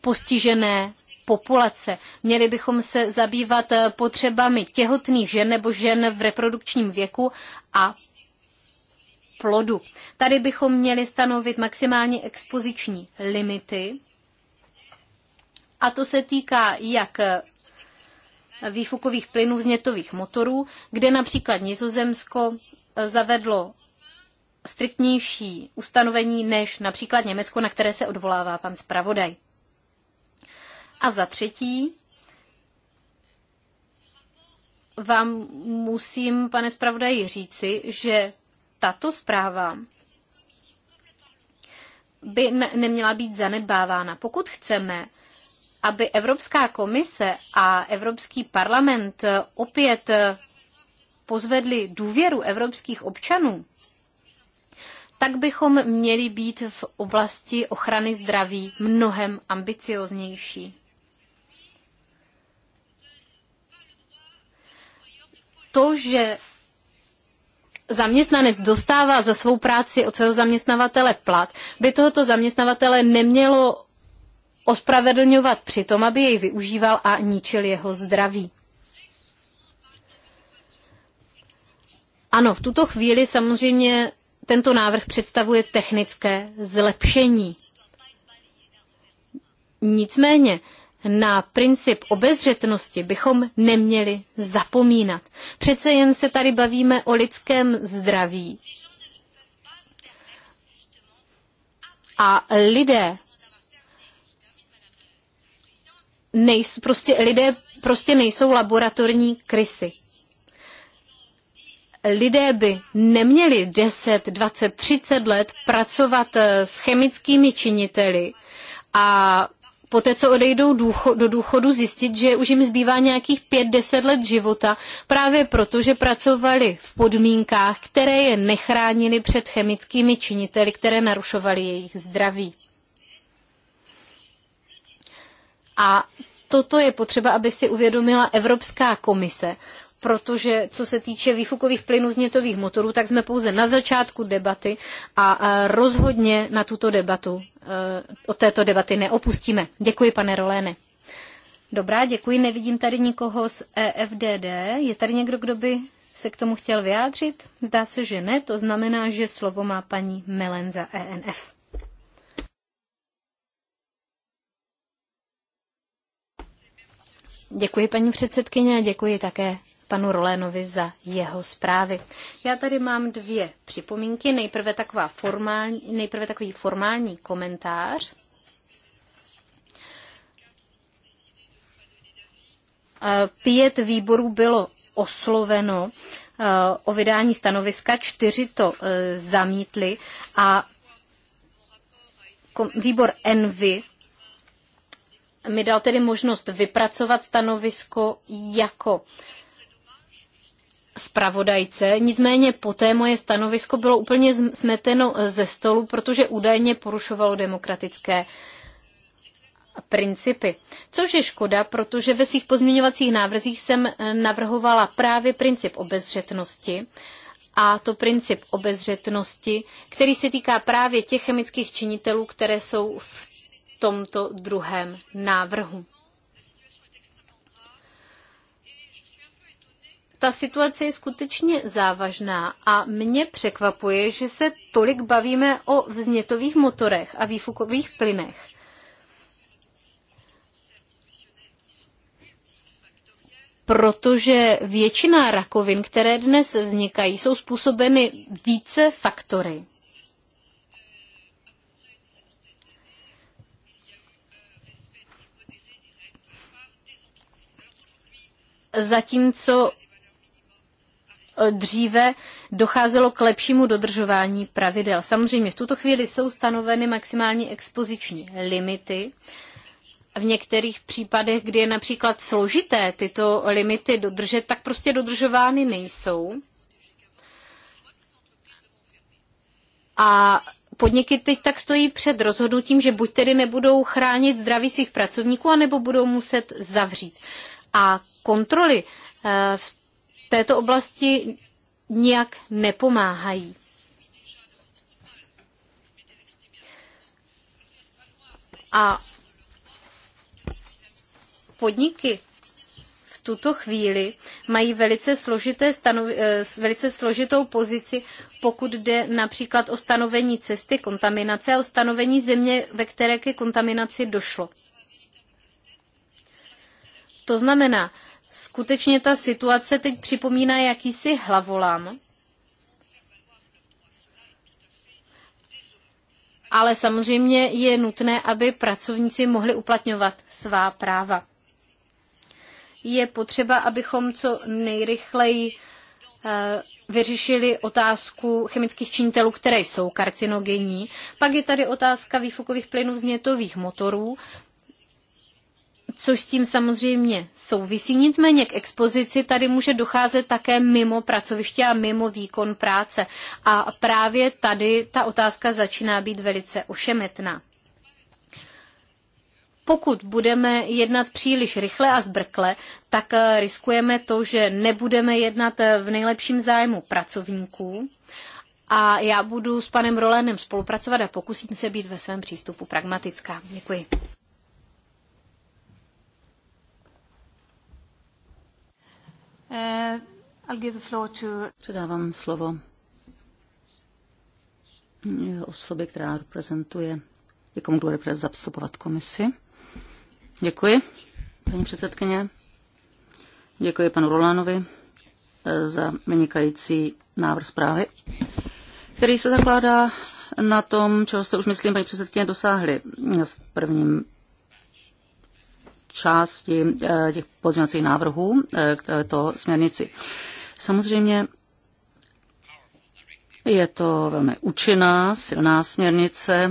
postižené populace. Měli bychom se zabývat potřebami těhotných žen nebo žen v reprodukčním věku a plodu. Tady bychom měli stanovit maximální expoziční limity a to se týká jak výfukových plynů vznětových motorů, kde například Nizozemsko zavedlo striktnější ustanovení než například Německo, na které se odvolává pan zpravodaj. A za třetí, vám musím, pane zpravodaji, říci, že tato zpráva by neměla být zanedbávána. Pokud chceme, aby Evropská komise a Evropský parlament opět pozvedli důvěru evropských občanů, tak bychom měli být v oblasti ochrany zdraví mnohem ambicioznější. To, že zaměstnanec dostává za svou práci od svého zaměstnavatele plat, by tohoto zaměstnavatele nemělo ospravedlňovat při tom, aby jej využíval a ničil jeho zdraví. Ano, v tuto chvíli samozřejmě tento návrh představuje technické zlepšení. Nicméně, na princip obezřetnosti bychom neměli zapomínat. Přece jen se tady bavíme o lidském zdraví. A lidé nejs prostě, lidé prostě nejsou laboratorní krysy. Lidé by neměli 10, 20, 30 let pracovat eh, s chemickými činiteli a po té, co odejdou důcho, do důchodu, zjistit, že už jim zbývá nějakých 5-10 let života, právě proto, že pracovali v podmínkách, které je nechránily před chemickými činiteli, které narušovaly jejich zdraví. A toto je potřeba, aby si uvědomila Evropská komise, protože co se týče výfukových plynů z nětových motorů, tak jsme pouze na začátku debaty a e, rozhodně na tuto debatu, e, od této debaty neopustíme. Děkuji, pane Roléne. Dobrá, děkuji. Nevidím tady nikoho z EFDD. Je tady někdo, kdo by se k tomu chtěl vyjádřit? Zdá se, že ne. To znamená, že slovo má paní Melenza ENF. Děkuji, paní předsedkyně, a děkuji také panu Rolénovi za jeho zprávy. Já tady mám dvě připomínky. Nejprve, taková formální, nejprve takový formální komentář. Eh, pět výborů bylo osloveno eh, o vydání stanoviska, čtyři to eh, zamítli a výbor Envy mi dal tedy možnost vypracovat stanovisko jako spravodajce, nicméně poté moje stanovisko bylo úplně smeteno ze stolu, protože údajně porušovalo demokratické principy. Což je škoda, protože ve svých pozměňovacích návrzích jsem eh, navrhovala právě princip obezřetnosti, a to princip obezřetnosti, který se týká právě těch chemických činitelů, které jsou v tomto druhém návrhu. Ta situace je skutečně závažná a mě překvapuje, že se tolik bavíme o vznětových motorech a výfukových plynech. Protože většina rakovin, které dnes vznikají, jsou způsobeny více faktory. zatímco Eh, dříve docházelo k lepšímu dodržování pravidel. Samozřejmě v tuto chvíli jsou stanoveny maximální expoziční limity. V některých případech, kdy je například složité tyto limity dodržet, tak prostě dodržovány nejsou. A podniky teď tak stojí před rozhodnutím, že buď tedy nebudou chránit zdraví svých pracovníků, anebo budou muset zavřít. A kontroly eh, v této oblasti nijak nepomáhají. A podniky v tuto chvíli mají velice, složité stanovi, eh, velice složitou pozici, pokud jde například o stanovení cesty kontaminace a o stanovení země, ve které ke kontaminaci došlo. To znamená, skutečně ta situace teď připomíná jakýsi hlavolám. Ale samozřejmě je nutné, aby pracovníci mohli uplatňovat svá práva. Je potřeba, abychom co nejrychleji eh, vyřešili otázku chemických činitelů, které jsou karcinogenní. Pak je tady otázka výfukových plynů z nětových motorů což s tím samozřejmě souvisí. Nicméně k expozici tady může docházet také mimo pracoviště a mimo výkon práce. A právě tady ta otázka začíná být velice ošemetná. Pokud budeme jednat příliš rychle a zbrkle, tak eh, riskujeme to, že nebudeme jednat eh, v nejlepším zájmu pracovníků. A já budu s panem Rolenem spolupracovat a pokusím se být ve svém přístupu pragmatická. Děkuji. Uh, Předávám slovo osobě, která reprezentuje, někomu, kdo bude zastupovat komisi. Děkuji, paní předsedkyně. Děkuji panu Rolanovi eh, za vynikající návrh zprávy, který se zakládá na tom, čeho se už myslím, paní předsedkyně, dosáhli v prvním části eh, těch pozměňovacích návrhů eh, k této směrnici. Samozřejmě je to velmi účinná, silná směrnice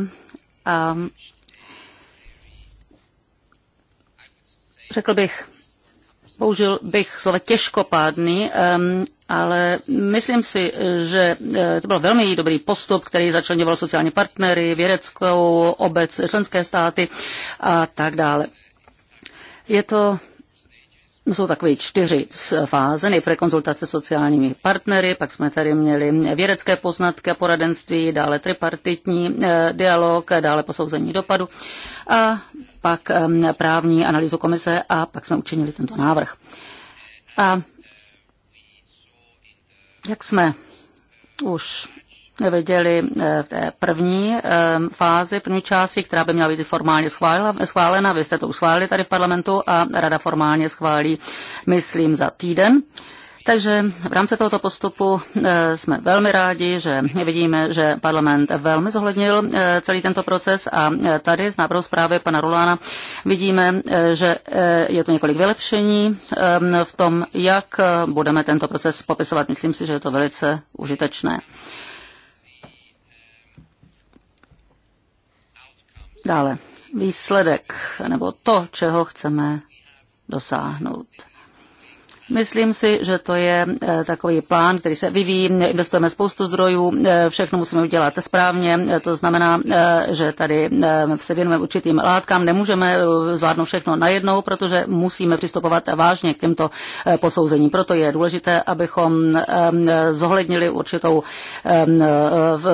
a řekl bych, použil bych slovo těžkopádný, ale myslím si, že eh, to byl velmi dobrý postup, který začlenoval sociální partnery, vědeckou obec, členské státy a tak dále. Je to no, jsou takové čtyři fáze. Nejprve konzultace s sociálními partnery, pak jsme tady měli vědecké poznatky a poradenství, dále tripartitní eh, dialog, dále posouzení dopadu a pak ehm, právní analýzu komise a pak jsme učinili tento návrh. A jak jsme už viděli eh, v té první eh, fázi, první části, která by měla být formálně schválena. Vy jste to uschválili tady v parlamentu a rada formálně schválí, myslím, za týden. Takže v rámci tohoto postupu eh, jsme velmi rádi, že vidíme, že parlament velmi zohlednil celý tento proces a tady z návrhu zprávy pana Rulána vidíme, že je to několik vylepšení v tom, jak budeme tento proces popisovat. Myslím si, že je to velice užitečné. Dále výsledek nebo to, čeho chceme dosáhnout. Myslím si, že to je eh, takový plán, který se vyvíjí, investujeme spoustu zdrojů, eh, všechno musíme udělat správně, eh, to znamená, že tady se věnujeme určitým látkám, nemůžeme zvládnout všechno najednou, protože musíme přistupovat vážně k těmto posouzením. Proto je důležité, abychom zohlednili určitou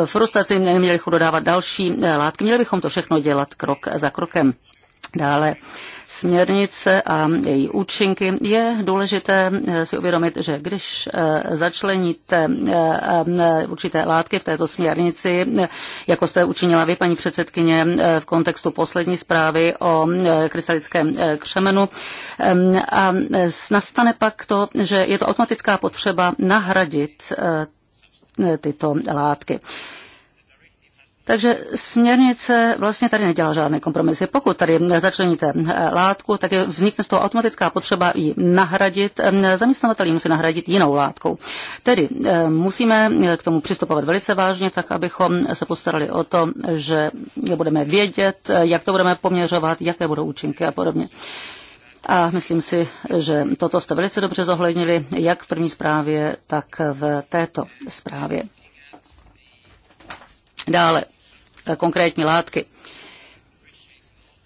frustraci, neměli chudodávat další látky, měli bychom to všechno dělat krok za krokem. Dále směrnice a její účinky, je důležité eh, si uvědomit, že když eh, začleníte eh, určité látky v této směrnici, jako jste učinila vy, paní předsedkyně, v kontextu poslední zprávy o krystalickém křemenu, a nastane pak to, že je to automatická potřeba nahradit tyto látky. Takže směrnice vlastně tady nedělá žádné kompromisy. Pokud tady začleníte eh, látku, tak vznikne z toho automatická potřeba ji nahradit. Eh, Zaměstnavatel ji musí nahradit jinou látkou. Tedy eh, musíme k tomu přistupovat velice vážně, tak abychom se postarali o to, že budeme vědět, jak to budeme poměřovat, jaké budou účinky a podobně. A myslím si, že toto jste velice dobře zohlednili, jak v první zprávě, tak v této zprávě. Dále Eh, konkrétní látky.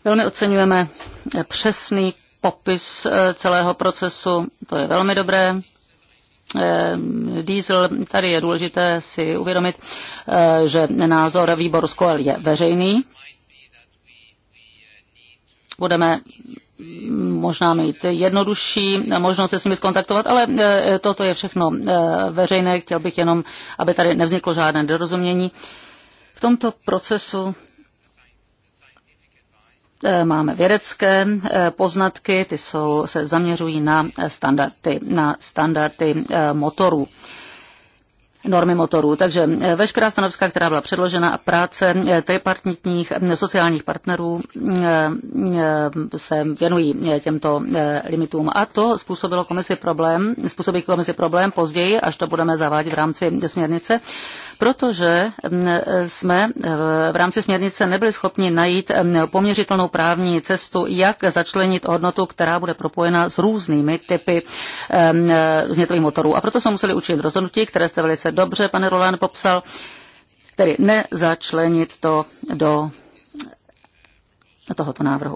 Velmi oceňujeme přesný popis eh, celého procesu, to je velmi dobré. Eh, diesel, tady je důležité si uvědomit, že názor výboru SKOL je veřejný. Budeme možná mít jednodušší možnost se s nimi skontaktovat, ale toto je všechno veřejné. Chtěl bych jenom, aby tady nevzniklo žádné dorozumění. V tomto procesu eh, máme vědecké eh, poznatky, ty jsou, se zaměřují na standardy, na standardy eh, motorů normy motorů. Takže eh, veškerá stanoviska, která byla předložena a práce eh, tripartitních eh, sociálních partnerů se věnují těmto limitům. A to způsobilo komisi problém, způsobí komisi problém později, až to budeme zavádět v rámci směrnice, protože mm, jsme v rámci směrnice nebyli schopni najít poměřitelnou právní cestu, jak začlenit hodnotu, která bude propojena s různými typy znětových motorů. A proto jsme museli učinit rozhodnutí, které jste velice dobře, pane Roland popsal, tedy nezačlenit to do tohoto návrhu.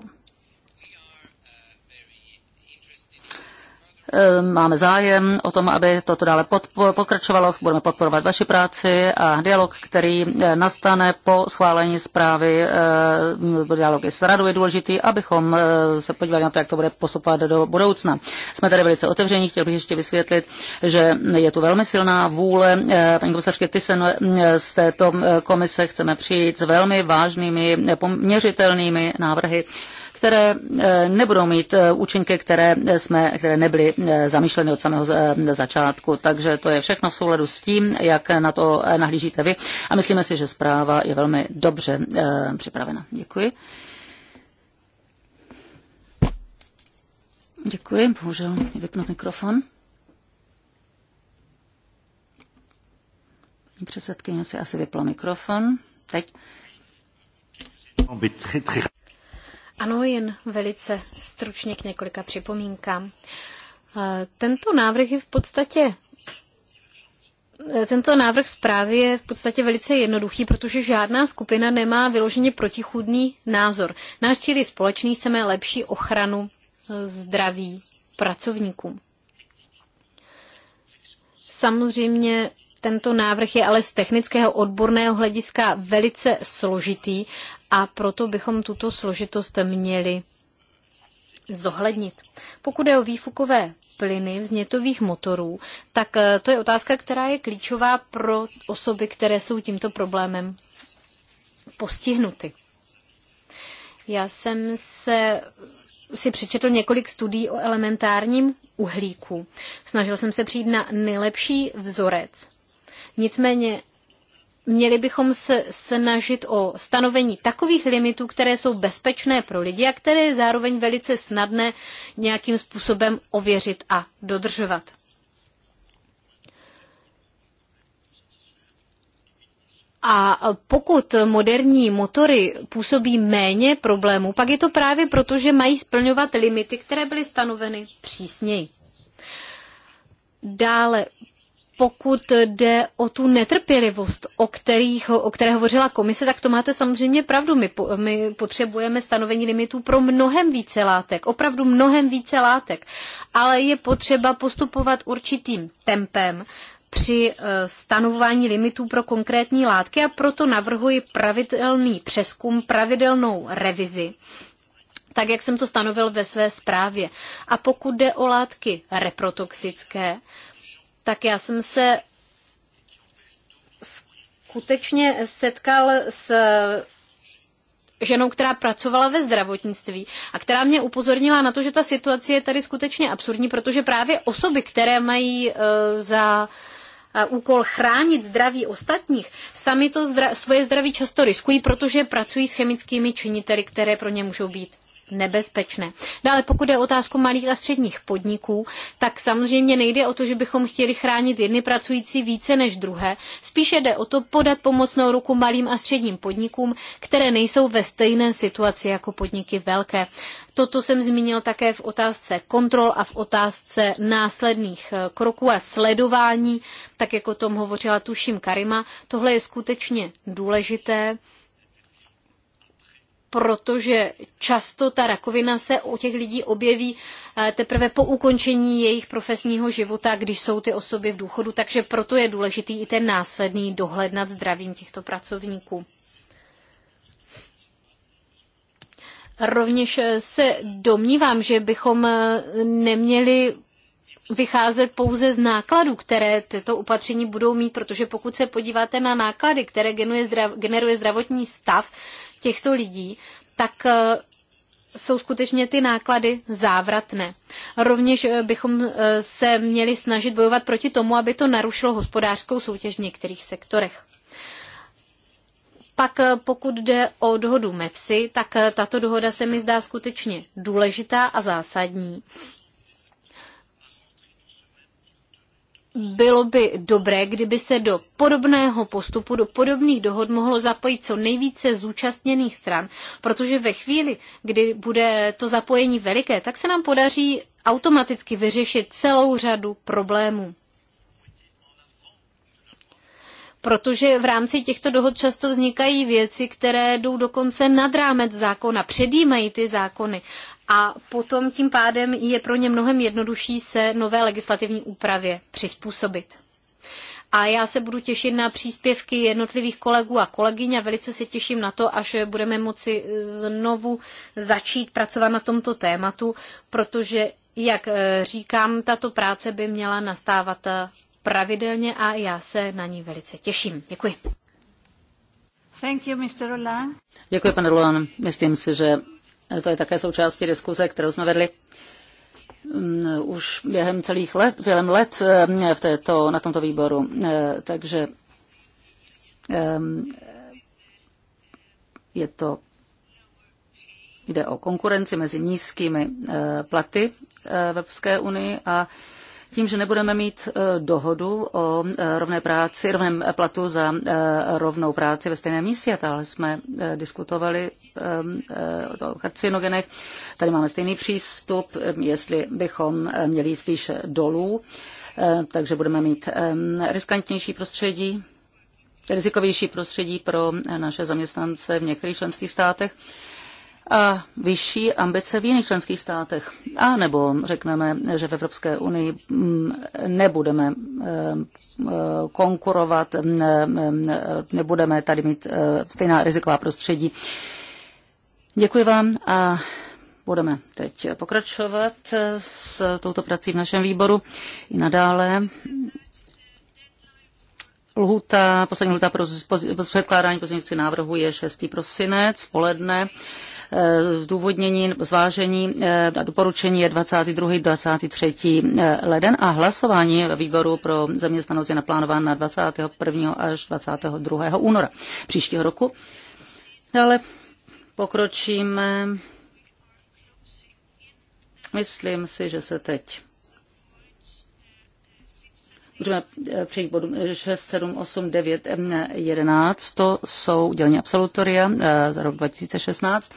Ehm, máme zájem o tom, aby toto dále pokračovalo. Budeme podporovat vaši práci a dialog, který eh, nastane po schválení zprávy. Eh, dialog je s radou je důležitý, abychom eh, se podívali na to, jak to bude postupovat do budoucna. Jsme tady velice otevření, chtěl bych ještě vysvětlit, že je tu velmi silná vůle paní komisařky Tysen z této komise. Chceme přijít s velmi vážnými, poměřitelnými návrhy které eh, nebudou mít eh, účinky, které, eh, jsme, které nebyly zamýšleny od samého začátku. Takže to je všechno v souladu s tím, jak na to nahlížíte vy. A myslíme si, že zpráva je velmi dobře připravena. Děkuji. Děkuji, bohužel vypnout mikrofon. Paní předsedkyně si asi vypla mikrofon. Teď. Ano, jen velice stručně k několika připomínkám. Eh, tento návrh je v podstatě eh, tento návrh zprávy je v podstatě velice jednoduchý, protože žádná skupina nemá vyloženě protichůdný názor. Náš cíl je společný, chceme lepší ochranu eh, zdraví pracovníkům. Samozřejmě tento návrh je ale z technického odborného hlediska velice složitý a proto bychom tuto složitost měli zohlednit. Pokud je o výfukové plyny vznětových motorů, tak eh, to je otázka, která je klíčová pro osoby, které jsou tímto problémem postihnuty. Já jsem se eh, si přečetl několik studií o elementárním uhlíku. Snažil jsem se přijít na nejlepší vzorec. Nicméně měli bychom se snažit o stanovení takových limitů, které jsou bezpečné pro lidi a které je zároveň velice snadné nějakým způsobem ověřit a dodržovat. A pokud moderní motory působí méně problémů, pak je to právě proto, že mají splňovat limity, které byly stanoveny přísněji. Dále pokud jde o tu netrpělivost, o, kterých, o které hovořila komise, tak to máte samozřejmě pravdu. My, po, my potřebujeme stanovení limitů pro mnohem více látek, opravdu mnohem více látek, ale je potřeba postupovat určitým tempem při eh, stanovování limitů pro konkrétní látky a proto navrhuji pravidelný přeskum, pravidelnou revizi tak jak jsem to stanovil ve své zprávě. A pokud jde o látky reprotoxické, tak já jsem se skutečně setkal s ženou, která pracovala ve zdravotnictví a která mě upozornila na to, že ta situace je tady skutečně absurdní, protože právě osoby, které mají e, za e, úkol chránit zdraví ostatních, sami to zdra- svoje zdraví často riskují, protože pracují s chemickými činiteli, které pro ně můžou být nebezpečné. Dále pokud je otázku malých a středních podniků, tak samozřejmě nejde o to, že bychom chtěli chránit jedny pracující více než druhé. Spíše jde o to podat pomocnou ruku malým a středním podnikům, které nejsou ve stejné situaci jako podniky velké. Toto jsem zmínil také v otázce kontrol a v otázce následných eh, kroků a sledování, tak jako o tom hovořila tuším Karima. Tohle je skutečně důležité protože často ta rakovina se u těch lidí objeví eh, teprve po ukončení jejich profesního života, když jsou ty osoby v důchodu, takže proto je důležitý i ten následný dohled nad zdravím těchto pracovníků. Rovněž eh, se domnívám, že bychom eh, neměli vycházet pouze z nákladů, které tyto opatření budou mít, protože pokud se podíváte na náklady, které generuje, generuje zdravotní stav, těchto lidí, tak eh, jsou skutečně ty náklady závratné. Rovněž eh, bychom eh, se měli snažit bojovat proti tomu, aby to narušilo hospodářskou soutěž v některých sektorech. Pak pokud jde o dohodu MEFSI, tak tato dohoda se mi zdá skutečně důležitá a zásadní. bylo by dobré, kdyby se do podobného postupu, do podobných dohod mohlo zapojit co nejvíce zúčastněných stran, protože ve chvíli, kdy bude to zapojení veliké, tak se nám podaří automaticky vyřešit celou řadu problémů. Protože v rámci těchto dohod často vznikají věci, které jdou dokonce nad rámec zákona, předjímají ty zákony a potom tím pádem je pro ně mnohem jednodušší se nové legislativní úpravě přizpůsobit. A já se budu těšit na příspěvky jednotlivých kolegů a kolegyň a velice se těším na to, až budeme moci znovu začít pracovat na tomto tématu, protože, jak eh, říkám, tato práce by měla nastávat eh, pravidelně a já se na ní velice těším. Děkuji. Thank you, Mr. Roland. Děkuji, pane Roland. Myslím si, že to je také součástí diskuze, kterou jsme vedli mm, už během celých let, během let mm, v této, na tomto výboru. Eh, takže ehm, je to Jde o konkurenci mezi nízkými eh, platy eh, v Evropské unii a tím, že nebudeme mít eh, dohodu o eh, rovné práci, rovném platu za eh, rovnou práci ve stejném místě. Tahle jsme diskutovali ehm, o karcinogenech. Tady máme stejný přístup, ehm, jestli bychom měli jít spíše dolů, takže budeme mít ehm, riskantnější prostředí rizikovější prostředí pro naše zaměstnance v některých členských státech a vyšší ambice v jiných členských státech. A nebo řekneme, že v Evropské unii mm, nebudeme eh, eh, konkurovat, mm, mm, nebudeme tady mít eh, stejná riziková prostředí. Děkuji vám a budeme teď pokračovat s touto prací v našem výboru i nadále. Lhuta, poslední lhuta pro předkládání pozměňovacích návrhů je 6. prosinec, poledne. Eh, zdůvodnění, zvážení eh, a doporučení je 22. 23. Eh, leden a hlasování výboru pro zaměstnanost je naplánován na 21. až 22. února příštího roku. Dále pokročíme. Myslím si, že se teď Můžeme eh, přejít bodům 6, 7, 8, 9, 11. To jsou udělení absolutoria eh, za rok 2016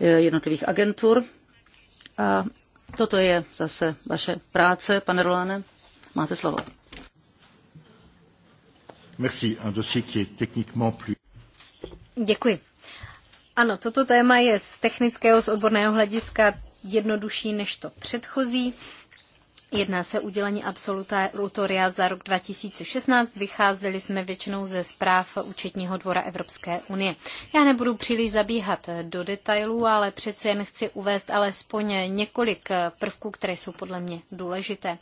eh, jednotlivých agentur. A toto je zase vaše práce, pane Rolane. Máte slovo. Merci. Un dossier qui est techniquement plus... Děkuji. Ano, toto téma je z technického, z odborného hlediska jednodušší než to předchozí. Jedná se udělení absolutoria za rok 2016. Vycházeli jsme většinou ze zpráv Účetního dvora Evropské unie. Já nebudu příliš zabíhat do detailů, ale přece jen chci uvést alespoň několik prvků, které jsou podle mě důležité.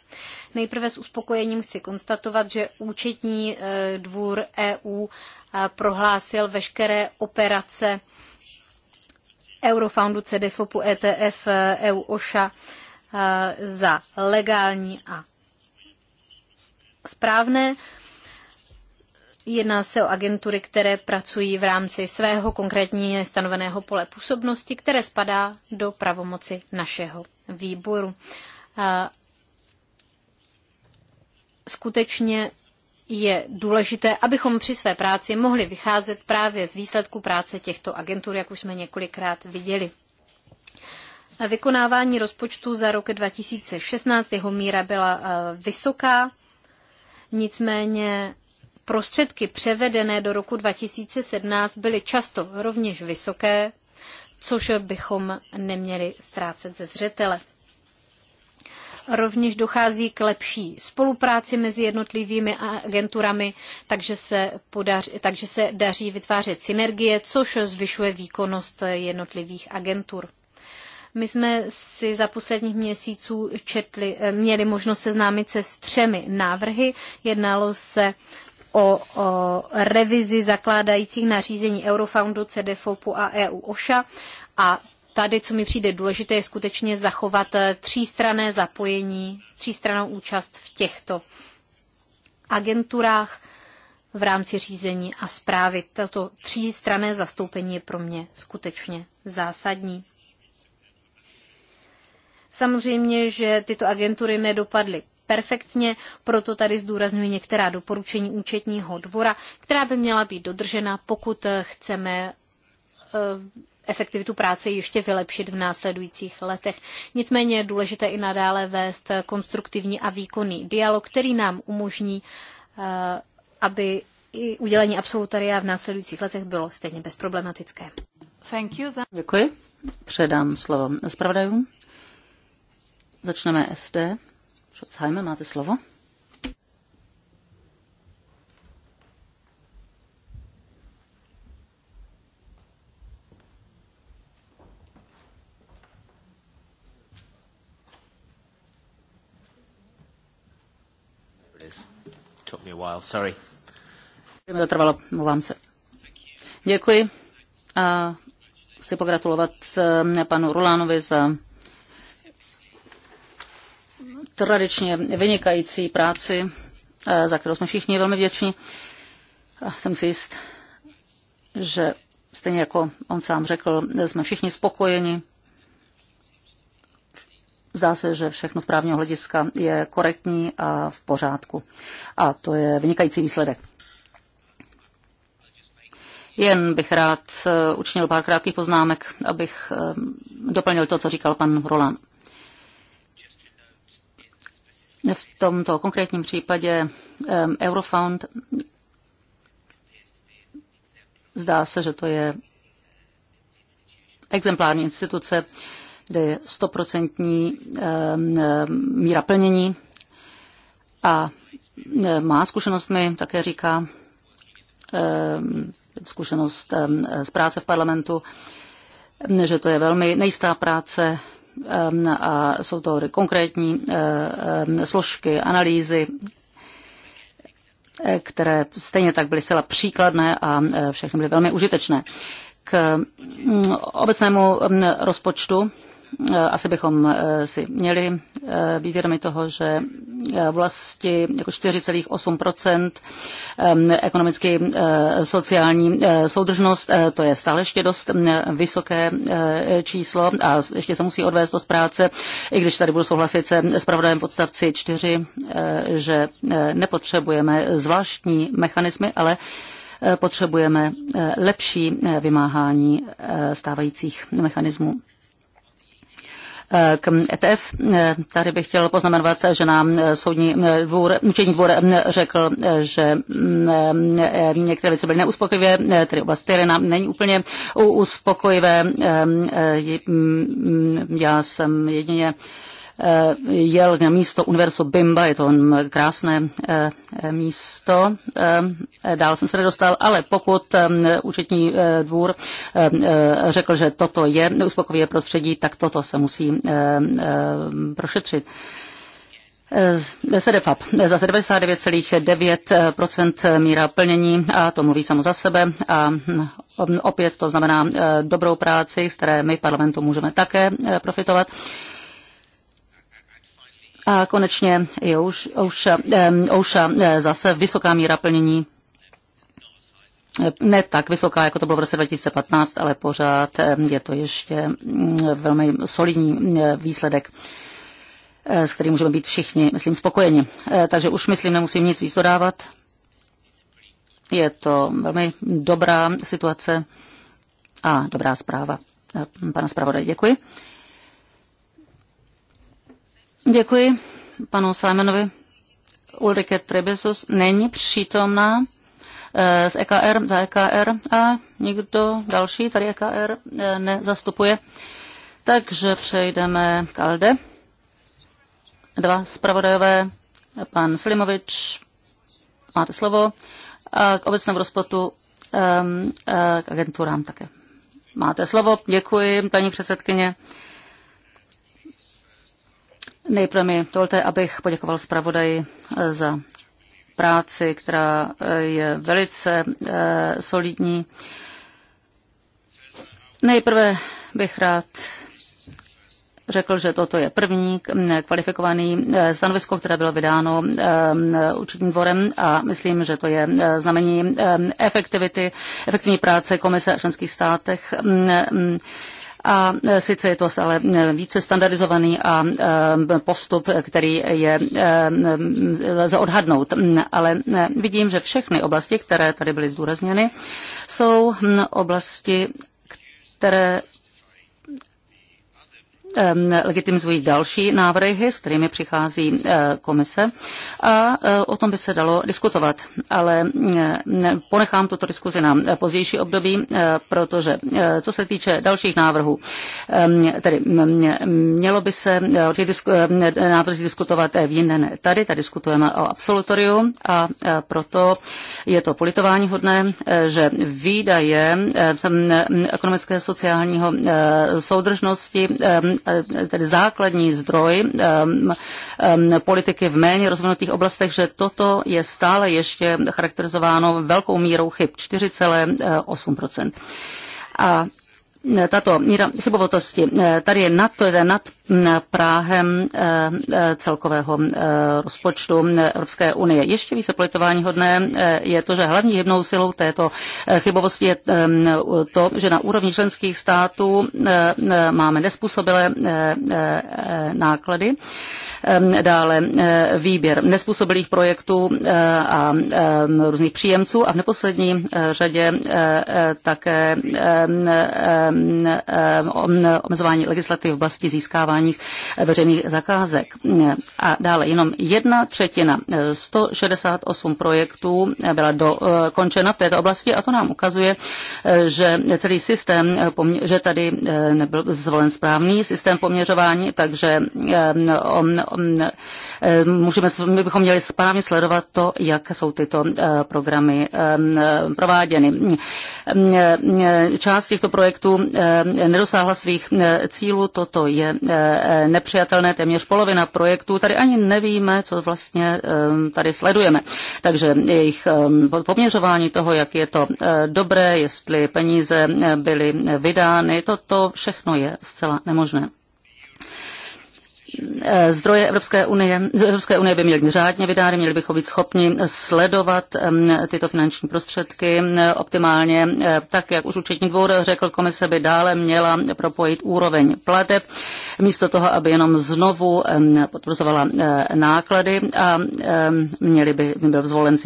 Nejprve s uspokojením chci konstatovat, že Účetní eh, dvůr EU eh, prohlásil veškeré operace Eurofoundu, CDFOPu, ETF, EU eh, e OŠA, Eh, za legální a správné. Jedná se o agentury, které pracují v rámci svého konkrétně stanoveného pole působnosti, které spadá do pravomoci našeho výboru. Eh, skutečně je důležité, abychom při své práci mohli vycházet právě z výsledku práce těchto agentur, jak už jsme několikrát viděli. Vykonávání rozpočtu za rok 2016, jeho míra byla eh, vysoká, nicméně prostředky převedené do roku 2017 byly často rovněž vysoké, což bychom neměli ztrácet ze zřetele. Rovněž dochází k lepší spolupráci mezi jednotlivými agenturami, takže se, podaří, takže se daří vytvářet synergie, což zvyšuje výkonnost jednotlivých agentur. My jsme si za posledních měsíců četli, eh, měli možnost seznámit se s třemi návrhy. Jednalo se o, o revizi zakládajících nařízení Eurofoundu, CDFOPu a EU OŠA a tady, co mi přijde důležité, je skutečně zachovat eh, třístrané zapojení, třístranou účast v těchto agenturách v rámci řízení a zprávy. Toto třístrané zastoupení je pro mě skutečně zásadní. Samozřejmě, že tyto agentury nedopadly perfektně, proto tady zdůrazňuji některá doporučení účetního dvora, která by měla být dodržena, pokud eh, chceme eh, efektivitu práce ještě vylepšit v následujících letech. Nicméně je důležité i nadále vést eh, konstruktivní a výkonný dialog, který nám umožní, aby i udělení absolutaria v následujících letech bylo stejně bezproblematické. Thank you. Děkuji. Předám slovo zpravodajům. Začneme SD. Schatzheime, máte slovo. took me a sorry. Mi to trvalo, mluvám se. Děkuji a chci pogratulovat eh, panu Rulánovi za tradičně vynikající práci, eh, za kterou jsme všichni velmi vděční. A jsem si jist, že stejně jako on sám řekl, jsme všichni spokojeni. Zdá se, že všechno z právního hlediska je korektní a v pořádku. A to je vynikající výsledek. Jen bych rád eh, učinil pár krátkých poznámek, abych eh, doplnil to, co říkal pan Roland v tomto konkrétním případě Eurofound zdá se, že to je exemplární instituce, kde je stoprocentní míra plnění a má zkušenostmi, také říká, zkušenost z práce v parlamentu, že to je velmi nejistá práce, a jsou to konkrétní eh, složky, analýzy, eh, které stejně tak byly zcela příkladné a eh, všechny byly velmi užitečné. K mm, obecnému rozpočtu Eh, asi bychom eh, si měli eh, být vědomi toho, že vlasti jako 4,8 ehm, ekonomicky sociální soudržnost, to je stále ještě dost mm, vysoké číslo a ještě se musí odvést z práce, i když tady budu souhlasit se s pravodem v odstavci 4, že nepotřebujeme zvláštní mechanismy, ale potřebujeme lepší vymáhání stávajících mechanismů k ETF. Tady bych chtěl poznamenovat, že nám soudní dvůr, učení dvůr řekl, že mm, e, některé věci byly neuspokojivé, tedy oblast nám není úplně uspokojivé. E, e, mm, já jsem jedině Eh, jel na místo Universo Bimba, je to krásné eh, místo. Eh, dál jsem se nedostal, ale pokud účetní dvůr řekl, že toto je neuspokojivé prostředí, tak toto se musí prošetřit. SEDEFAP za 99,9 míra plnění a to mluví samo za sebe a hm, opět to znamená dobrou práci, z které my parlamentu můžeme také profitovat. A konečně je už, už, už zase vysoká míra plnění ne tak vysoká, jako to bylo v roce 2015, ale pořád je to ještě mm, velmi solidní výsledek e, s kterým můžeme být všichni, myslím, spokojeni. E, takže už, myslím, nemusím nic víc dodávat. Je to velmi dobrá situace a dobrá zpráva. E, pana zpravodaj, děkuji. Děkuji panu Simonovi. Ulrike Trebesus není přítomná eh, z EKR, za EKR a nikdo další tady EKR eh, nezastupuje. Takže přejdeme k ALDE. Dva zpravodajové, pan Slimovič, máte slovo, a k obecnému rozpotu ehm, eh, k agenturám také. Máte slovo, děkuji, paní předsedkyně. Nejprve mi dovolte, abych poděkoval zpravodaji eh, za práci, která eh, je velice eh, solidní. Nejprve bych rád řekl, že toto je první mm, kvalifikovaný stanovisko, které bylo vydáno určitým dvorem a myslím, že to je znamení efektivity, efektivní práce komise a členských státech mm, mm, a e, sice je to ale e, více standardizovaný a e, postup, který je lze odhadnout, ale vidím, že všechny oblasti, které tady byly zdůrazněny, jsou hm, oblasti, které legitimizují další návrhy, s kterými přichází eh, komise a eh, o tom by se dalo diskutovat. Ale eh, ponechám tuto diskuzi na pozdější období, protože co se týče dalších návrhů, tedy mělo by se o těch návrzích diskutovat v jiné ne. Tady, tady diskutujeme o absolutoriu a proto je to politování hodné, že výdaje ekonomické sociálního soudržnosti Eh, tedy základní zdroj eh, eh, politiky v méně rozvinutých oblastech, že toto je stále ještě charakterizováno velkou mírou chyb 4,8 a tato míra chybovotosti eh, tady je nad, nad mm, Práhem eh, eh, celkového rozpočtu Evropské unie. Ještě více politování hodné je to, že hlavní jednou silou této chybovosti je to, že na úrovni členských států máme nespůsobilé náklady, ehm, dále výběr nespůsobilých projektů a ehm, různých příjemců a v neposlední řadě také ehm, Um, um, um, omezování legislativy v oblasti získávání eh, veřejných zakázek. A dále jenom jedna třetina, 168 eh, projektů eh, byla dokončena v této oblasti a to nám ukazuje, že celý systém, že tady nebyl zvolen správný systém poměřování, takže můžeme, my bychom měli správně sledovat to, jak jsou tyto programy prováděny. Část těchto projektů Eh, nedosáhla svých eh, cílů. Toto je eh, nepřijatelné, téměř polovina projektů. Tady ani nevíme, co vlastně tady sledujeme. Takže jejich poměřování toho, jak je to dobré, jestli peníze byly vydány, toto všechno je zcela nemožné. Eh, zdroje Evropské unie, Evropské unie by měly být řádně vydány, měli bychom být schopni sledovat tyto finanční prostředky eh, optimálně. Eh, tak, jak už účetní dvůr řekl, komise by dále měla propojit úroveň plateb, místo toho, aby jenom znovu potvrzovala náklady a měli by, by byl zvolen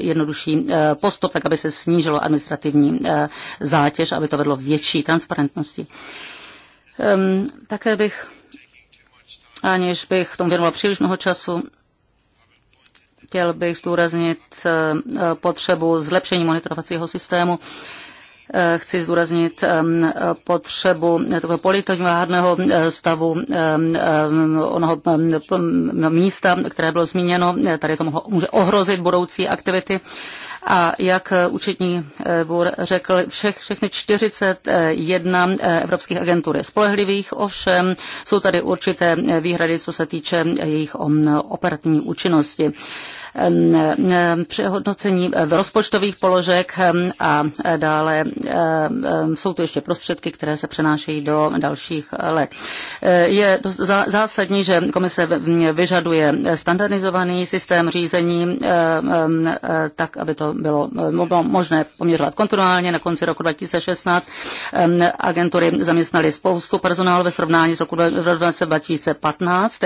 jednodušší postup, tak aby se snížilo administrativní zátěž, aby to vedlo větší transparentnosti. Také bych Aniž bych tomu věnoval příliš mnoho času, chtěl bych zdůraznit eh, potřebu zlepšení monitorovacího systému. Eh, chci zdůraznit ehm, potřebu takového politováhodného eh, stavu ehm, ehm, onoho místa, které bylo zmíněno. Tady to může ohrozit budoucí aktivity a jak eh, účetní eh, dvůr řekl, všech, všechny 41 eh, evropských agentur je spolehlivých, ovšem jsou tady určité výhrady, co se týče jejich operativní účinnosti přehodnocení v rozpočtových položek a dále jsou tu ještě prostředky, které se přenášejí do dalších let. Je zásadní, že komise vyžaduje standardizovaný systém řízení tak, aby to bylo, eh, bylo možné poměřovat kontinuálně. Na konci roku 2016 agentury zaměstnali spoustu personálu ve srovnání s roku 2015.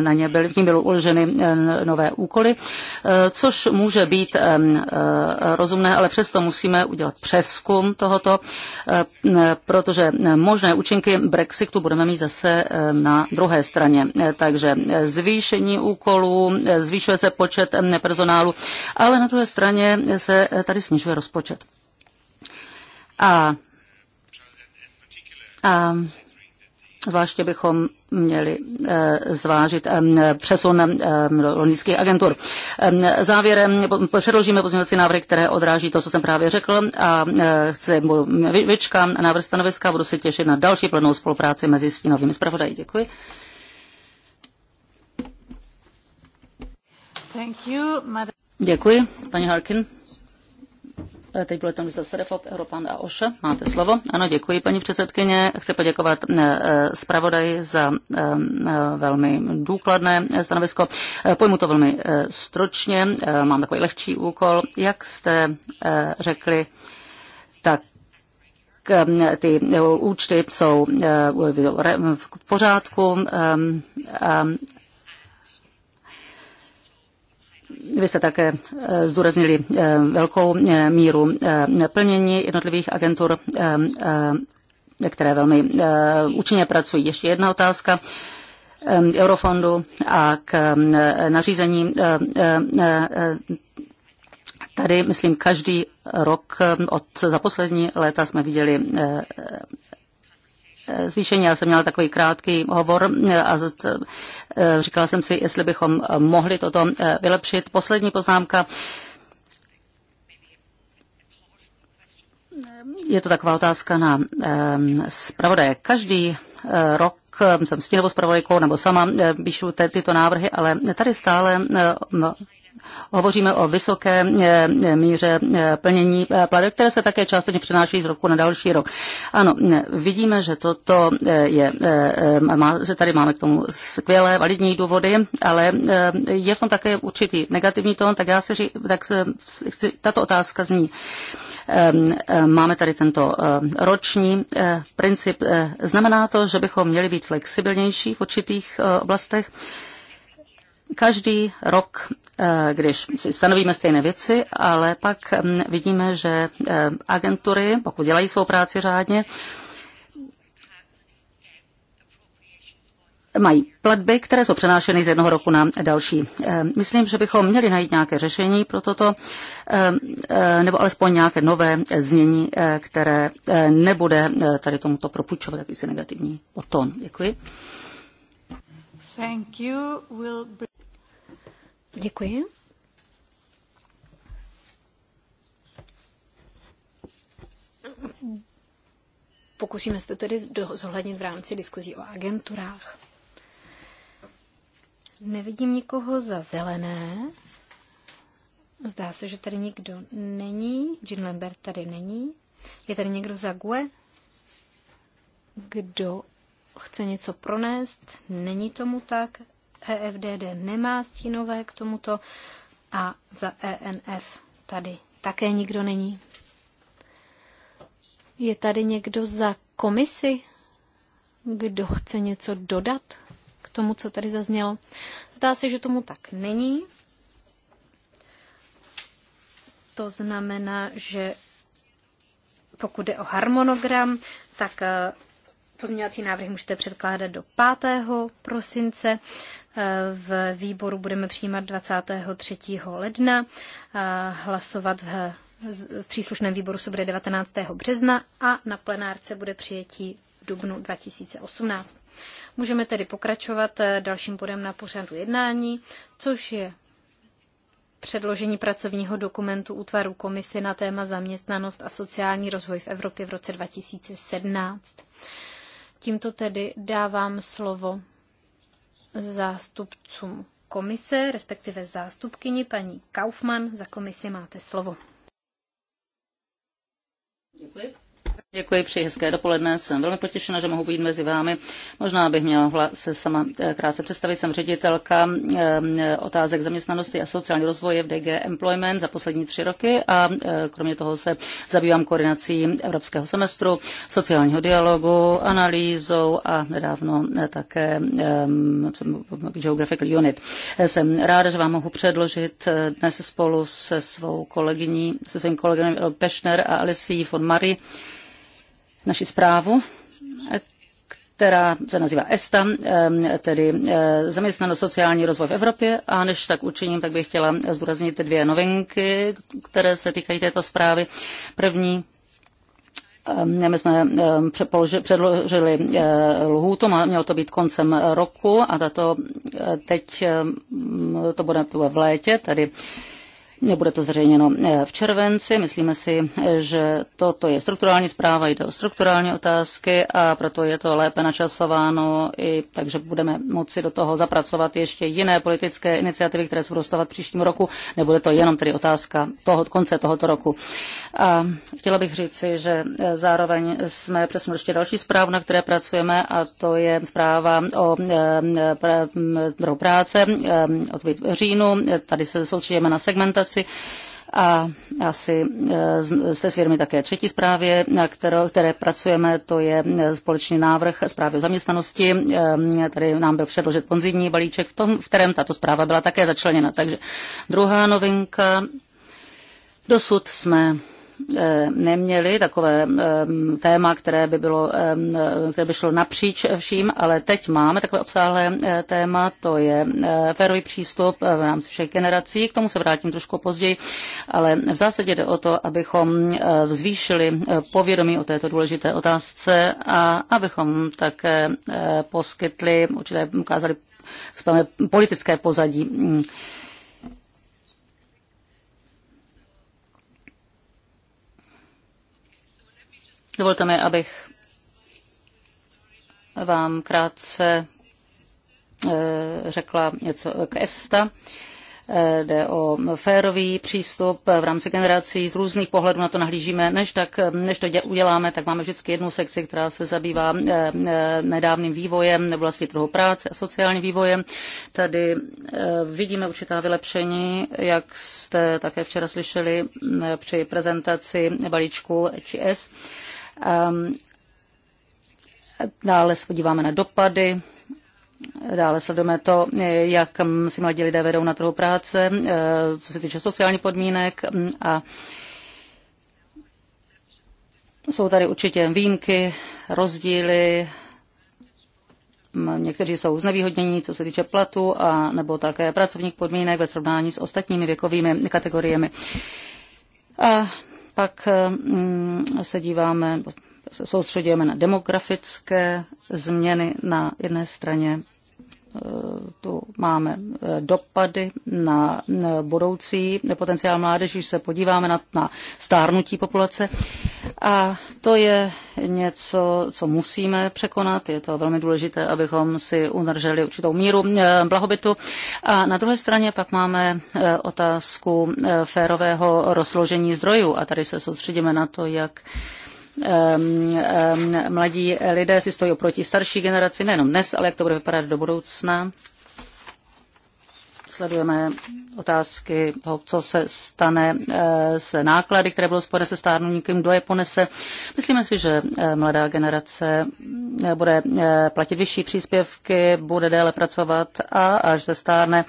Na ně byly, tím byly uloženy eh, nové úkoly, eh, což může být rozumné, ale přesto musíme udělat přeskum tohoto, protože možné účinky Brexitu budeme mít zase na druhé straně. Takže zvýšení úkolů, zvýšuje se počet personálu, ale na druhé straně se eh, tady snižuje rozpočet. A, a Zvláště bychom měli eh, zvážit přesun londýnských agentur. Závěrem předložíme pozměňovací návrhy, které odráží to, co jsem právě řekl a eh, chci, vyčkám návrh stanoviska, budu se těšit na další plnou spolupráci mezi stínovými zpravodají. Děkuji. Thank you, Děkuji, paní Harkin. Teď byl tam zase Europan a Máte slovo. Ano, děkuji, paní předsedkyně. Chci poděkovat eh, eh, zpravodaji za eh, velmi důkladné stanovisko. Pojmu to velmi stručně. Mám takový lehčí úkol. Jak jste řekli, tak ty účty jsou v pořádku Vy jste také eh, zdůraznili eh, velkou eh, míru plnění jednotlivých agentur, které velmi účinně pracují. Ještě jedna otázka eurofondu a k nařízení Tady, myslím, každý rok od za poslední léta jsme viděli Eh, zvýšení. Já jsem měla takový krátký hovor eh, a eh, říkala jsem si, jestli bychom mohli toto vylepšit. Poslední poznámka. Je to taková otázka na ehm, zpravodaje. Každý rok jsem s tím nebo s nebo sama píšu tyto návrhy, ale tady stále hovoříme o vysoké eh, eh, míře eh, plnění plateb, které se také částečně přenáší z roku na další rok. Ano, vidíme, že toto je, že tady máme k tomu skvělé validní důvody, ale je v tom také určitý negativní tón, tak já si ří, tak chci, tato otázka zní. Ehm, máme tady tento roční princip. Znamená to, že bychom měli být flexibilnější v určitých oblastech. Každý rok, eh, když si stanovíme stejné věci, ale pak hm, vidíme, že eh, agentury, pokud dělají svou práci řádně, mají platby, které jsou přenášeny z jednoho roku na další. Eh, myslím, že bychom měli najít nějaké řešení pro toto, nebo alespoň nějaké nové znění, které nebude tady tomuto propučovat jakýsi negativní otón. Děkuji. Děkuji. Pokusíme se to tedy zohlednit v rámci diskuzí o agenturách. Nevidím nikoho za zelené. Zdá se, že tady nikdo není. Jean Lambert tady není. Je tady někdo za GUE? Kdo chce něco pronést. Není tomu tak. EFDD nemá stínové k tomuto a za ENF tady také nikdo není. Je tady někdo za komisi, kdo chce něco dodat k tomu, co tady zaznělo? Zdá se, že tomu tak není. To znamená, že pokud jde o harmonogram, tak Pozměňovací návrhy můžete předkládat do 5. prosince. V výboru budeme přijímat 23. ledna, hlasovat v, v příslušném výboru se bude 19. března a na plenárce bude přijetí v dubnu 2018. Můžeme tedy pokračovat eh, dalším bodem na pořadu jednání, což je předložení pracovního dokumentu útvaru komisy na téma zaměstnanost a sociální rozvoj v Evropě v roce 2017. Tímto tedy dávám slovo zástupcům komise, respektive zástupkyni paní Kaufmann. Za komisi máte slovo. Děkuji. Děkuji, přeji hezké dopoledne. Jsem velmi potěšena, že mohu být mezi vámi. Možná bych měla se sama eh, krátce představit. Jsem ředitelka eh, otázek zaměstnanosti a sociální rozvoje v DG Employment za poslední tři roky a eh, kromě toho se zabývám koordinací evropského semestru, sociálního dialogu, analýzou a nedávno také jsem Geographical Unit. Jsem ráda, že vám mohu předložit dnes spolu se svou kolegyní, se svým kolegem Pešner a Alesí von Marie naši zprávu, která se nazývá ESTA, tedy zaměstnanost sociální rozvoj v Evropě. A než tak učiním, tak bych chtěla zdůraznit dvě novinky, které se týkají této zprávy. První my jsme předložili eh, lhůtu, mělo to být koncem roku a tato, eh, teď to bude v létě, tedy bude to zřejměno eh, v červenci. Myslíme si, že toto je strukturální zpráva, jde o strukturální otázky a proto je to lépe načasováno, i, takže budeme moci do toho zapracovat ještě jiné politické iniciativy, které se budou stavat příštím roku. Nebude to jenom tedy otázka toho, konce tohoto roku. A chtěla bych říci, že eh, zároveň jsme přesunuli ještě další zprávu, na které pracujeme a to je zpráva o eh, trhu práce od říjnu. Tady se soustředíme na segmentaci pomoci. A asi e, jste svědomi také třetí zprávě, kterou, které pracujeme, to je společný návrh zprávy o zaměstnanosti. E, tady nám byl předložen konzivní balíček, v, tom, v kterém tato zpráva byla také začleněna. Takže druhá novinka. Dosud jsme Eh, neměli takové eh, téma, které by, bylo, eh, které by šlo napříč vším, ale teď máme takové obsáhlé téma, to je férový přístup v rámci všech generací, k tomu se vrátím trošku později, ale v zásadě jde o to, abychom zvýšili povědomí o této důležité otázce a abychom také poskytli, určitě ukázali politické pozadí mm. Dovolte mi, abych vám krátce eh, řekla něco k ESTA. Eh, jde o férový přístup v rámci generací. Z různých pohledů na to nahlížíme. Než, tak, než to uděláme, tak máme vždycky jednu sekci, která se zabývá eh, nedávným vývojem nebo vlastně trhu práce a sociálním vývojem. Tady vidíme určitá vylepšení, jak jste také včera slyšeli při prezentaci balíčku ČS Ehm, dále se podíváme na dopady Dále sledujeme to, jak mm, si mladí lidé vedou na trhu práce, eh, co se týče sociálních podmínek mm, a jsou tady určitě výjimky, rozdíly, mm, někteří jsou znevýhodnění, co se týče platu a nebo také pracovních podmínek ve srovnání s ostatními věkovými kategoriemi. A pak mm, se díváme, soustředujeme na demografické změny na jedné straně tu máme eh, dopady na budoucí potenciál mládeže, když se podíváme na, na stárnutí populace. A to je něco, co musíme překonat. Je to velmi důležité, abychom si udrželi určitou míru eh, blahobytu. A na druhé straně pak máme eh, otázku férového rozložení zdrojů. A tady se soustředíme na to, jak Ehm, ehm, mladí lidé si stojí oproti starší generaci, nejenom dnes, ale jak to bude vypadat do budoucna. Sledujeme otázky toho, co se stane eh, s náklady, které budou spojené se stárnutím, kdo je ponese. Myslíme si, že eh, mladá generace eh, bude platit vyšší příspěvky, bude déle pracovat a až se stárne,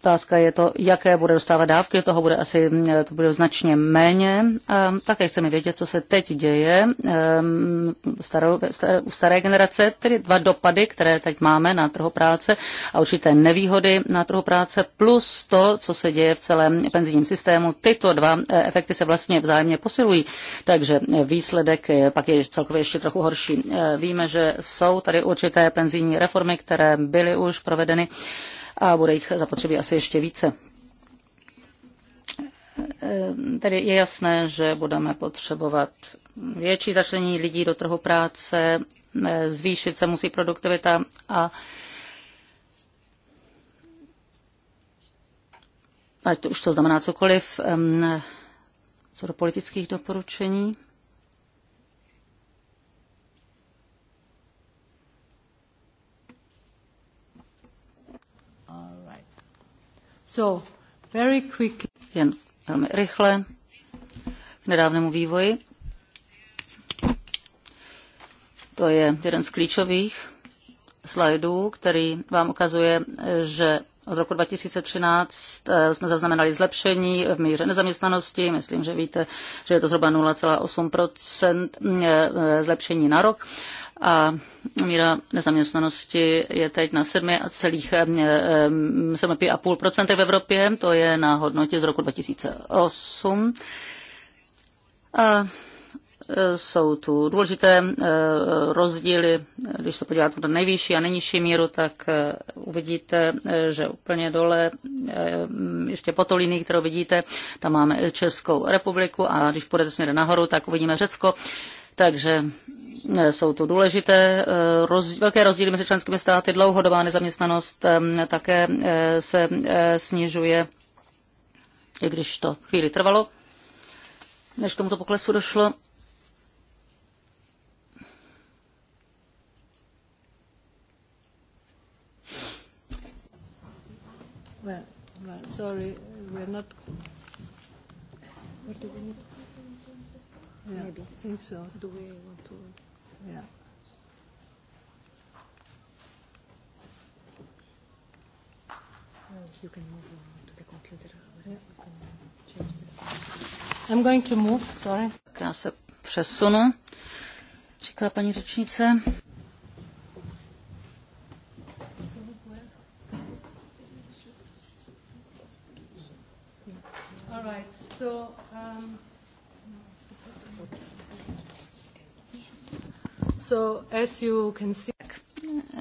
Otázka je to, jaké bude dostávat dávky, toho bude asi to bude značně méně. Ehm, také chceme vědět, co se teď děje ehm, u staré generace, tedy dva dopady, které teď máme na trhu práce a určité nevýhody na trhu práce, plus to, co se děje v celém penzijním systému. Tyto dva eh, efekty se vlastně vzájemně posilují, takže výsledek pak je celkově ještě trochu horší. Eh, víme, že jsou tady určité penzijní reformy, které byly už provedeny a bude jich zapotřebí asi ještě více. Ehm, tedy je jasné, že budeme potřebovat větší začlenění lidí do trhu práce, ehm, zvýšit se musí produktivita a ať to už to znamená cokoliv, ehm, co do politických doporučení. Jen velmi rychle k nedávnému vývoji. To je jeden z klíčových slajdů, který vám ukazuje, že od roku 2013 eh, jsme zaznamenali zlepšení v míře nezaměstnanosti. Myslím, že víte, že je to zhruba 0,8 eh, eh, zlepšení na rok. A míra nezaměstnanosti je teď na 7,5 v Evropě. To je na hodnotě z roku 2008. A jsou tu důležité eh, rozdíly. Když se podíváte na nejvyšší a nejnižší míru, tak eh, uvidíte, eh, že úplně dole, ještě po to linii, kterou vidíte, tam máme Českou republiku a když půjdete směrem nahoru, tak uvidíme Řecko. Takže jsou tu důležité rozdíly, velké rozdíly mezi členskými státy, dlouhodobá nezaměstnanost také se snižuje, i když to chvíli trvalo, než k tomuto poklesu došlo. Sorry, not. What do we need? Yeah, Maybe. I think so. Do we want to? Yeah. You can move on to the computer. I'm going to move, sorry. Já se přesunu, říká paní řečnice.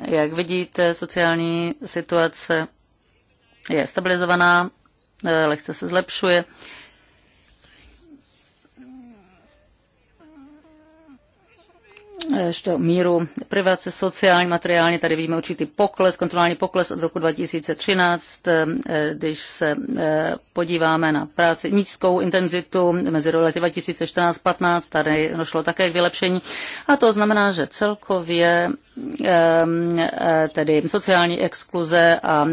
Jak vidíte, sociální situace je stabilizovaná, eh, lehce se zlepšuje. míru privace sociální, materiální, tady vidíme určitý pokles, kontrolní pokles od roku 2013, eh, když se eh, podíváme na práci nízkou intenzitu mezi lety 2014-15, tady došlo také k vylepšení a to znamená, že celkově eh, tedy sociální exkluze a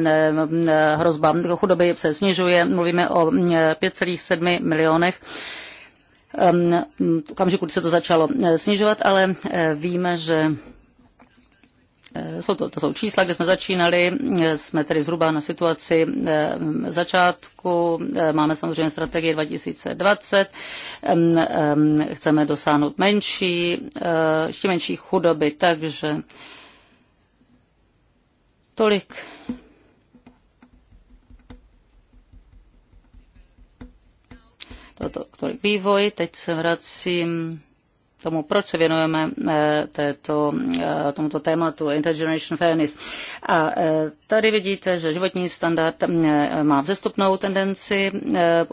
hrozba chudoby se snižuje, mluvíme o 5,7 milionech v okamžiku, kdy se to začalo eh, snižovat, ale eh, víme, že eh, jsou to, to jsou čísla, kde jsme začínali, jsme tedy zhruba na situaci začátku, máme samozřejmě strategii 2020, chceme dosáhnout menší, ještě menší chudoby, takže tolik Toto tolik vývoj. Teď se vracím tomu, proč se věnujeme eh, této, eh, tomuto tématu Intergeneration Fairness. A eh, tady vidíte, že životní standard má vzestupnou tendenci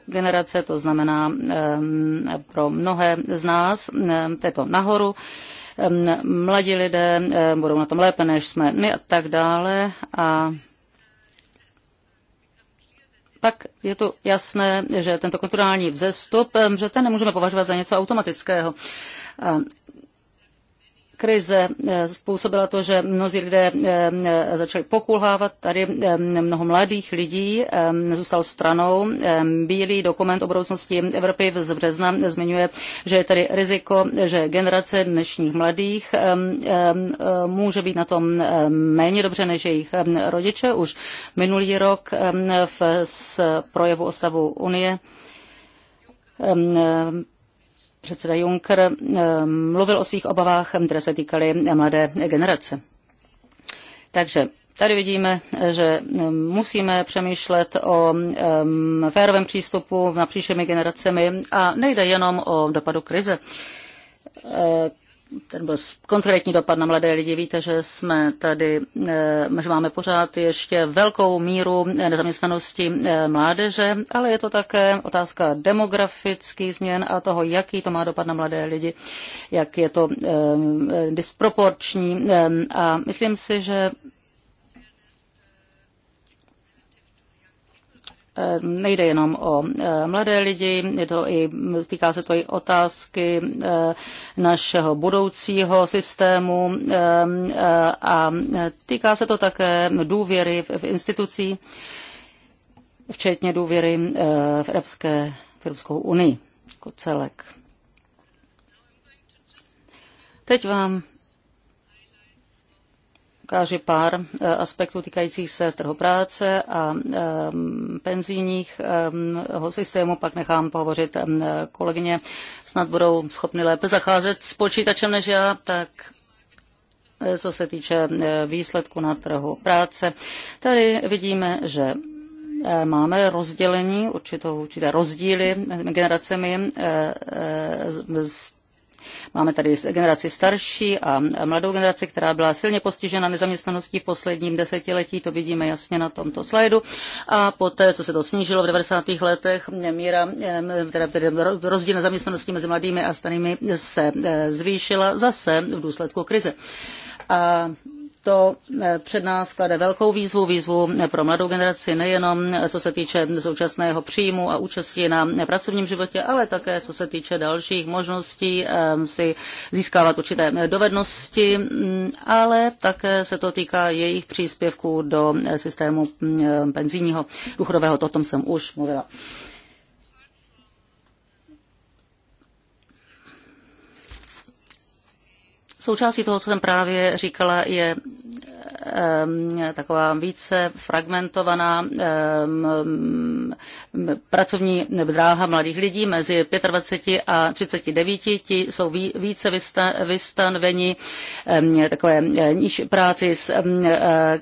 generace, to znamená pro mnohé z nás, je to nahoru, mladí lidé budou na tom lépe, než jsme my a tak dále. A tak je to jasné, že tento kulturální vzestup, že ten nemůžeme považovat za něco automatického krize eh, způsobila to, že mnozí lidé eh, eh, začali pokulhávat. Tady mnoho mladých lidí zůstal stranou. Bílý dokument o budoucnosti Evropy z března zmiňuje, že je tady riziko, že generace dnešních mladých může být na tom méně dobře než jejich rodiče. Už minulý rok v projevu o stavu Unie předseda Juncker eh, mluvil o svých obavách, eh, které se týkaly mladé generace. Takže Tady vidíme, eh, že musíme přemýšlet o um, férovém přístupu na příštími generacemi a nejde jenom o dopadu krize ten byl konkrétní dopad na mladé lidi. Víte, že jsme tady, eh, že máme pořád ještě velkou míru eh, nezaměstnanosti eh, mládeže, ale je to také otázka demografických změn a toho, jaký to má dopad na mladé lidi, jak je to disproporční. A myslím si, že Eh, nejde jenom o eh, mladé lidi, je to i, týká se to i otázky eh, našeho budoucího systému a týká se to také důvěry v institucí, včetně důvěry v, Evropské, v Evropskou unii jako celek. Teď vám ukáže pár eh, aspektů týkajících se trhu práce a eh, penzijních eh, systému, pak nechám pohovořit kolegyně, snad budou schopny lépe zacházet s počítačem než já, tak co se týče výsledku na trhu práce. Tady vidíme, že máme rozdělení, určitou, určité rozdíly mezi generacemi. Z Máme tady generaci starší a mladou generaci, která byla silně postižena nezaměstnaností v posledním desetiletí, to vidíme jasně na tomto slajdu. A poté, co se to snížilo v 90. letech, míra teda rozdíl nezaměstnanosti mezi mladými a starými se eh, zvýšila zase v důsledku krize. A to eh, před nás klade velkou výzvu, výzvu pro mladou generaci nejenom eh, co se týče současného příjmu a účasti na pracovním životě, ale také co se týče dalších možností eh, si získávat určité dovednosti, mm, ale také se to týká jejich příspěvků do systému mm, penzijního důchodového, o tom jsem už mluvila. Součástí toho, co jsem právě říkala, je ehm, taková více fragmentovaná ehm, pracovní dráha mladých lidí mezi 25 a 39. Ti jsou více um, takové eh, níž práci s eh,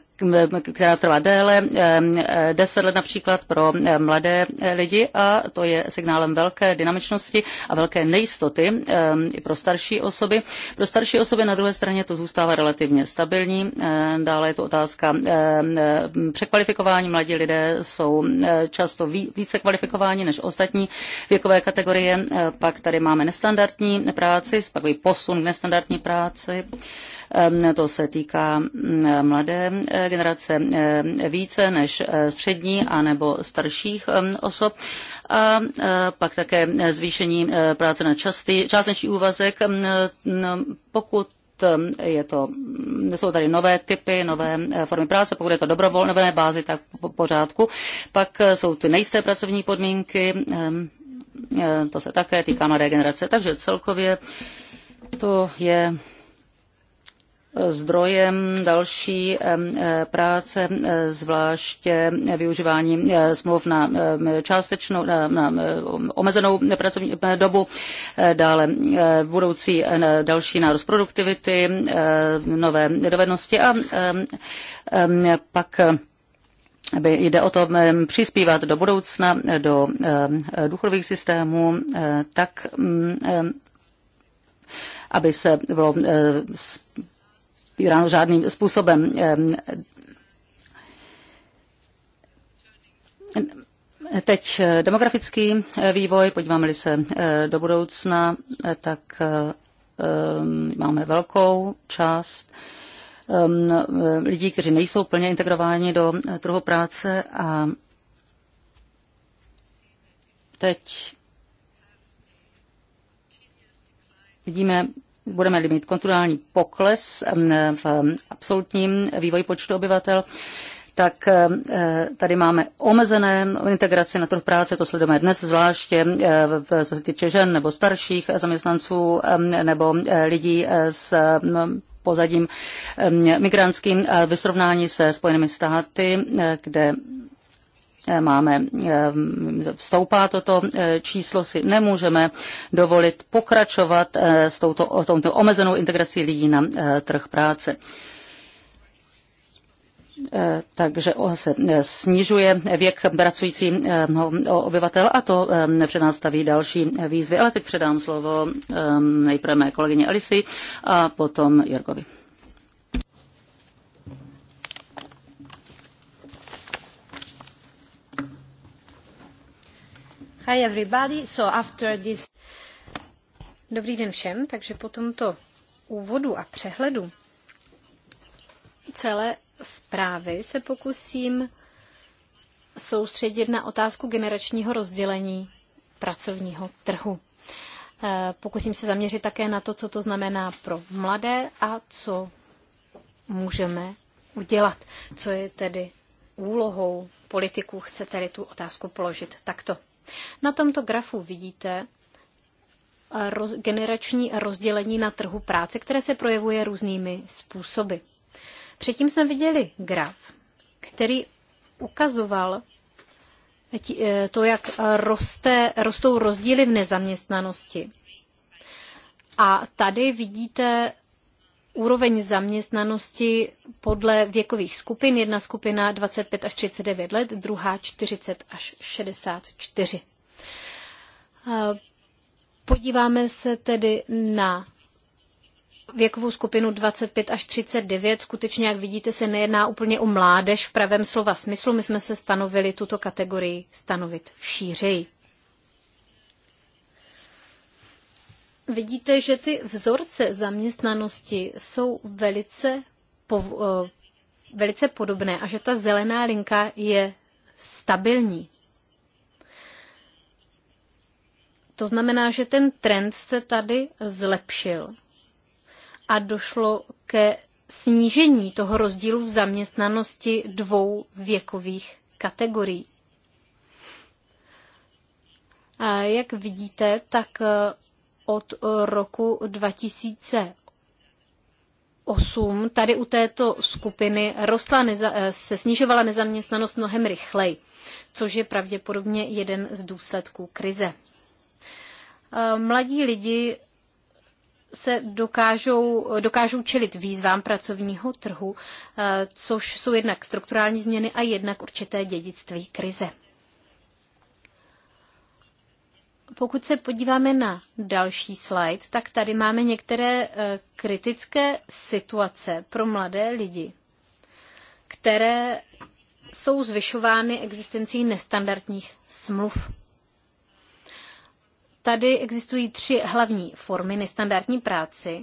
která trvá déle, eh, Deset let například pro eh, mladé eh, lidi a to je signálem velké dynamičnosti a velké nejistoty i pro starší osoby. Pro starší osoby na druhé straně to zůstává relativně stabilní. Dále je to otázka překvalifikování. Mladí lidé jsou často více kvalifikováni než ostatní věkové kategorie. Pak tady máme nestandardní práci, takový posun k nestandardní práci. To se týká mladé eh, generace eh, více než eh, střední a nebo starších osob. A pak také zvýšení práce na častý, částečný úvazek, no, pokud je to, jsou tady nové typy, nové formy práce, pokud je to dobrovolné bázi, tak po pořádku. Pak jsou ty nejisté pracovní podmínky, to se také týká mladé generace, takže celkově to je zdrojem další eh, práce, eh, zvláště využívání eh, smluv na částečnou, na, na omezenou pracovní dobu, dále budoucí další nárůst produktivity, nové dovednosti a pak aby jde o to přispívat do budoucna, do důchodových systémů, tak mm, aby se bylo Iránu žádným způsobem. Teď eh, demografický eh, vývoj, podíváme-li se eh, do budoucna, tak máme velkou část lidí, kteří nejsou plně integrováni do trhu práce a teď vidíme budeme mít kontinuální pokles v absolutním vývoji počtu obyvatel tak eh, tady máme omezené integraci na trh práce, to sledujeme dnes zvláště, eh, co se týče žen nebo starších zaměstnanců nebo eh, lidí s pozadím migrantským ve srovnání se Spojenými státy, kde Eh, máme eh, vstoupá toto eh, číslo, si nemůžeme dovolit pokračovat s touto, s touto omezenou integrací lidí na trh práce takže se snižuje věk pracujícího obyvatel a to před nás staví další výzvy. Ale teď předám slovo nejprve mé kolegyně Alisi a potom Jorgovi. Hi everybody. So after this... Dobrý den všem, takže po tomto úvodu a přehledu celé zprávy se pokusím soustředit na otázku generačního rozdělení pracovního trhu. Eh, pokusím se zaměřit také na to, co to znamená pro mladé a co můžeme udělat, co je tedy úlohou politiků, chce tedy tu otázku položit takto. Na tomto grafu vidíte eh, roz, generační rozdělení na trhu práce, které se projevuje různými způsoby. Předtím jsme viděli graf, který ukazoval eh, eh, to, jak roste, rostou rozdíly v nezaměstnanosti. A tady vidíte úroveň zaměstnanosti podle věkových skupin. Jedna skupina 25 až 39 let, druhá 40 až 64. Podíváme se tedy na věkovou skupinu 25 až 39. Skutečně, jak vidíte, se nejedná úplně o mládež v pravém slova smyslu. My jsme se stanovili tuto kategorii stanovit šířeji. vidíte, že ty vzorce zaměstnanosti jsou velice, po, eh, velice podobné a že ta zelená linka je stabilní. To znamená, že ten trend se tady zlepšil a došlo ke snížení toho rozdílu v zaměstnanosti dvou věkových kategorií. A jak vidíte, tak eh, od eh, roku 2008 tady u této skupiny rostla, neza, eh, se snižovala nezaměstnanost mnohem rychleji, což je pravděpodobně jeden z důsledků krize. Eh, mladí lidi se dokážou, dokážou čelit výzvám pracovního trhu, což jsou jednak strukturální změny a jednak určité dědictví krize. pokud se podíváme na další slide, tak tady máme některé eh, kritické situace pro mladé lidi, které jsou zvyšovány existencí nestandardních smluv. Tady existují tři hlavní formy nestandardní práci.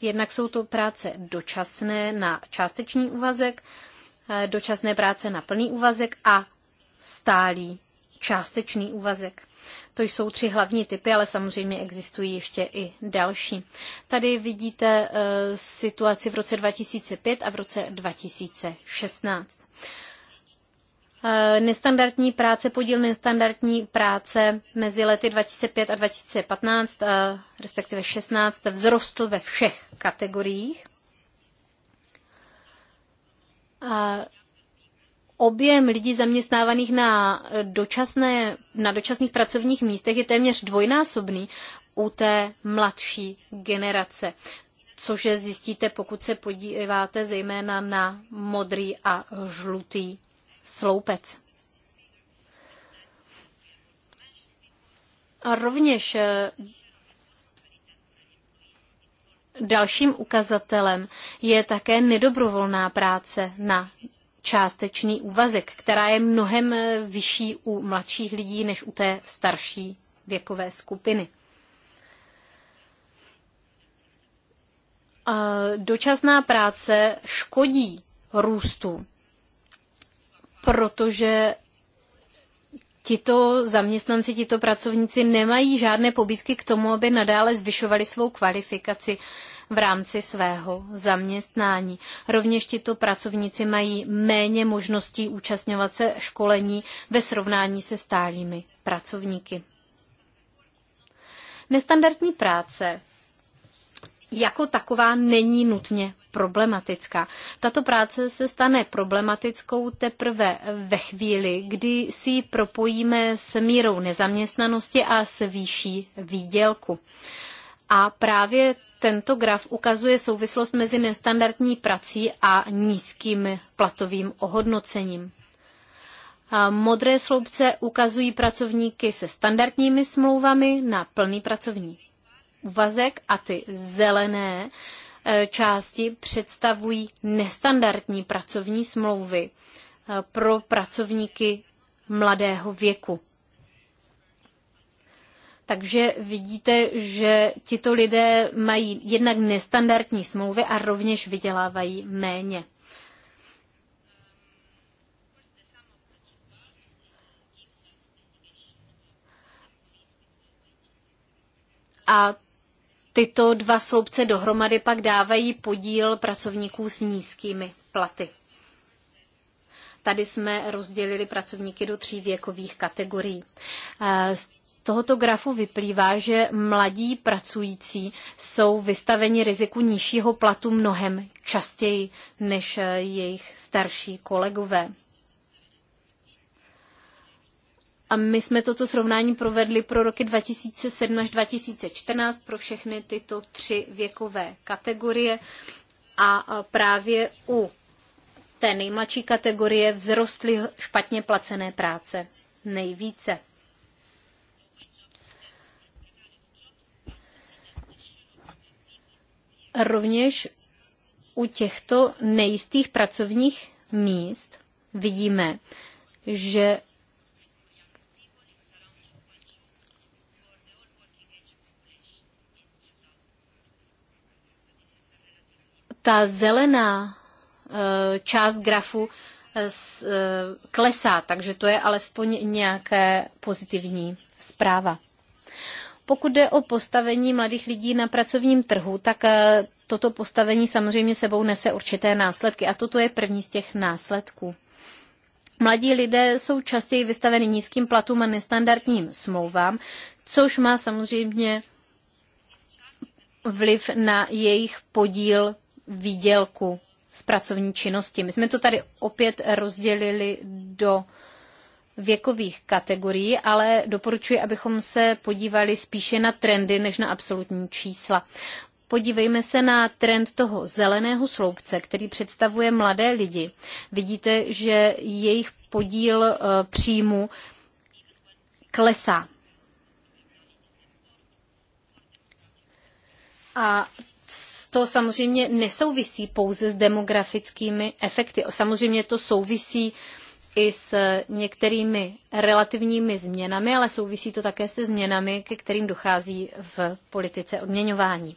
Jednak jsou to práce dočasné na částečný úvazek, eh, dočasné práce na plný úvazek a stálý částečný úvazek. To jsou tři hlavní typy, ale samozřejmě existují ještě i další. Tady vidíte eh, situaci v roce 2005 a v roce 2016. Eh, nestandardní práce, podíl nestandardní práce mezi lety 2005 a 2015, eh, respektive 16, vzrostl ve všech kategoriích objem lidí zaměstnávaných na, dočasné, na dočasných pracovních místech je téměř dvojnásobný u té mladší generace což zjistíte, pokud se podíváte zejména na modrý a žlutý sloupec. A rovněž eh, dalším ukazatelem je také nedobrovolná práce na částečný úvazek, která je mnohem vyšší u mladších lidí než u té starší věkové skupiny. A dočasná práce škodí růstu, protože tito zaměstnanci, tito pracovníci nemají žádné pobídky k tomu, aby nadále zvyšovali svou kvalifikaci v rámci svého zaměstnání. Rovněž tito pracovníci mají méně možností účastňovat se školení ve srovnání se stálými pracovníky. Nestandardní práce jako taková není nutně problematická. Tato práce se stane problematickou teprve ve chvíli, kdy si ji propojíme s mírou nezaměstnanosti a s výší výdělku. A právě tento graf ukazuje souvislost mezi nestandardní prací a nízkým platovým ohodnocením. Modré sloupce ukazují pracovníky se standardními smlouvami na plný pracovní úvazek a ty zelené e, části představují nestandardní pracovní smlouvy e, pro pracovníky mladého věku. Takže vidíte, že tito lidé mají jednak nestandardní smlouvy a rovněž vydělávají méně. A tyto dva sloupce dohromady pak dávají podíl pracovníků s nízkými platy. Tady jsme rozdělili pracovníky do tří věkových kategorií. Eh, tohoto grafu vyplývá, že mladí pracující jsou vystaveni riziku nižšího platu mnohem častěji než eh, jejich starší kolegové. A my jsme toto srovnání provedli pro roky 2007 až 2014 pro všechny tyto tři věkové kategorie. A eh, právě u té nejmladší kategorie vzrostly špatně placené práce nejvíce. Rovněž u těchto nejistých pracovních míst vidíme, že ta zelená eh, část grafu eh, eh, klesá, takže to je alespoň nějaké pozitivní zpráva. Pokud jde o postavení mladých lidí na pracovním trhu, tak eh, toto postavení samozřejmě sebou nese určité následky a toto je první z těch následků. Mladí lidé jsou častěji vystaveni nízkým platům a nestandardním smlouvám, což má samozřejmě vliv na jejich podíl výdělku z pracovní činnosti. My jsme to tady opět rozdělili do věkových kategorií, ale doporučuji, abychom se podívali spíše na trendy než na absolutní čísla. Podívejme se na trend toho zeleného sloupce, který představuje mladé lidi. Vidíte, že jejich podíl eh, příjmu klesá. A to samozřejmě nesouvisí pouze s demografickými efekty. Samozřejmě to souvisí uh, i s některými relativními změnami, ale souvisí to také se změnami, ke kterým dochází v politice odměňování.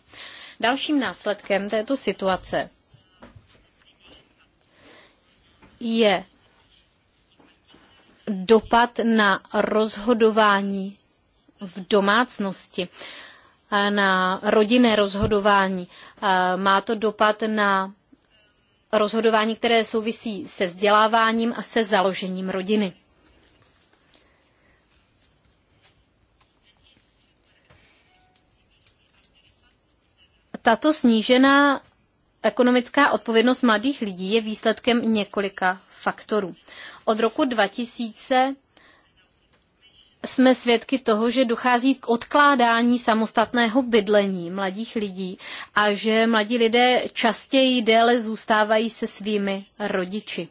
Dalším následkem této situace je dopad na rozhodování v domácnosti, eh, na rodinné rozhodování. Eh, má to dopad na rozhodování, které souvisí se vzděláváním a se založením rodiny. Tato snížená ekonomická odpovědnost mladých lidí je výsledkem několika faktorů. Od roku 2000 jsme svědky toho, že dochází k odkládání samostatného bydlení mladých lidí a že mladí lidé častěji déle zůstávají se svými rodiči.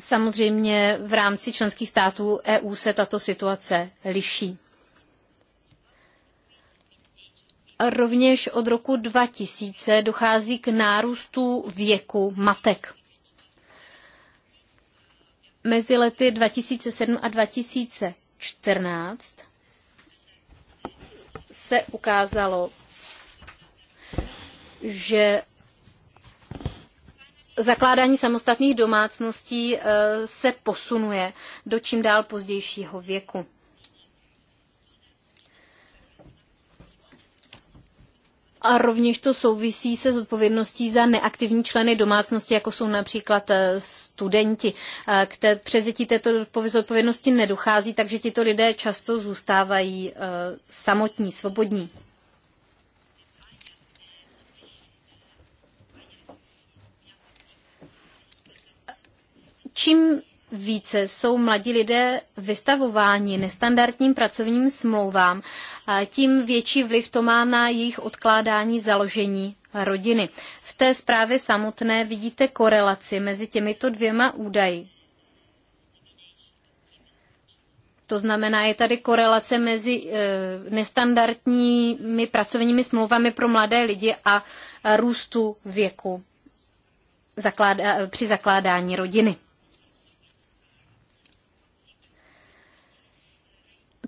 Samozřejmě v rámci členských států EU se tato situace liší. Rovněž od roku 2000 dochází k nárůstu věku matek mezi lety 2007 a 2014 se ukázalo, že zakládání samostatných domácností eh, se posunuje do čím dál pozdějšího věku. a rovněž to souvisí se zodpovědností za neaktivní členy domácnosti, jako jsou například eh, studenti. Eh, k té přezetí této zodpovědnosti nedochází, takže tito lidé často zůstávají eh, samotní, svobodní. Čím více jsou mladí lidé vystavováni nestandardním pracovním smlouvám, tím větší vliv to má na jejich odkládání založení rodiny. V té zprávě samotné vidíte korelaci mezi těmito dvěma údaji. To znamená, je tady korelace mezi e, nestandardními pracovními smlouvami pro mladé lidi a růstu věku při zakládání rodiny.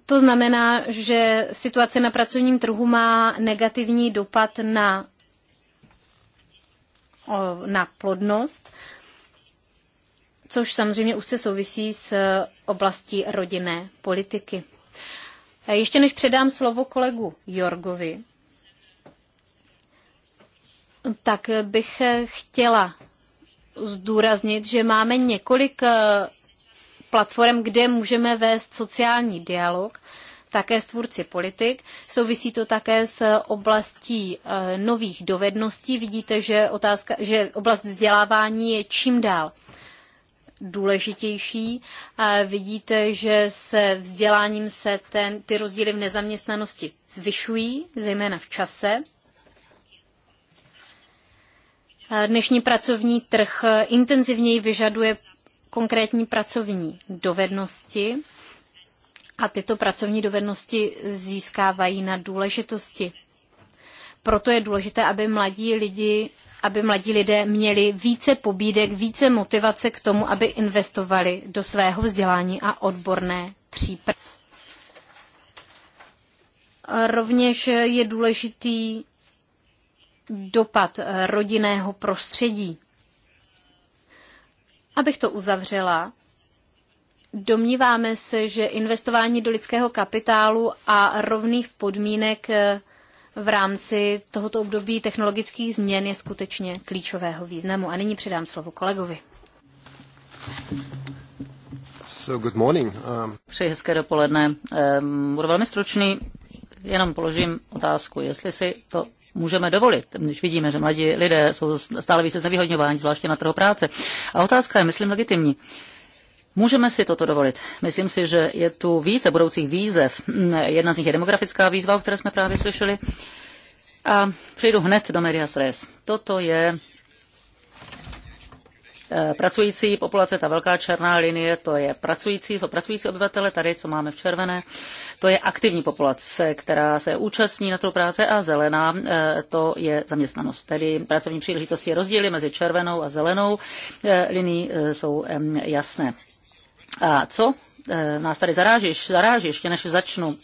To znamená, že situace na pracovním trhu má negativní dopad na, na plodnost, což samozřejmě už se souvisí s oblastí rodinné politiky. Ještě než předám slovo kolegu Jorgovi, tak bych chtěla zdůraznit, že máme několik platform, kde můžeme vést sociální dialog také s tvůrci politik. Souvisí to také s oblastí eh, nových dovedností. Vidíte, že, otázka, že oblast vzdělávání je čím dál důležitější. A vidíte, že se vzděláním se ten, ty rozdíly v nezaměstnanosti zvyšují, zejména v čase. Dnešní pracovní trh eh, intenzivněji vyžaduje konkrétní pracovní dovednosti a tyto pracovní dovednosti získávají na důležitosti. Proto je důležité, aby mladí lidi aby mladí lidé měli více pobídek, více motivace k tomu, aby investovali do svého vzdělání a odborné přípravy. Rovněž je důležitý dopad rodinného prostředí. Abych to uzavřela, domníváme se, že investování do lidského kapitálu a rovných podmínek eh, v rámci tohoto období technologických změn je skutečně klíčového významu. A nyní předám slovo kolegovi. So good morning. Um... Přeji hezké dopoledne. Um, budu velmi stručný, jenom položím otázku, jestli si to můžeme dovolit, když vidíme, že mladí lidé jsou stále více znevýhodňováni, zvláště na trhu práce. A otázka je, myslím, legitimní. Můžeme si toto dovolit. Myslím si, že je tu více budoucích výzev. Jedna z nich je demografická výzva, o které jsme právě slyšeli. A přejdu hned do medias res. Toto je Eh, pracující populace, ta velká černá linie, to je pracující, jsou pracující obyvatele, tady, co máme v červené, to je aktivní populace, která se účastní na trhu práce a zelená, eh, to je zaměstnanost. Tedy pracovní příležitosti rozdíly mezi červenou a zelenou eh, linií jsou jasné. A co nás tady zarážíš, zaráží, ještě než začnu,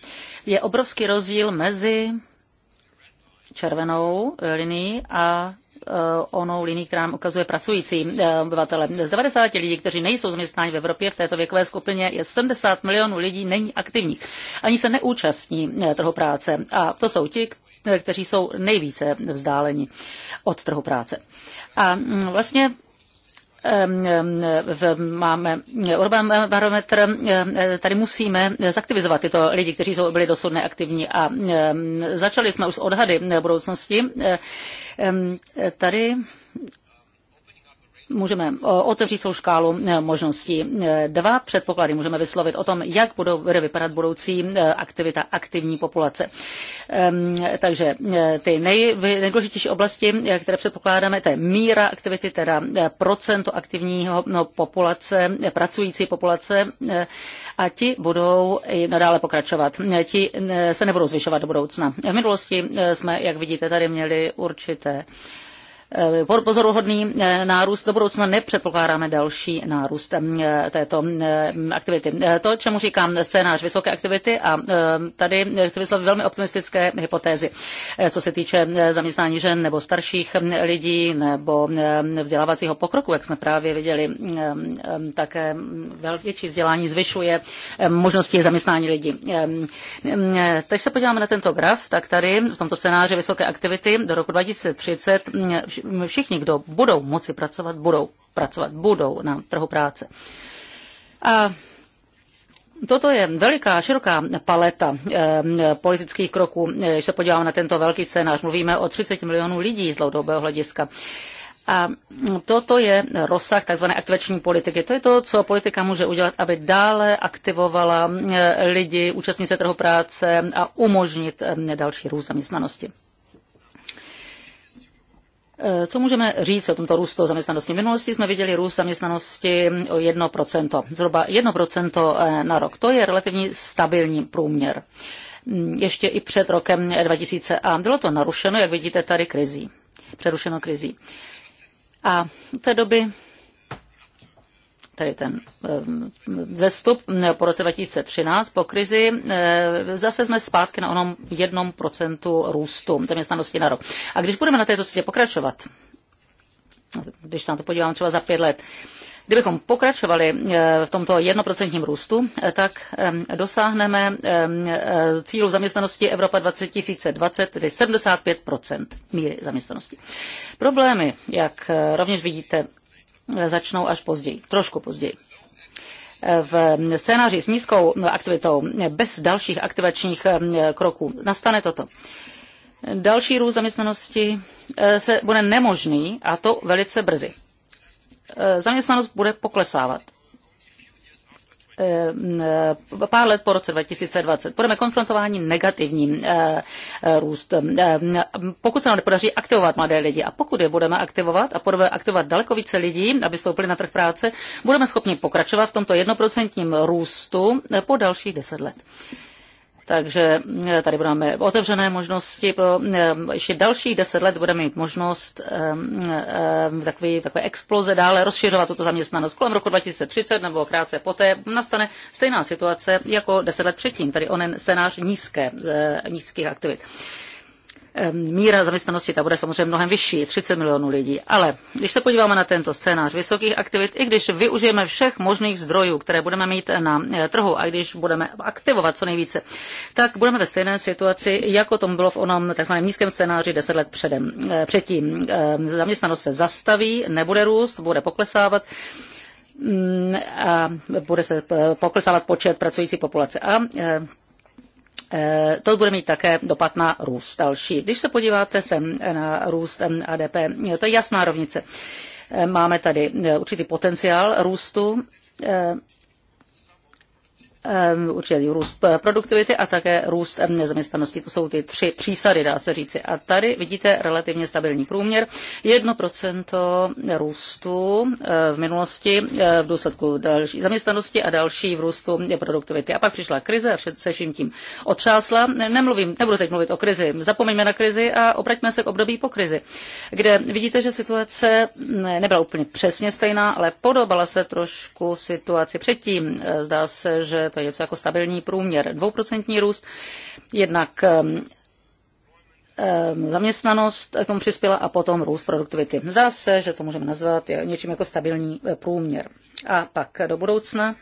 je obrovský rozdíl mezi červenou linií a Eh, onou linii, která nám ukazuje pracující eh, obyvatele. Z 90 lidí, kteří nejsou zaměstnáni v Evropě v této věkové skupině, je 70 milionů lidí není aktivních. Ani se neúčastní eh, trhu práce. A to jsou ti, kteří jsou nejvíce vzdáleni od trhu práce. A mm, vlastně v, máme Urban barometr, tady musíme zaktivizovat tyto lidi, kteří jsou, byli dosud neaktivní a začali jsme už s odhady budoucnosti. Tady můžeme otevřít celou škálu e, možností. E, dva předpoklady můžeme vyslovit o tom, jak budou, bude vypadat budoucí e, aktivita aktivní populace. Takže ty nej, nejdůležitější oblasti, které předpokládáme, to je míra aktivity, teda procento aktivního no, populace, pracující populace a ti budou i nadále pokračovat. Ti se nebudou zvyšovat do budoucna. V minulosti jsme, jak vidíte, tady měli určité Eh, pozoruhodný eh, nárůst. Do budoucna nepředpokládáme další nárůst eh, této aktivity. To, čemu říkám scénář vysoké aktivity a tady chci vyslovit velmi optimistické hypotézy, co se týče zaměstnání žen nebo starších lidí nebo vzdělávacího pokroku, jak jsme právě viděli, také větší vzdělání zvyšuje možnosti zaměstnání lidí. Teď se podíváme na tento graf, tak tady v tomto scénáři vysoké aktivity do roku 2030 všichni, kdo budou moci pracovat, budou pracovat, budou na trhu práce. A Toto je veliká, široká paleta e, politických kroků. Eh, když se podíváme na tento velký scénář, mluvíme o 30 milionů lidí z dlouhodobého hlediska. A toto je rozsah tzv. aktivační politiky. To je to, co politika může udělat, aby dále aktivovala eh, lidi, účastnice trhu práce a umožnit další růst zaměstnanosti. Eh, co můžeme říct o tomto růstu zaměstnanosti? V minulosti jsme viděli růst zaměstnanosti o 1%, zhruba 1% eh, na rok. To je relativně stabilní průměr mm, ještě i před rokem 2000 eh, a bylo to narušeno, jak vidíte tady, krizí, přerušeno krizí. A od té doby tedy ten eh, zestup eh, po roce 2013 po krizi, eh, zase jsme zpátky na onom jednom procentu růstu zaměstnanosti na rok. A když budeme na této cestě pokračovat, když se na to podívám třeba za pět let, Kdybychom pokračovali v tomto jednoprocentním růstu, tak dosáhneme cílu zaměstnanosti Evropa 2020, tedy 75 míry zaměstnanosti. Problémy, jak rovněž vidíte začnou až později, trošku později v scénáři s nízkou aktivitou bez dalších aktivačních mm, kroků. Nastane toto. Další růst zaměstnanosti eh, se bude nemožný a to velice brzy. Eh, zaměstnanost bude poklesávat Eh, pár let po roce 2020. Budeme konfrontováni negativním eh, eh, růstem. Pokud se nám nepodaří aktivovat mladé lidi a pokud je budeme aktivovat a budeme aktivovat daleko více lidí, aby vstoupili na trh práce, budeme schopni pokračovat v tomto jednoprocentním růstu po dalších deset let. Takže eh, tady budeme otevřené možnosti. Pro eh, ještě dalších deset let budeme mít možnost ehm, ehm, takové, takové exploze dále rozšiřovat tuto zaměstnanost. Kolem roku 2030 nebo krátce poté nastane stejná situace jako deset let předtím, tedy onen scénář nízké, eh, nízkých aktivit míra zaměstnanosti ta bude samozřejmě mnohem vyšší, 30 milionů lidí. Ale když se podíváme na tento scénář vysokých aktivit, i když využijeme všech možných zdrojů, které budeme mít na e, trhu a když budeme aktivovat co nejvíce, tak budeme ve stejné situaci, jako tom bylo v onom tzv. nízkém scénáři 10 let předem. E, předtím. Zaměstnanost se zastaví, nebude růst, bude poklesávat mm, a bude se e, poklesávat počet pracující populace. A Eh, to bude mít také dopad na růst další. Když se podíváte sem eh, na růst eh, ADP, to je jasná rovnice. Máme tady určitý potenciál růstu Ehm, určitý růst produktivity a také růst ehm, nezaměstnanosti. To jsou ty tři přísady, dá se říci. A tady vidíte relativně stabilní průměr. 1% růstu ehm, v minulosti v důsledku další zaměstnanosti a další v růstu produktivity. A pak přišla krize a se vším tím otřásla. Nemluvím, nebudu teď mluvit o krizi. Zapomeňme na krizi a obraťme se k období po krizi, kde vidíte, že situace nebyla úplně přesně stejná, ale podobala se trošku situaci předtím. Zdá se, že to je něco jako stabilní průměr, dvouprocentní růst. Jednak um, um, zaměstnanost k tomu přispěla a potom růst produktivity. Zdá se, že to můžeme nazvat něčím jako stabilní eh, průměr. A pak do budoucna.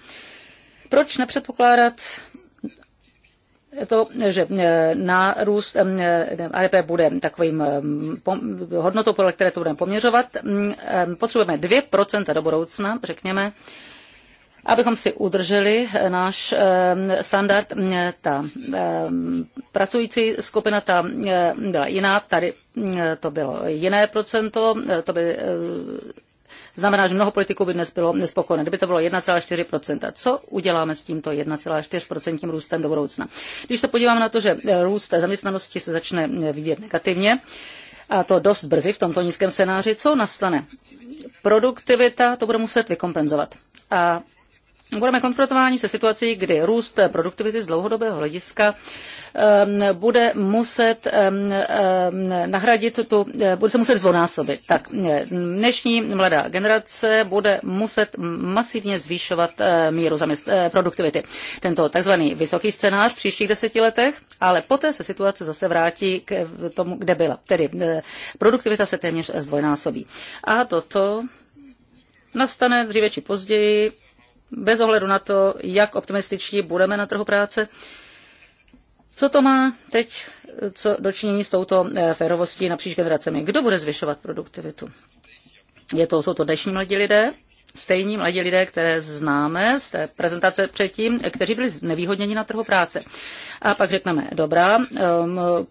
Proč nepředpokládat to, že eh, nárůst eh, ADP bude takovým hodnotou, podle které to budeme poměřovat. Mm, potřebujeme 2% do budoucna, řekněme, abychom si udrželi eh, náš eh, standard. Eh, ta pracující skupina ta byla jiná, tady to bylo jiné procento, to by znamená, že mnoho politiků by dnes bylo nespokojené, Kdyby to bylo 1,4%, co uděláme s tímto 1,4% růstem do budoucna? Když se podíváme na to, že růst zaměstnanosti se začne vyvíjet negativně, a to dost brzy v tomto nízkém scénáři, co nastane? Produktivita to bude muset vykompenzovat. A budeme konfrontováni se situací, kdy růst produktivity z dlouhodobého hlediska ehm, bude muset ehm, ehm, nahradit tu, eh, bude se muset zvonásobit. Tak eh, dnešní mladá generace bude muset masivně zvýšovat eh, míru produktivity. Tento takzvaný vysoký scénář v příštích deseti letech, ale poté se situace zase vrátí k tomu, kde byla. Tedy produktivita se téměř zdvojnásobí. A toto nastane dříve či později bez ohledu na to, jak optimističtí budeme na trhu práce. Co to má teď co dočinění s touto eh, férovostí napříč generacemi? Kdo bude zvyšovat produktivitu? Je to, jsou to dnešní mladí lidé, stejní mladí lidé, které známe z té prezentace předtím, kteří byli nevýhodněni na trhu práce. A pak řekneme, dobrá,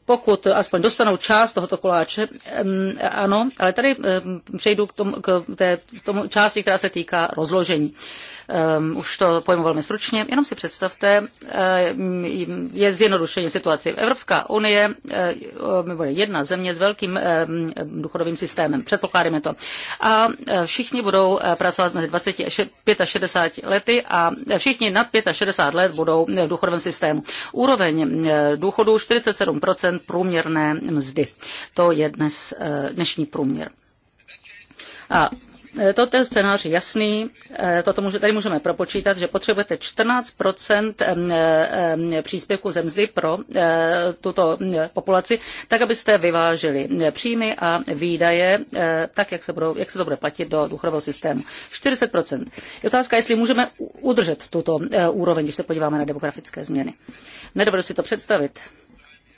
pokud aspoň dostanou část tohoto koláče, ano, ale tady přejdu k tomu, k té, k tomu části, která se týká rozložení. Už to pojmu velmi stručně, jenom si představte, je zjednodušení situaci. Evropská unie je jedna země s velkým důchodovým systémem, předpokládáme to. A všichni budou eh, pracovat pracovat mezi 20 a 65 lety a všichni nad 65 let budou v důchodovém systému. Úroveň eh, důchodu 47 průměrné mzdy. To je dnes, eh, dnešní průměr. A Eh, toto je scénář jasný, eh, toto může, tady můžeme propočítat, že potřebujete 14 eh, příspěvku ze mzdy pro tuto populaci, tak abyste vyvážili příjmy a výdaje, tak jak se, budou, jak se to bude platit do důchodového systému. 40 Je otázka, jestli můžeme udržet tuto úroveň, když se podíváme na demografické změny. Nedovedu si to představit.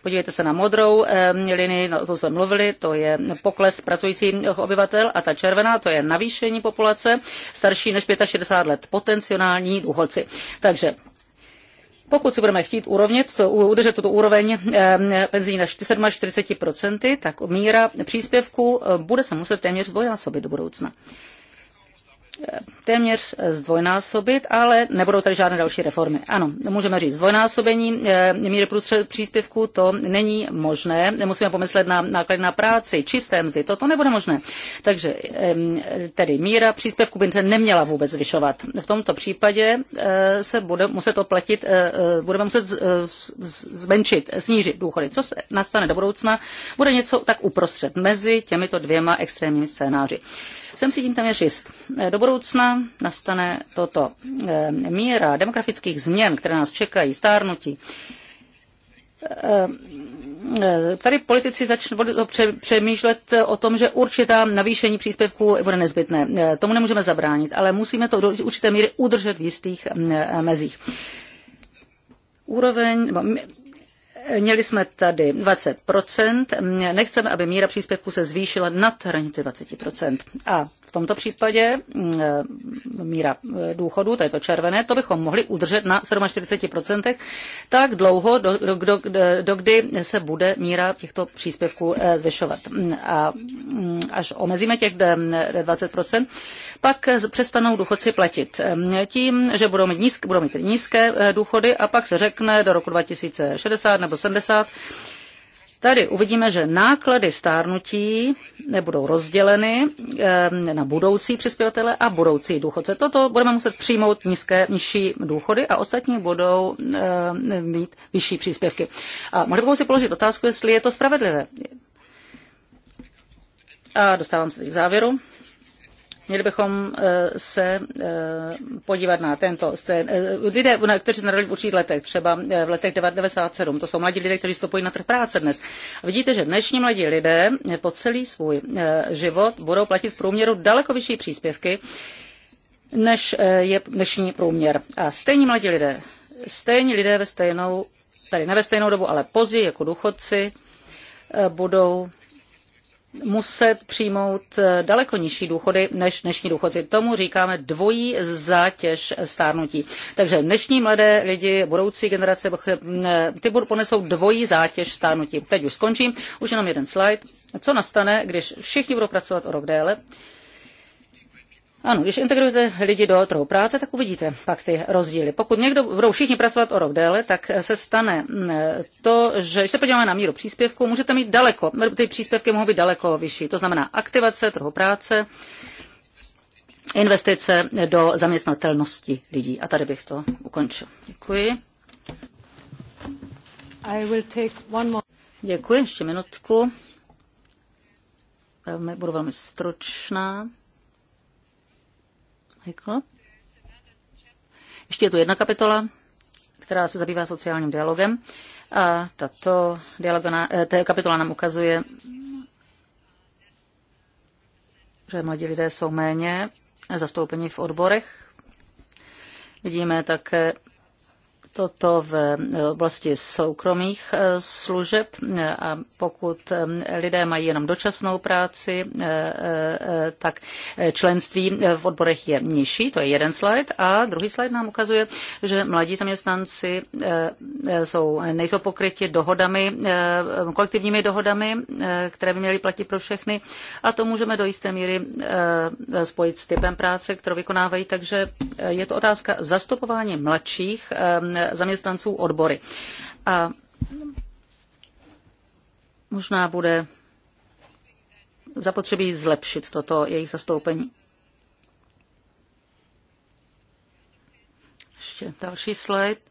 Podívejte se na modrou eh, linii, o to jsme mluvili, to je pokles pracujících obyvatel a ta červená, to je navýšení populace starší než 65 let, potenciální důchodci. Takže pokud si budeme chtít urovnit, to, udržet tuto úroveň eh, penzí na 47%, tak míra příspěvku eh, bude se muset téměř zdvojnásobit do budoucna téměř zdvojnásobit, ale nebudou tady žádné další reformy. Ano, můžeme říct zdvojnásobení eh, míry příspěvku, to není možné. Musíme pomyslet na náklady na práci, čisté mzdy, to to nebude možné. Takže tedy míra příspěvku by se neměla vůbec zvyšovat. V tomto případě eh, se bude muset oplatit, eh, budeme muset zmenšit, snížit důchody. Co se nastane do budoucna, bude něco tak uprostřed mezi těmito dvěma extrémními scénáři. Jsem si tím téměř jist. Eh, do budoucna nastane toto. Eh, míra demografických změn, které nás čekají, stárnutí, eh, tady politici začnou přemýšlet o tom, že určitá navýšení příspěvků bude nezbytné. Tomu nemůžeme zabránit, ale musíme to do určité míry udržet v jistých mm, mezích. Úroveň, Měli jsme tady 20%, nechceme, aby míra příspěvku se zvýšila nad hranici 20%. A v tomto případě mm, míra eh, důchodu, to je to červené, to bychom mohli udržet na 47%, tak dlouho, do, do, do, do kdy se bude míra těchto příspěvků eh, zvyšovat. Mm, a mm, až omezíme těch 20%, eh, pak přestanou důchodci platit tím, že budou mít, nízk, budou mít nízké eh, důchody a pak se řekne do roku 2060 nebo 70, Tady uvidíme, že náklady stárnutí nebudou rozděleny na budoucí přispěvatele a budoucí důchodce. Toto budeme muset přijmout nízké, nižší důchody a ostatní budou mít vyšší příspěvky. A možná bychom si položit otázku, jestli je to spravedlivé. A dostávám se teď k závěru. Měli bychom eh, se eh, podívat na tento scén. Eh, lidé, kteří se narodili v určitých letech, třeba v letech 1997, to jsou mladí lidé, kteří vstupují na trh práce dnes. A vidíte, že dnešní mladí lidé po celý svůj život budou platit v průměru daleko vyšší příspěvky, než je dnešní průměr. A stejní mladí lidé, stejní lidé ve stejnou, tady ne ve stejnou dobu, ale později jako důchodci, budou muset přijmout eh, daleko nižší důchody než dnešní důchodci. Tomu říkáme dvojí zátěž stárnutí. Takže dnešní mladé lidi, budoucí generace, eh, ty ponesou dvojí zátěž stárnutí. Teď už skončím, už jenom jeden slide. Co nastane, když všichni budou pracovat o rok déle? Ano, když integrujete lidi do trhu práce, tak uvidíte pak ty rozdíly. Pokud někdo budou všichni pracovat o rok déle, tak se stane mm, to, že když se podíváme na míru příspěvku, můžete mít daleko, ty příspěvky mohou být daleko vyšší. To znamená aktivace trhu práce, investice do zaměstnatelnosti lidí. A tady bych to ukončil. Děkuji. I will take one more. Děkuji, ještě minutku. Budu velmi stručná. Hekl. Ještě je tu jedna kapitola, která se zabývá sociálním dialogem. A tato dialogana, eh, ta kapitola nám ukazuje, že mladí lidé jsou méně zastoupeni v odborech. Vidíme také toto v eh, oblasti soukromých eh, služeb eh, a pokud lidé mají jenom dočasnou práci, tak členství v odborech je nižší, to je jeden slide a druhý slide nám ukazuje, že mladí zaměstnanci jsou, nejsou pokryti dohodami, kolektivními dohodami, které by měly platit pro všechny a to můžeme do jisté míry spojit s typem práce, kterou vykonávají, takže je to otázka zastupování mladších zaměstnanců odbory. A možná bude zapotřebí zlepšit toto jejich zastoupení. Ještě další slide.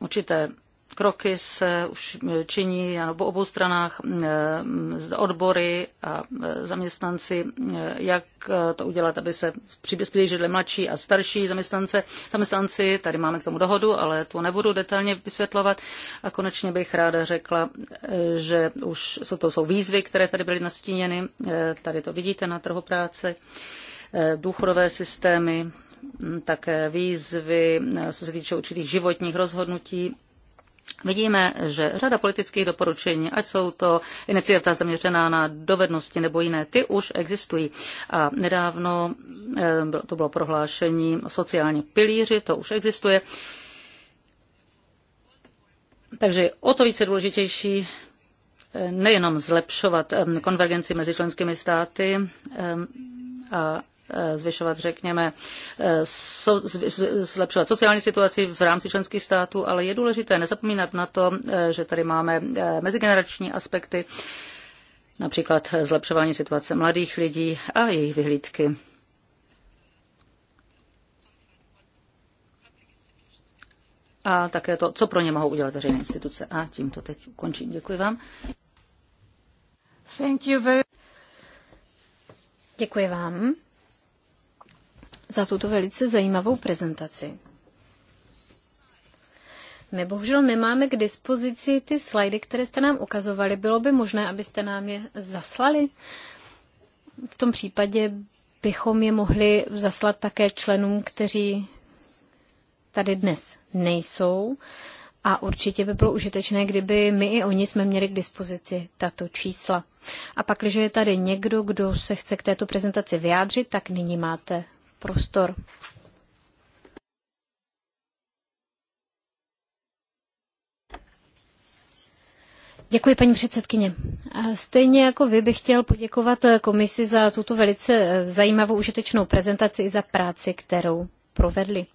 Určité kroky se už eh, činí na obou stranách eh, odbory a eh, zaměstnanci, jak to udělat, aby se přiblížili mladší a starší zaměstnance. zaměstnanci. Tady máme k tomu dohodu, ale to nebudu detailně vysvětlovat. A konečně bych ráda řekla, že už to jsou výzvy, které tady byly nastíněny. Tady to vidíte na trhu práce důchodové systémy, také výzvy, co se týče určitých životních rozhodnutí Vidíme, že řada politických doporučení, ať jsou to iniciativa zaměřená na dovednosti nebo jiné, ty už existují. A nedávno eh, to bylo prohlášení o sociálním pilíři, to už existuje. Takže o to více důležitější eh, nejenom zlepšovat eh, konvergenci mezi členskými státy, a Eh, zvyšovat, řekněme, eh, so, zlepšovat sociální situaci v rámci členských států, ale je důležité nezapomínat na to, eh, že tady máme mezigenerační aspekty, například zlepšování situace mladých lidí a jejich vyhlídky. A také to, co pro ně mohou udělat veřejné instituce. A tím to teď ukončím. Děkuji vám. Thank you very... Děkuji vám za tuto velice zajímavou prezentaci. My bohužel nemáme k dispozici ty slajdy, které jste nám ukazovali. Bylo by možné, abyste nám je zaslali? V tom případě bychom je mohli zaslat také členům, kteří tady dnes nejsou. A určitě by bylo užitečné, kdyby my i oni jsme měli k dispozici tato čísla. A pak, když je tady někdo, kdo se chce k této prezentaci vyjádřit, tak nyní máte prostor. Děkuji, paní předsedkyně. Stejně jako vy bych chtěl poděkovat komisi za tuto velice e, zajímavou užitečnou prezentaci i za práci, kterou provedli.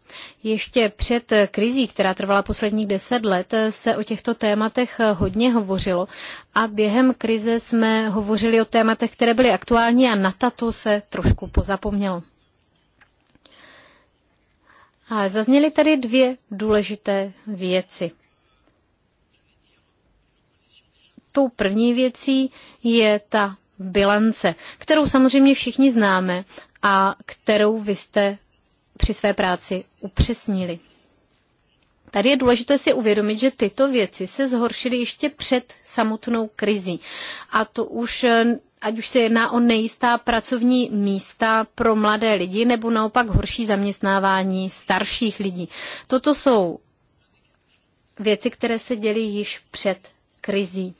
Ještě před e, krizí, která trvala posledních deset let, e, se o těchto tématech hodně hovořilo a během krize jsme hovořili o tématech, které byly aktuální a na tato se trošku pozapomnělo. A zazněly tady dvě důležité věci. Tou první věcí je ta bilance, kterou samozřejmě všichni známe a kterou vy jste při své práci upřesnili. Tady je důležité si uvědomit, že tyto věci se zhoršily ještě před samotnou krizí. A to už ať už se jedná o nejistá pracovní místa pro mladé lidi nebo naopak horší zaměstnávání starších lidí. Toto jsou věci, které se děly již před krizí.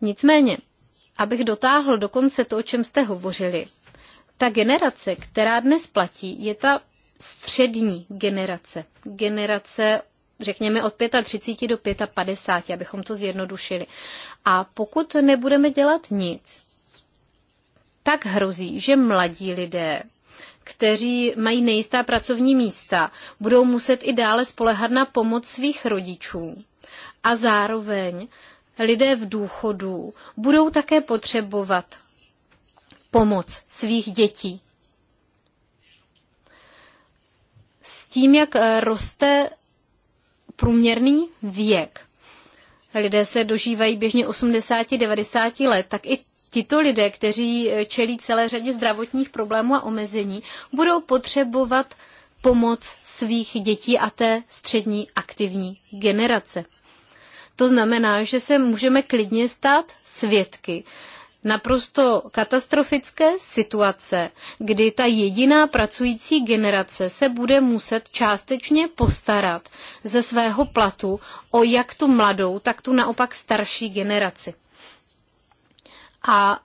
Nicméně, abych dotáhl dokonce to, o čem jste hovořili, ta generace, která dnes platí, je ta střední generace. Generace řekněme od 35 do 55, abychom to zjednodušili. A pokud nebudeme dělat nic, tak hrozí, že mladí lidé kteří mají nejistá pracovní místa, budou muset i dále spolehat na pomoc svých rodičů. A zároveň lidé v důchodu budou také potřebovat pomoc svých dětí. S tím, jak roste průměrný věk. Lidé se dožívají běžně 80-90 let, tak i tito lidé, kteří eh, čelí celé řadě zdravotních problémů a omezení, budou potřebovat pomoc svých dětí a té střední aktivní generace. To znamená, že se můžeme klidně stát svědky naprosto katastrofické situace, kdy ta jediná pracující generace se bude muset částečně postarat ze svého platu o jak tu mladou, tak tu naopak starší generaci. A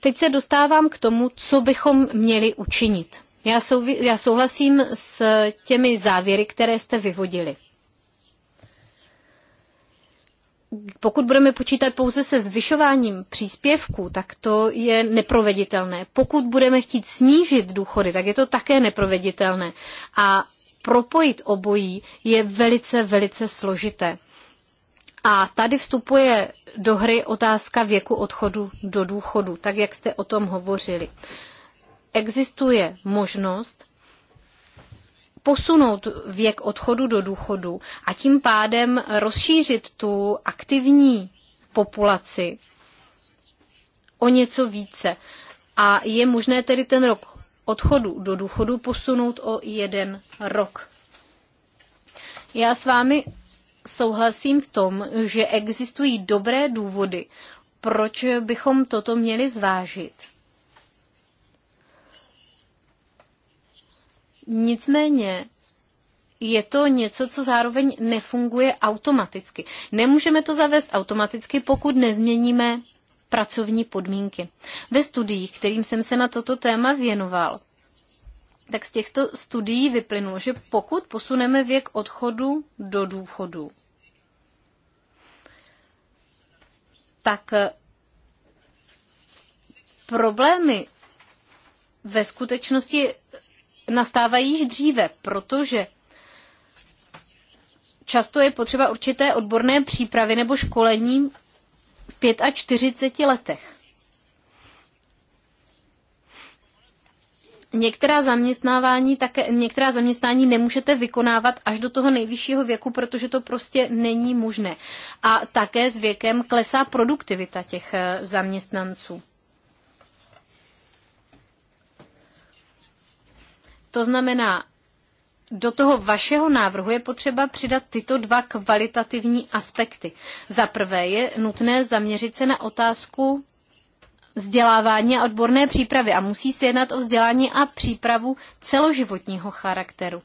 teď se dostávám k tomu, co bychom měli učinit. Já, já souhlasím s těmi závěry, které jste vyvodili. pokud budeme počítat pouze se zvyšováním příspěvků, tak to je neproveditelné. Pokud budeme chtít snížit důchody, tak je to také neproveditelné. A propojit obojí je velice, velice složité. A tady vstupuje do hry otázka věku odchodu do důchodu, tak jak jste o tom hovořili. Existuje možnost posunout věk odchodu do důchodu a tím pádem rozšířit tu aktivní populaci o něco více. A je možné tedy ten rok odchodu do důchodu posunout o jeden rok. Já s vámi souhlasím v tom, že existují dobré důvody, proč bychom toto měli zvážit. Nicméně je to něco, co zároveň nefunguje automaticky. Nemůžeme to zavést automaticky, pokud nezměníme pracovní podmínky. Ve studiích, kterým jsem se na toto téma věnoval, tak z těchto studií vyplynulo, že pokud posuneme věk odchodu do důchodu, tak eh, problémy ve skutečnosti nastávají již dříve, protože často je potřeba určité odborné přípravy nebo školení v 45 letech. Některá zaměstnávání také, některá zaměstnání nemůžete vykonávat až do toho nejvyššího věku, protože to prostě není možné. A také s věkem klesá produktivita těch eh, zaměstnanců. To znamená, do toho vašeho návrhu je potřeba přidat tyto dva kvalitativní aspekty. Za prvé je nutné zaměřit se na otázku vzdělávání a odborné přípravy a musí se jednat o vzdělání a přípravu celoživotního charakteru.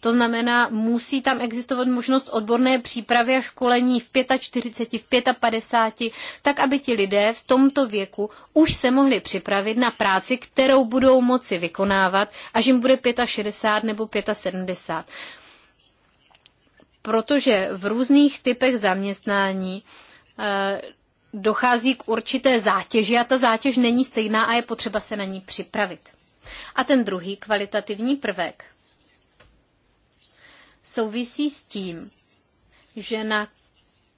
To znamená, musí tam existovat možnost odborné přípravy a školení v 45, v 55, tak aby ti lidé v tomto věku už se mohli připravit na práci, kterou budou moci vykonávat, až jim bude 65 nebo 75. Protože v různých typech zaměstnání eh, dochází k určité zátěži a ta zátěž není stejná a je potřeba se na ní připravit. A ten druhý kvalitativní prvek souvisí s tím, že na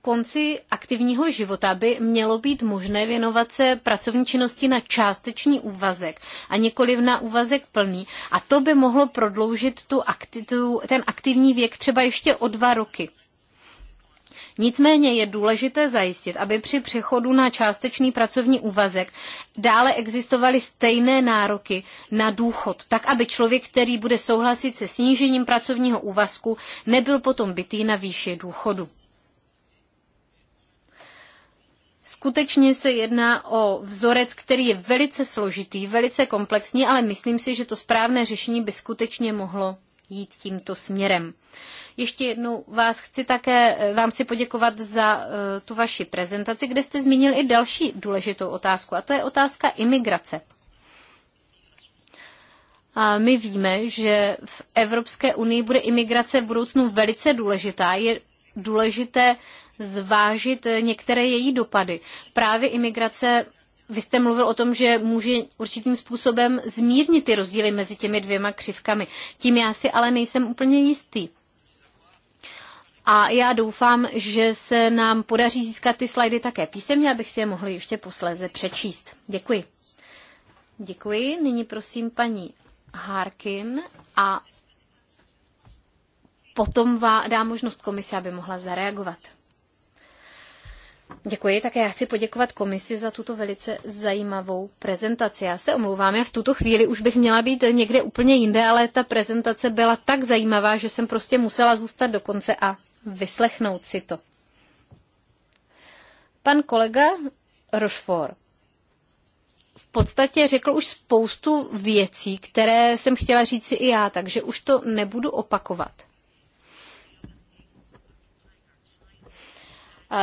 konci aktivního života by mělo být možné věnovat se pracovní činnosti na částečný úvazek a nikoliv na úvazek plný. A to by mohlo prodloužit tu akti- tu, ten aktivní věk třeba ještě o dva roky. Nicméně je důležité zajistit, aby při přechodu na částečný pracovní úvazek dále existovaly stejné nároky na důchod, tak aby člověk, který bude souhlasit se snížením pracovního úvazku, nebyl potom bytý na výši důchodu. Skutečně se jedná o vzorec, který je velice složitý, velice komplexní, ale myslím si, že to správné řešení by skutečně mohlo jít tímto směrem. Ještě jednou vás chci také, eh, vám chci poděkovat za eh, tu vaši prezentaci, kde jste zmínil i další důležitou otázku, a to je otázka imigrace. A my víme, že v Evropské unii bude imigrace v budoucnu velice důležitá. Je důležité zvážit eh, některé její dopady. Právě imigrace vy jste mluvil o tom, že může určitým způsobem zmírnit ty rozdíly mezi těmi dvěma křivkami. Tím já si ale nejsem úplně jistý. A já doufám, že se nám podaří získat ty slajdy také písemně, abych si je mohli ještě posléze přečíst. Děkuji. Děkuji. Nyní prosím paní Harkin a potom vám dám možnost komise, aby mohla zareagovat. Děkuji, také já chci poděkovat komisi za tuto velice zajímavou prezentaci. Já se omlouvám, já v tuto chvíli už bych měla být někde úplně jinde, ale ta prezentace byla tak zajímavá, že jsem prostě musela zůstat do konce a vyslechnout si to. Pan kolega Rochefort v podstatě řekl už spoustu věcí, které jsem chtěla říci i já, takže už to nebudu opakovat.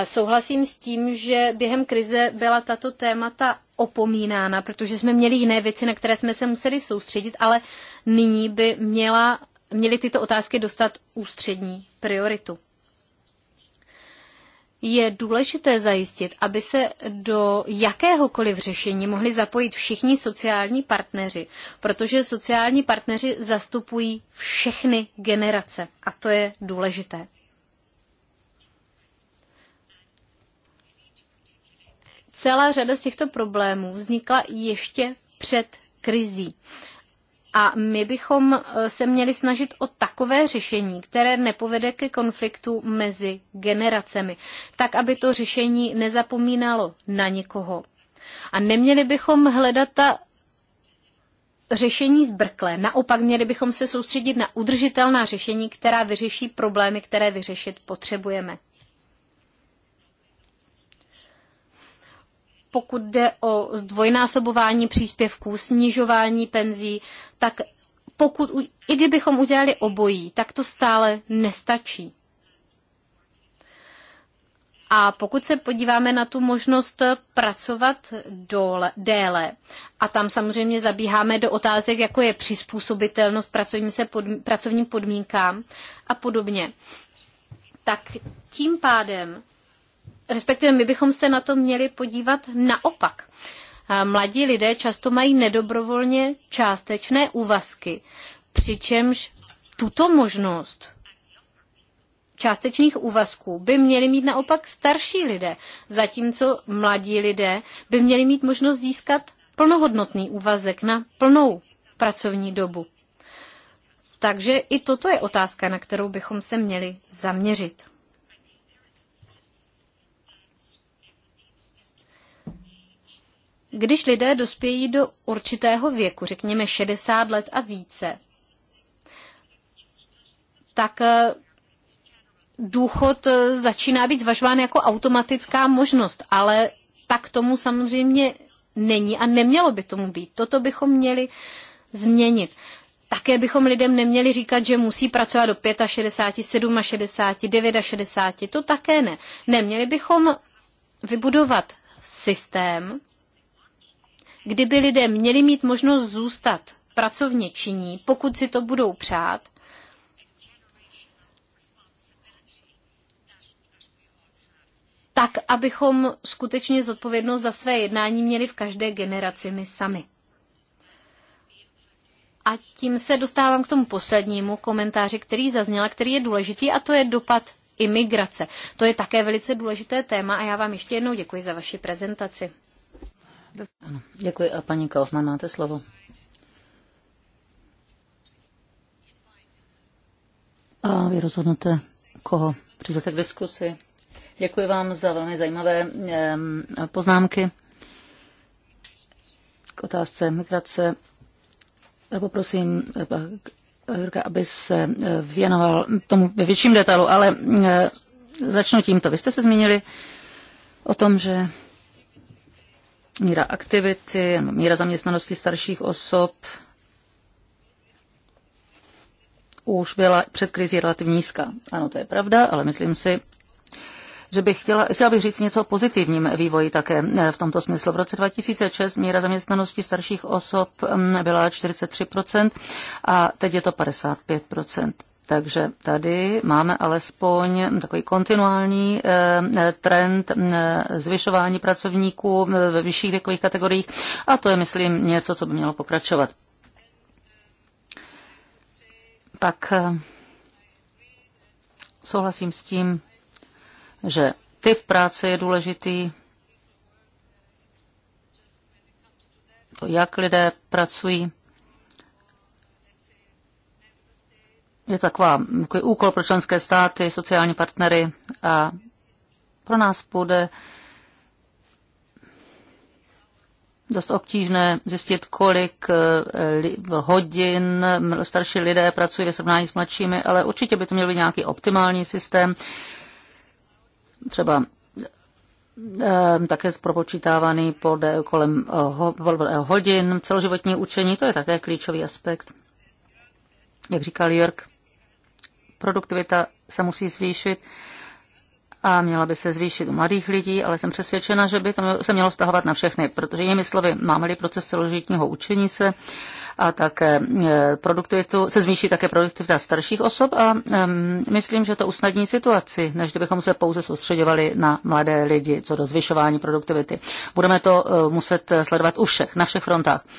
Souhlasím s tím, že během krize byla tato témata opomínána, protože jsme měli jiné věci, na které jsme se museli soustředit, ale nyní by měla, měly tyto otázky dostat ústřední prioritu. Je důležité zajistit, aby se do jakéhokoliv řešení mohli zapojit všichni sociální partneři, protože sociální partneři zastupují všechny generace a to je důležité. Celá řada z těchto problémů vznikla ještě před krizí. A my bychom eh, se měli snažit o takové řešení, které nepovede ke konfliktu mezi generacemi, tak aby to řešení nezapomínalo na někoho. A neměli bychom hledat ta řešení zbrklé. Naopak měli bychom se soustředit na udržitelná řešení, která vyřeší problémy, které vyřešit potřebujeme. pokud jde o zdvojnásobování příspěvků, snižování penzí, tak pokud, i kdybychom udělali obojí, tak to stále nestačí. A pokud se podíváme na tu možnost pracovat dole, déle, a tam samozřejmě zabíháme do otázek, jako je přizpůsobitelnost pracovní se pod, pracovním podmínkám a podobně, tak tím pádem respektive my bychom se na to měli podívat naopak. Mladí lidé často mají nedobrovolně částečné úvazky, přičemž tuto možnost částečných úvazků by měli mít naopak starší lidé, zatímco mladí lidé by měli mít možnost získat plnohodnotný úvazek na plnou pracovní dobu. Takže i toto je otázka, na kterou bychom se měli zaměřit. Když lidé dospějí do určitého věku, řekněme 60 let a více, tak eh, důchod eh, začíná být zvažován jako automatická možnost, ale tak tomu samozřejmě není a nemělo by tomu být. Toto bychom měli změnit. Také bychom lidem neměli říkat, že musí pracovat do 65, 67, 69, 60. To také ne. Neměli bychom vybudovat systém, kdyby lidé měli mít možnost zůstat pracovně činní, pokud si to budou přát, tak, abychom skutečně zodpovědnost za své jednání měli v každé generaci my sami. A tím se dostávám k tomu poslednímu komentáři, který zazněl, který je důležitý, a to je dopad imigrace. To je také velice důležité téma a já vám ještě jednou děkuji za vaši prezentaci. Ano, děkuji. A paní Kaufmann, máte slovo. A vy rozhodnete, koho přizvete k diskusi. Děkuji vám za velmi zajímavé poznámky k otázce migrace. Poprosím eh, eh, Jurka, aby se eh, věnoval tomu ve větším detailu, ale začnu tímto. Vy jste se zmínili o tom, že míra aktivity, míra zaměstnanosti starších osob už byla před krizí relativně nízká. Ano, to je pravda, ale myslím si, že bych chtěla, chtěla bych říct něco o pozitivním vývoji také eh, v tomto smyslu. V roce 2006 míra zaměstnanosti starších osob mm, byla 43% a teď je to 55%. Takže tady máme alespoň takový kontinuální eh, trend eh, zvyšování pracovníků eh, ve vyšších věkových kategoriích a to je, myslím, něco, co by mělo pokračovat. Pak souhlasím s tím, že typ práce je důležitý, to, jak lidé pracují, je taková, takový úkol pro členské státy, sociální partnery a pro nás bude dost obtížné zjistit, kolik eh, hodin starší lidé pracují ve srovnání s mladšími, ale určitě by to měl být nějaký optimální systém. Třeba eh, také zpropočítávaný pod, eh, kolem hodin, celoživotní učení, to je také klíčový aspekt. Jak říkal Jörg, produktivita se musí zvýšit a měla by se zvýšit u mladých lidí, ale jsem přesvědčena, že by to se mělo stahovat na všechny, protože jinými slovy, máme-li proces celoživotního učení se a tak e, produktivitu, se zvýší také produktivita starších osob a um, myslím, že to usnadní situaci, než kdybychom se pouze soustředovali na mladé lidi co do zvyšování produktivity. Budeme to uh, muset sledovat u všech, na všech frontách. Uh,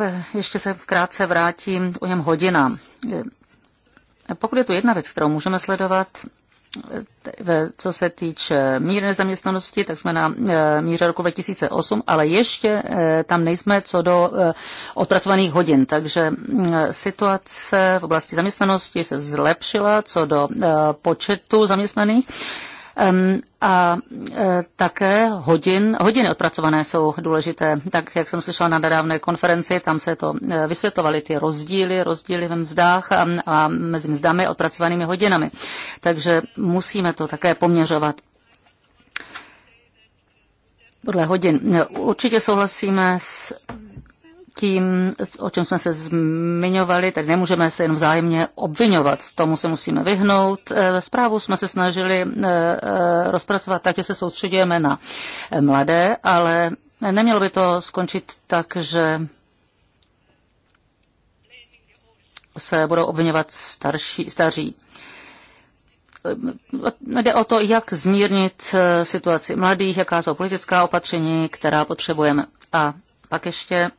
Eh, ještě se krátce vrátím o něm hodinám. Eh, pokud je tu jedna věc, kterou můžeme sledovat, eh, co se týče míry nezaměstnanosti, tak jsme na míře roku 2008, ale ještě tam nejsme co do odpracovaných hodin, takže mm, situace v oblasti zaměstnanosti se zlepšila co do počtu zaměstnaných a e, také hodin, hodiny odpracované jsou důležité. Tak, jak jsem slyšela na nedávné konferenci, tam se to e, vysvětlovaly ty rozdíly, rozdíly ve mzdách a, a mezi mzdami odpracovanými hodinami. Takže musíme to také poměřovat podle hodin. E, určitě souhlasíme s tím, o čem jsme se zmiňovali, tak nemůžeme se jen vzájemně obvinovat. Tomu se musíme vyhnout. E, zprávu jsme se snažili e, e, rozpracovat tak, že se soustředujeme na mladé, ale nemělo by to skončit tak, že se budou obvinovat starší, staří. Jde o to, jak zmírnit situaci mladých, jaká jsou politická opatření, která potřebujeme. A pak ještě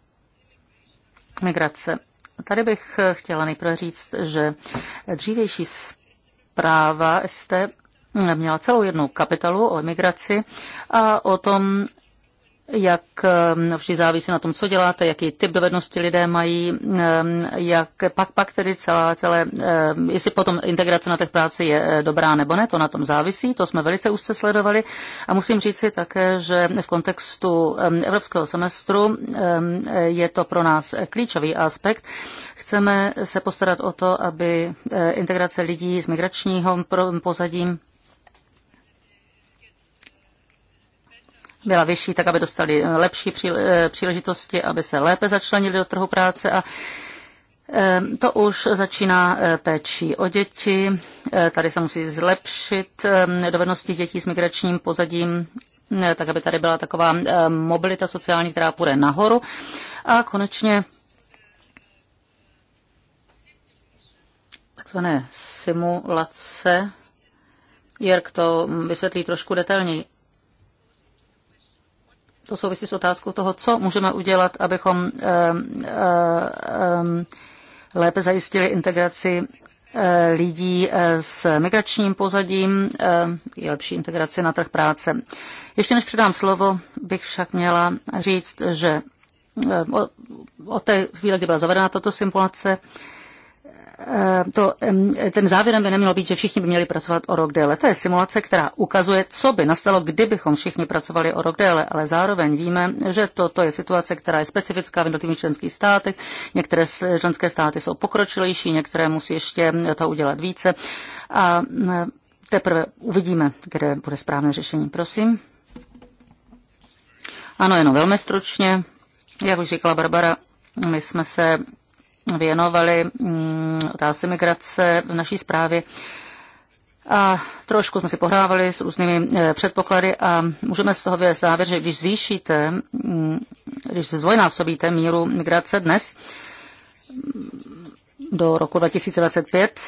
migrace. Tady bych chtěla nejprve říct, že dřívější zpráva ST měla celou jednu kapitolu o emigraci a o tom, jak ehm, vždy závisí na tom, co děláte, jaký typ dovednosti lidé mají, ehm, jak pak, pak tedy celá, celé, ehm, jestli potom integrace na těch práci je eh, dobrá nebo ne, to na tom závisí, to jsme velice úzce sledovali a musím říct si také, že v kontextu evropského semestru je to pro nás klíčový aspekt. Chceme se postarat o to, aby eh, integrace lidí s migračního pozadím byla vyšší, tak aby dostali eh, lepší eh, příležitosti, aby se lépe začlenili do trhu práce a eh, to už začíná péčí o děti. Tady se musí zlepšit dovednosti dětí s migračním pozadím, tak aby tady byla taková mobilita sociální, která půjde nahoru. A konečně takzvané simulace. Jirk to mm, vysvětlí trošku detailněji to souvisí s otázkou toho, co můžeme udělat, abychom eh, eh, eh, lépe zajistili integraci lidí s migračním pozadím je lepší integraci na trh práce. Ještě než předám slovo, bych však měla říct, že od té chvíle, kdy byla zavedena tato simulace, Eh, to, ten závěrem by nemělo být, že všichni by měli pracovat o rok déle. To je simulace, která ukazuje, co by nastalo, kdybychom všichni pracovali o rok déle, ale zároveň víme, že toto to je situace, která je specifická v jednotlivých členských státech. Některé členské státy jsou pokročilejší, některé musí ještě to udělat více. A eh, teprve uvidíme, kde bude správné řešení. Prosím. Ano, jenom velmi stručně. Jak už říkala Barbara, my jsme se věnovali mm, otázce migrace v naší zprávě. A trošku jsme si pohrávali s různými eh, předpoklady a můžeme z toho vědět závěr, že když zvýšíte, mm, když se zdvojnásobíte míru migrace dnes do roku 2025,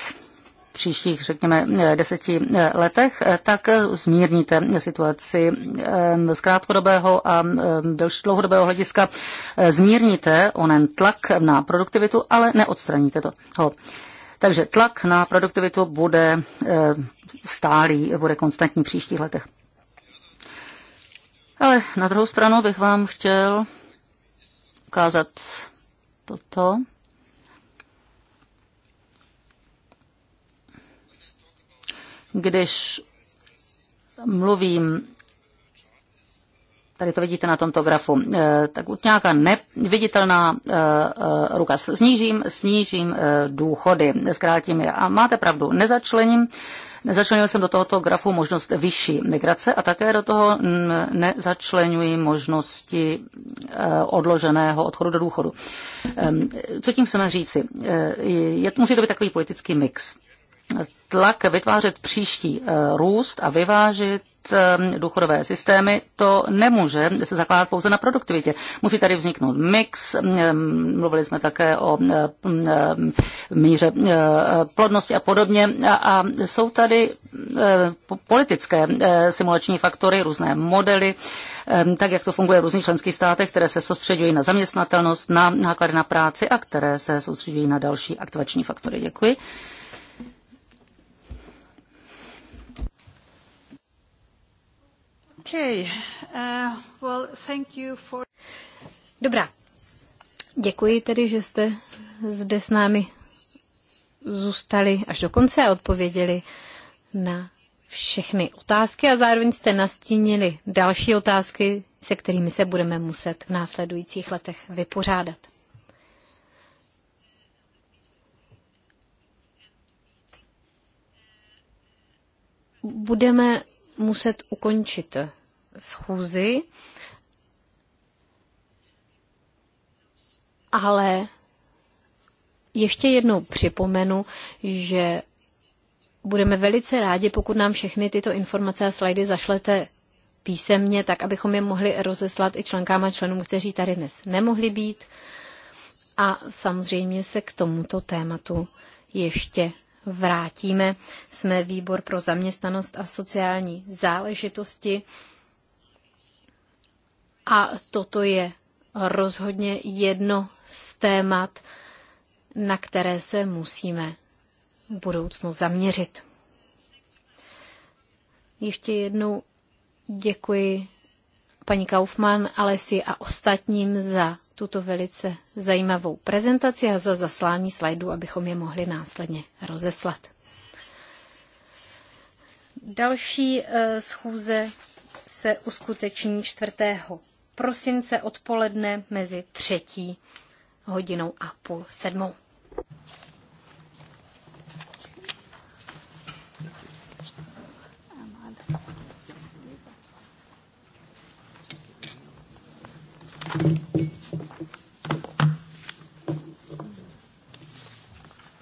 příštích, řekněme, deseti eh, letech, eh, tak eh, zmírníte situaci z krátkodobého a delší dlouhodobého hlediska. Zmírníte onen tlak na produktivitu, ale neodstraníte to. Ho. Takže tlak na produktivitu bude stálý, bude konstantní v příštích letech. Ale na druhou stranu bych vám chtěl ukázat toto. Když mluvím tady to vidíte na tomto grafu, eh, tak nějaká neviditelná eh, eh, ruka. Snížím, snížím důchody, zkrátím je. A máte pravdu, nezačlením, nezačlenil jsem do tohoto grafu možnost vyšší migrace a také do toho nezačlenuji možnosti odloženého odchodu do důchodu. Ehm, co tím chceme říci? Je, musí to být takový politický mix tlak vytvářet příští eh, růst a vyvážit eh, důchodové systémy, to nemůže se zakládat pouze na produktivitě. Musí tady vzniknout mix, eh, mluvili jsme také o míře plodnosti a podobně a jsou tady politické simulační faktory, různé modely, tak jak to funguje v různých členských státech, které se soustředují na zaměstnatelnost, na náklady na práci a které se soustředují na další aktivační faktory. Děkuji. Okay. Uh, well, thank you for... Dobrá. Děkuji tedy, že jste zde s námi zůstali až do konce a odpověděli na všechny otázky a zároveň jste nastínili další otázky, se kterými se budeme muset v následujících letech vypořádat. Budeme muset ukončit schůzi, ale ještě jednou připomenu, že budeme velice rádi, pokud nám všechny tyto informace a slajdy zašlete písemně, tak abychom je mohli rozeslat i členkám a členům, kteří tady dnes nemohli být. A samozřejmě se k tomuto tématu ještě vrátíme. Jsme výbor pro zaměstnanost a sociální záležitosti a toto je rozhodně jedno z témat, na které se musíme v budoucnu zaměřit. Ještě jednou děkuji paní Kaufmann, Alesi a ostatním za tuto velice zajímavou prezentaci a za zaslání slajdů, abychom je mohli následně rozeslat. Další eh, schůze se uskuteční 4 prosince odpoledne mezi třetí hodinou a půl sedmou. Thank you.